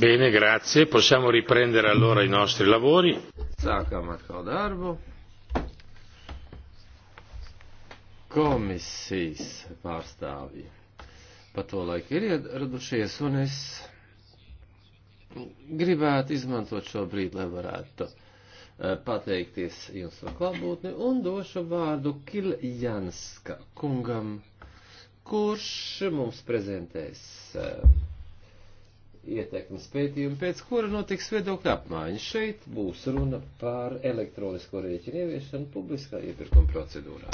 Bene, grazie. Possiamo riprendere allora i nostri lavori. Sākam atkal darbu. Komisijas pārstāvji pa to laiku ir ieradušies, un es gribētu izmantot šo brīdi, lai varētu eh, pateikties jums par klātbūtni un došu vārdu Kiljanska kungam, kurš mums prezentēs uh, ietekmes pētījumu, pēc kura notiks viedokļa apmaiņa. Šeit būs runa par elektronisko rēķinu ieviešanu publiskā iepirkuma procedūrā.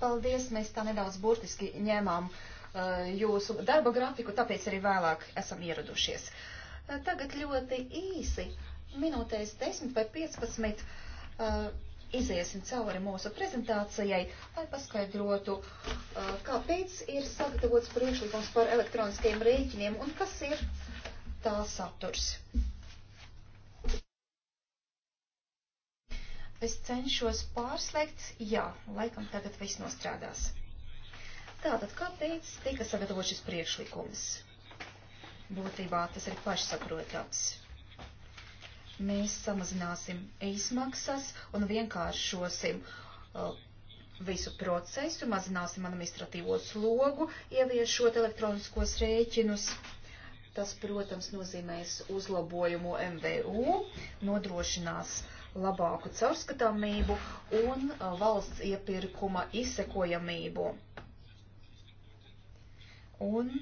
Paldies, mēs tā nedaudz burtiski ņēmām uh, jūsu darba grafiku, tāpēc arī vēlāk esam ieradušies. Uh, tagad ļoti īsi, minūtēs 10 vai 15, uh, iziesim cauri mūsu prezentācijai, lai paskaidrotu, uh, kāpēc ir sagatavots priekšlikums par elektroniskajiem rēķiniem un kas ir tā saturs. Es cenšos pārslēgt, jā, laikam tagad viss nostrādās. Tātad, kā teicis, tika sagatavots šis priekšlikums. Būtībā tas ir pašsaprotams. Mēs samazināsim izmaksas un vienkāršosim uh, visu procesu, mazināsim administratīvo slogu, ieviešot elektroniskos rēķinus. Uh, Tas, protams, nozīmēs uzlabojumu MVU, nodrošinās labāku caurskatāmību un valsts iepirkuma izsekojamību. Un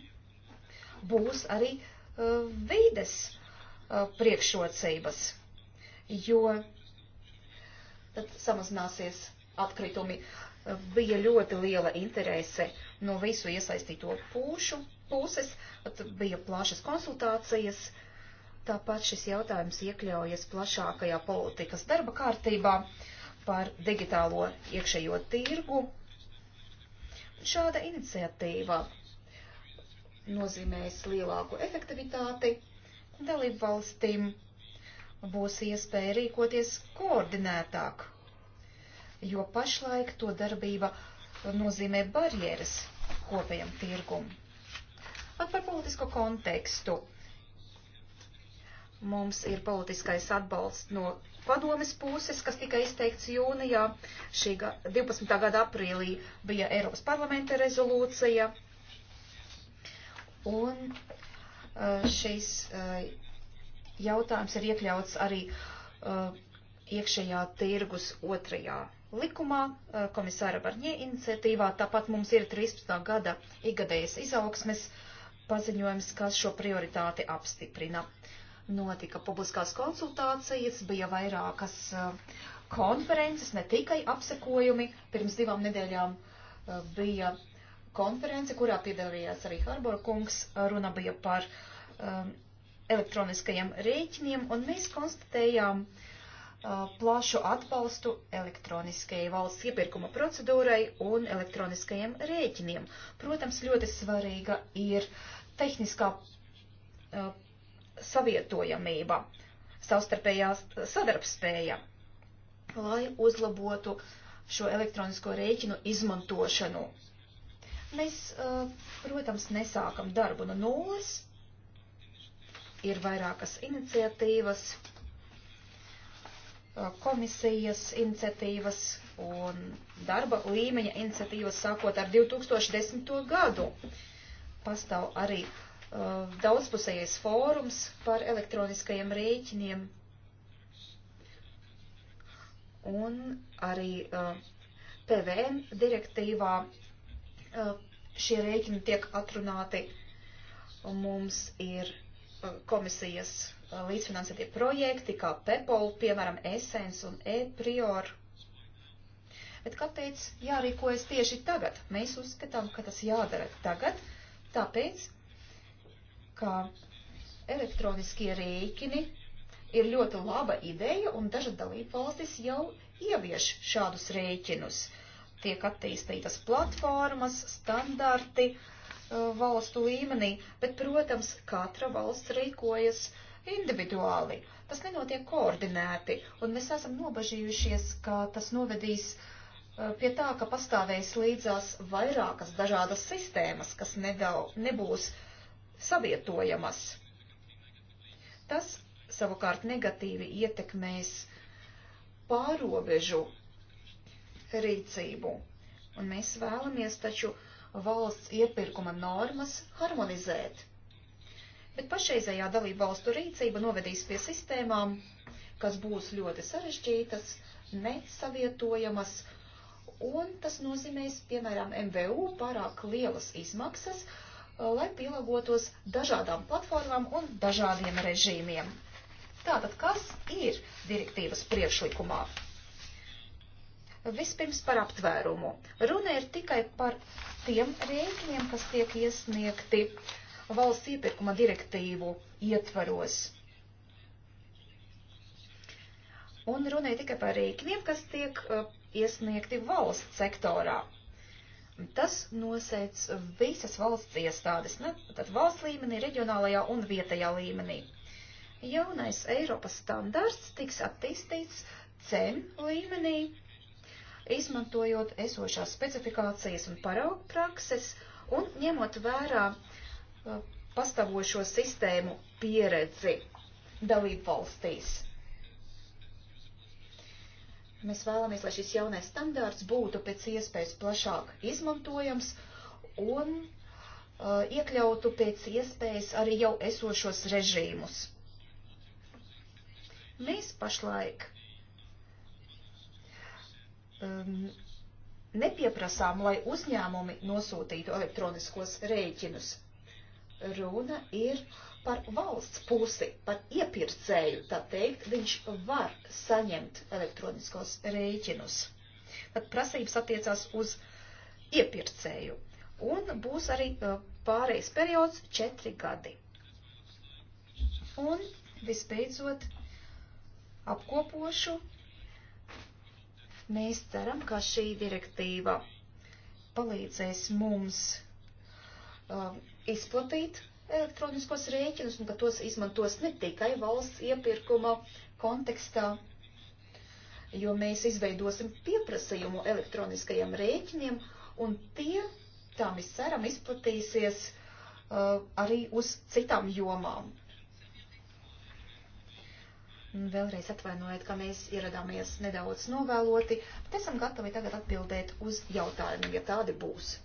būs arī uh, vides uh, priekšrocības, jo tad samazināsies atkritumi. Uh, bija ļoti liela interese no visu iesaistīto pušu puses. Bija plašas konsultācijas, tāpat šis jautājums iekļaujas plašākajā politikas darba kārtībā par digitālo iekšējo tirgu. Šāda iniciatīva nozīmēs lielāku efektivitāti dalību valstīm būs iespēja rīkoties koordinētāk, jo pašlaik to darbība nozīmē barjeras kopējam tirgumam. Par politisko kontekstu. Mums ir politiskais atbalsts no padomes puses, kas tika izteikts jūnijā. Šī 12. gada aprīlī bija Eiropas parlamenta rezolūcija. Un uh, šis uh, jautājums ir iekļauts arī uh, iekšējā tirgus otrajā likumā, komisāra Barņie iniciatīvā. Tāpat mums ir 13. gada igadējas izaugsmes. Uh, paziņojums, kas šo prioritāti apstiprina. Notika publiskās konsultācijas, bija vairākas uh, konferences, ne tikai apsekojumi. Pirms divām nedēļām uh, bija konference, kurā piedalījās arī Harbora kungs. Runa bija par um, elektroniskajiem rēķiniem, un mēs konstatējām uh, plašu atbalstu elektroniskajai valsts iepirkuma procedūrai un elektroniskajiem rēķiniem. Protams, ļoti svarīga ir uh, tehniskā uh, savietojamība, savstarpējā sadarbspēja, lai uzlabotu šo elektronisko rēķinu izmantošanu. Mēs, uh, protams, nesākam darbu no nulles. Ir vairākas iniciatīvas, komisijas iniciatīvas un darba līmeņa iniciatīvas sākot ar 2010. gadu. Uh, pastāv arī uh, daudzpusējais fórums par elektroniskajiem rēķiniem un arī uh, PVN direktīvā uh, šie rēķini tiek atrunāti. Mums ir uh, komisijas uh, līdzfinansētie projekti, kā PEPOL, piemēram, Essence un E-Prior. Bet kāpēc jārīkojas tieši tagad? Mēs uzskatām, ka tas jādara tagad, Tāpēc, ka elektroniskie rēķini ir ļoti laba ideja, un dažas dalībvalstis jau ievieš šādus rēķinus. Tiek attīstītas platformas, standarti uh, valstu līmenī, bet, protams, katra valsts rīkojas individuāli. Tas nenotiek koordinēti, un mēs esam nobažījušies, ka tas novedīs uh, pie tā, ka pastāvēs līdzās vairākas dažādas sistēmas, kas nedau, nebūs savietojamas. Tas savukārt negatīvi ietekmēs pārobežu rīcību. Un mēs vēlamies taču valsts iepirkuma normas harmonizēt. Bet pašreizējā dalība valstu rīcība novedīs pie sistēmām, kas būs ļoti sarežģītas, nesavietojamas un tas nozīmēs, piemēram, MVU pārāk lielas izmaksas, eh, lai pielāgotos dažādām platformām un dažādiem režīmiem. Tātad, kas ir direktīvas priekšlikumā? Vispirms par aptvērumu. Runa ir tikai par tiem rēķiniem, kas tiek iesniegti valsts iepirkuma direktīvu ietvaros. Un runa ir tikai par rēķiniem, kas tiek uh, iesniegti valsts sektorā. Tas noseic visas valsts iestādes, ne? tad valsts līmenī, reģionālajā un vietējā līmenī. Jaunais Eiropas standarts tiks attīstīts CEM līmenī, izmantojot esošās specifikācijas un paraugu prakses un ņemot vērā uh, pastāvošo sistēmu pieredzi dalību valstīs. Mēs vēlamies, lai šis jaunais standārts būtu pēc iespējas plašāk izmantojams un uh, iekļautu pēc iespējas arī jau esošos režīmus. Mēs pašlaik um, nepieprasām, lai uzņēmumi nosūtītu elektroniskos rēķinus. Runa ir par valsts pusi, par iepirkēju, tā teikt, viņš var saņemt elektroniskos rēķinus. Tad prasības attiecās uz iepirkēju. Un būs arī uh, pārejas periods - četri gadi. Un visbeidzot, apkopošu, mēs ceram, ka šī direktīva palīdzēs mums um, izplatīt elektroniskos rēķinus un ka tos izmantos ne tikai valsts iepirkuma kontekstā, jo mēs izveidosim pieprasījumu elektroniskajiem rēķiniem un tie, tā mēs ceram, izplatīsies uh, arī uz citām jomām. Vēlreiz atvainojiet, ka mēs ieradāmies nedaudz novēloti, bet esam gatavi tagad atbildēt uz jautājumiem, ja tādi būs.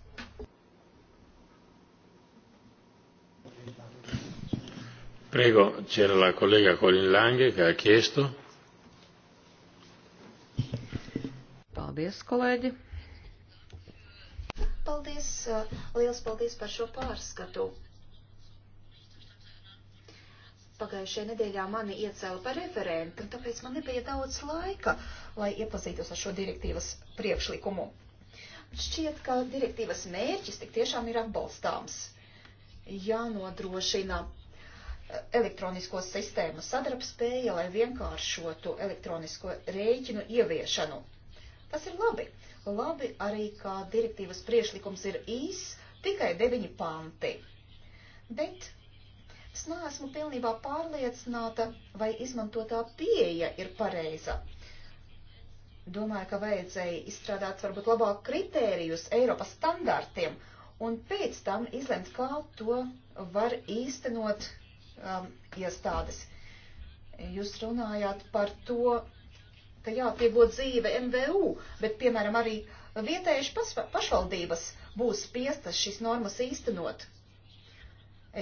Prego, c'era la collega Colin Lange, che ha chiesto. Paldies, kolēģi. Paldies, uh, liels paldies par šo pārskatu. Pagājušajā nedēļā mani iecēla par referentu, un tāpēc man nebija daudz laika, lai iepazītos ar šo direktīvas priekšlikumu. Šķiet, ka direktīvas mērķis tik tiešām ir atbalstāms jānodrošina elektronisko sistēmu sadarbspēja, lai vienkāršotu elektronisko rēķinu ieviešanu. Tas ir labi. Labi arī, ka direktīvas priešlikums ir īs, tikai deviņi panti. Bet es neesmu pilnībā pārliecināta, vai izmantotā pieeja ir pareiza. Domāju, ka vajadzēja izstrādāt varbūt labāk kritērijus Eiropas standartiem, un pēc tam izlemt, kā to var īstenot um, iestādes. Jūs runājāt par to, ka jāatvieglo dzīve MVU, bet, piemēram, arī vietējuši pašvaldības būs spiestas šīs normas īstenot.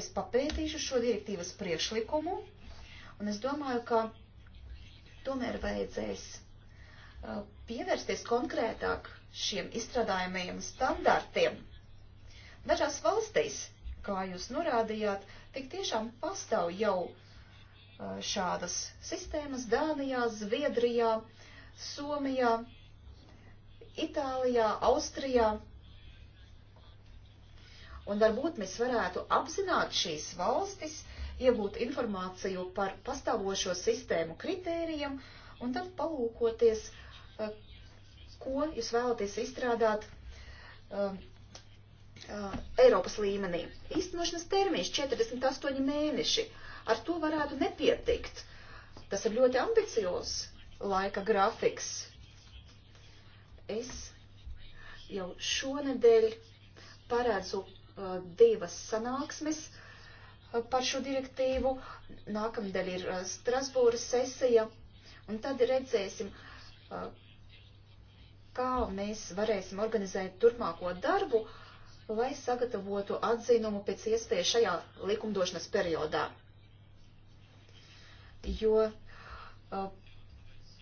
Es papētīšu šo direktīvas priekšlikumu, un es domāju, ka tomēr vajadzēs uh, pievērsties konkrētāk šiem izstrādājumajiem standartiem Dažās valstīs, kā jūs norādījāt, tik tiešām pastāv jau šādas sistēmas Dānijā, Zviedrijā, Somijā, Itālijā, Austrijā. Un varbūt mēs varētu apzināt šīs valstis, iegūt informāciju par pastāvošo sistēmu kritērijiem un tad palūkoties, ko jūs vēlaties izstrādāt uh, Eiropas līmenī. Īstenošanas termiņš 48 mēneši. Ar to varētu nepietikt. Tas ir ļoti ambiciozs laika grafiks. Es jau šonedēļ paredzu uh, divas sanāksmes uh, par šo direktīvu. Nākamdēļ ir uh, Strasbūras sesija, un tad redzēsim, kā mēs varēsim organizēt turpmāko darbu lai sagatavotu atzinumu pēc iespējas šajā likumdošanas periodā. Jo uh,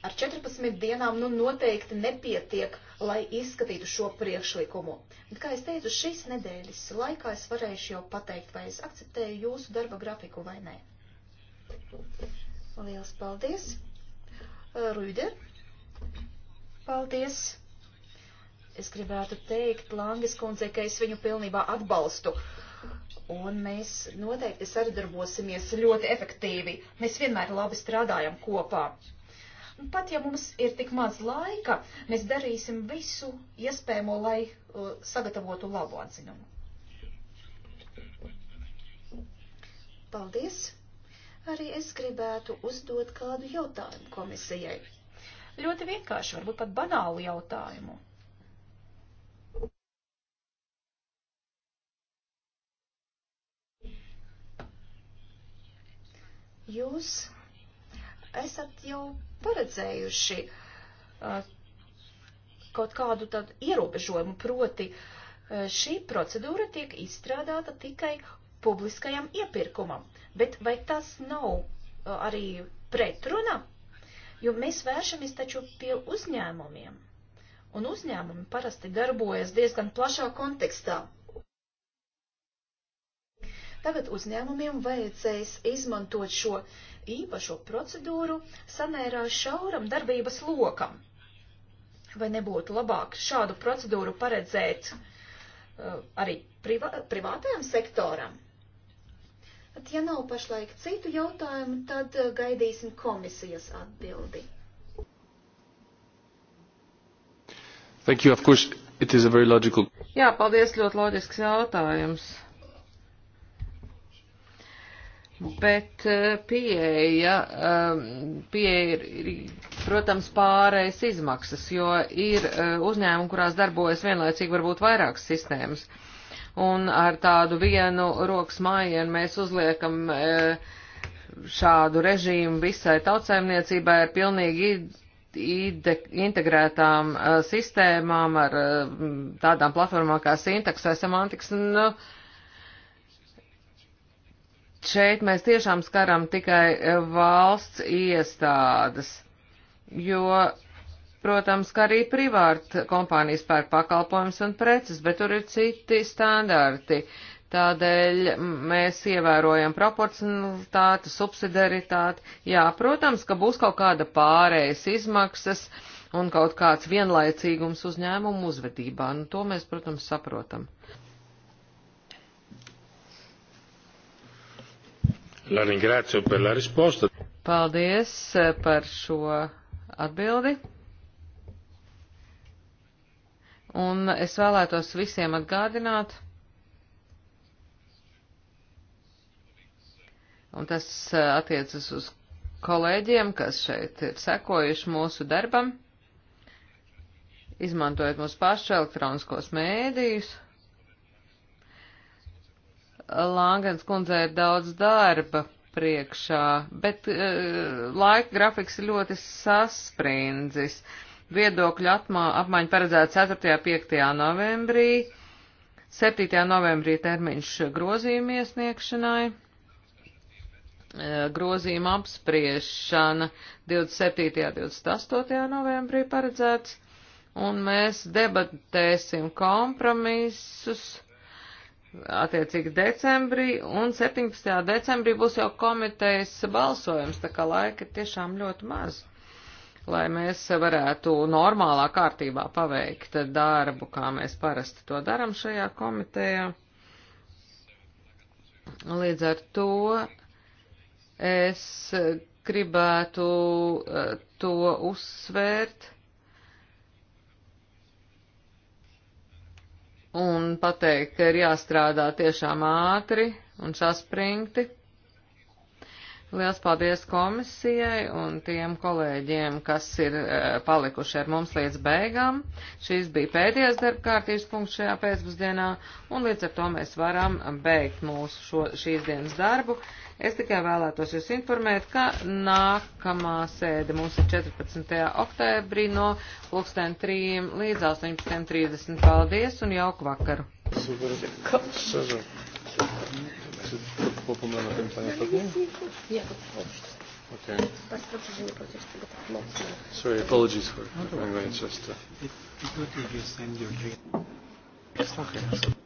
ar 14 dienām nu noteikti nepietiek, lai izskatītu šo priekšlikumu. Bet, kā es teicu, šīs nedēļas laikā es varēšu jau pateikt, vai es akceptēju jūsu darba grafiku vai nē. Liels paldies! Uh, Rūde! Paldies! Es gribētu teikt Langas kundze, ka es viņu pilnībā atbalstu. Un mēs noteikti sadarbosimies ļoti efektīvi. Mēs vienmēr labi strādājam kopā. Pat ja mums ir tik maz laika, mēs darīsim visu iespējamo, lai uh, sagatavotu labu atzinumu. Paldies! Arī es gribētu uzdot kādu jautājumu komisijai. Ļoti vienkārši, varbūt pat banālu jautājumu. Jūs esat jau paredzējuši uh, kaut kādu tādu ierobežojumu, proti uh, šī procedūra tiek izstrādāta tikai publiskajam iepirkumam. Bet vai tas nav uh, arī pretruna? Jo mēs vēršamies taču pie uzņēmumiem. Un uzņēmumi parasti darbojas diezgan plašā kontekstā. Tagad uzņēmumiem vajadzēs izmantot šo īpašo procedūru samērā šauram darbības lokam. Vai nebūtu labāk šādu procedūru paredzēt uh, arī privā, privātajam sektoram? At, ja nav pašlaik citu jautājumu, tad uh, gaidīsim komisijas atbildi. Thank you. Of course, it is a very logical. Jā, paldies, ļoti loģisks jautājums. Bet eh, pieeja, eh, pieeja ir, protams, pārējais izmaksas, jo ir eh, uzņēmumi, kurās darbojas vienlaicīgi varbūt vairākas sistēmas. Un ar tādu vienu rokas mājienu mēs uzliekam šādu režīmu visai tautsēmniecībai ar pilnīgi integrētām sistēmām, ar tādām platformām kā Syntax vai Semantics. Nu, šeit mēs tiešām skaram tikai e, valsts iestādes, jo, protams, ka arī privāta kompānijas pērk pakalpojums un preces, bet tur ir citi standarti. Tādēļ mēs ievērojam proporcionalitāti, subsidiaritāti. Jā, protams, ka būs kaut kāda pārējas izmaksas un kaut kāds vienlaicīgums uzņēmumu uzvedībā. Nu, to mēs, protams, saprotam. La ringrazio per la risposta. Paldies eh, par šo atbildi. Un es vēlētos visiem atgādināt, un tas eh, attiecas uz kolēģiem, kas šeit ir sekojuši mūsu darbam, izmantojot mūsu pašu elektroniskos mēdījus. Lāngens kundze ir daudz darba priekšā, bet uh, laika grafiks ir ļoti sasprindzis. Viedokļu atmā, apmaiņa paredzēta 4. un 5. novembrī. 7. novembrī termiņš grozījuma iesniegšanai, eh, grozījuma apspriešana 27. un 28. novembrī paredzēts, un mēs debatēsim kompromisus attiecīgi decembrī, un 17. decembrī būs jau komitejas balsojums, tā kā laika tiešām ļoti maz, lai mēs varētu normālā kārtībā paveikt darbu, kā mēs parasti to daram šajā komitejā. Līdz ar to es gribētu eh, to uzsvērt un pateikt, ka ir jāstrādā tiešām ātri un saspringti. Liels paldies komisijai un tiem kolēģiem, kas ir e, palikuši ar mums līdz beigām. Šis bija pēdējais darbkārtības punkts šajā pēcpusdienā, un līdz ar to mēs varam beigt mūsu šo, šīs dienas darbu. Es tikai vēlētos jūs informēt, ka nākamā sēde mums ir 14. oktobrī no 2003 līdz 18.30. Paldies un jauku vakaru! Super. Super popomnę na tym panią ostatnio? Nie, Okay. Sorry, apologies for language. Just. Uh, it, it would be just send your. Okay.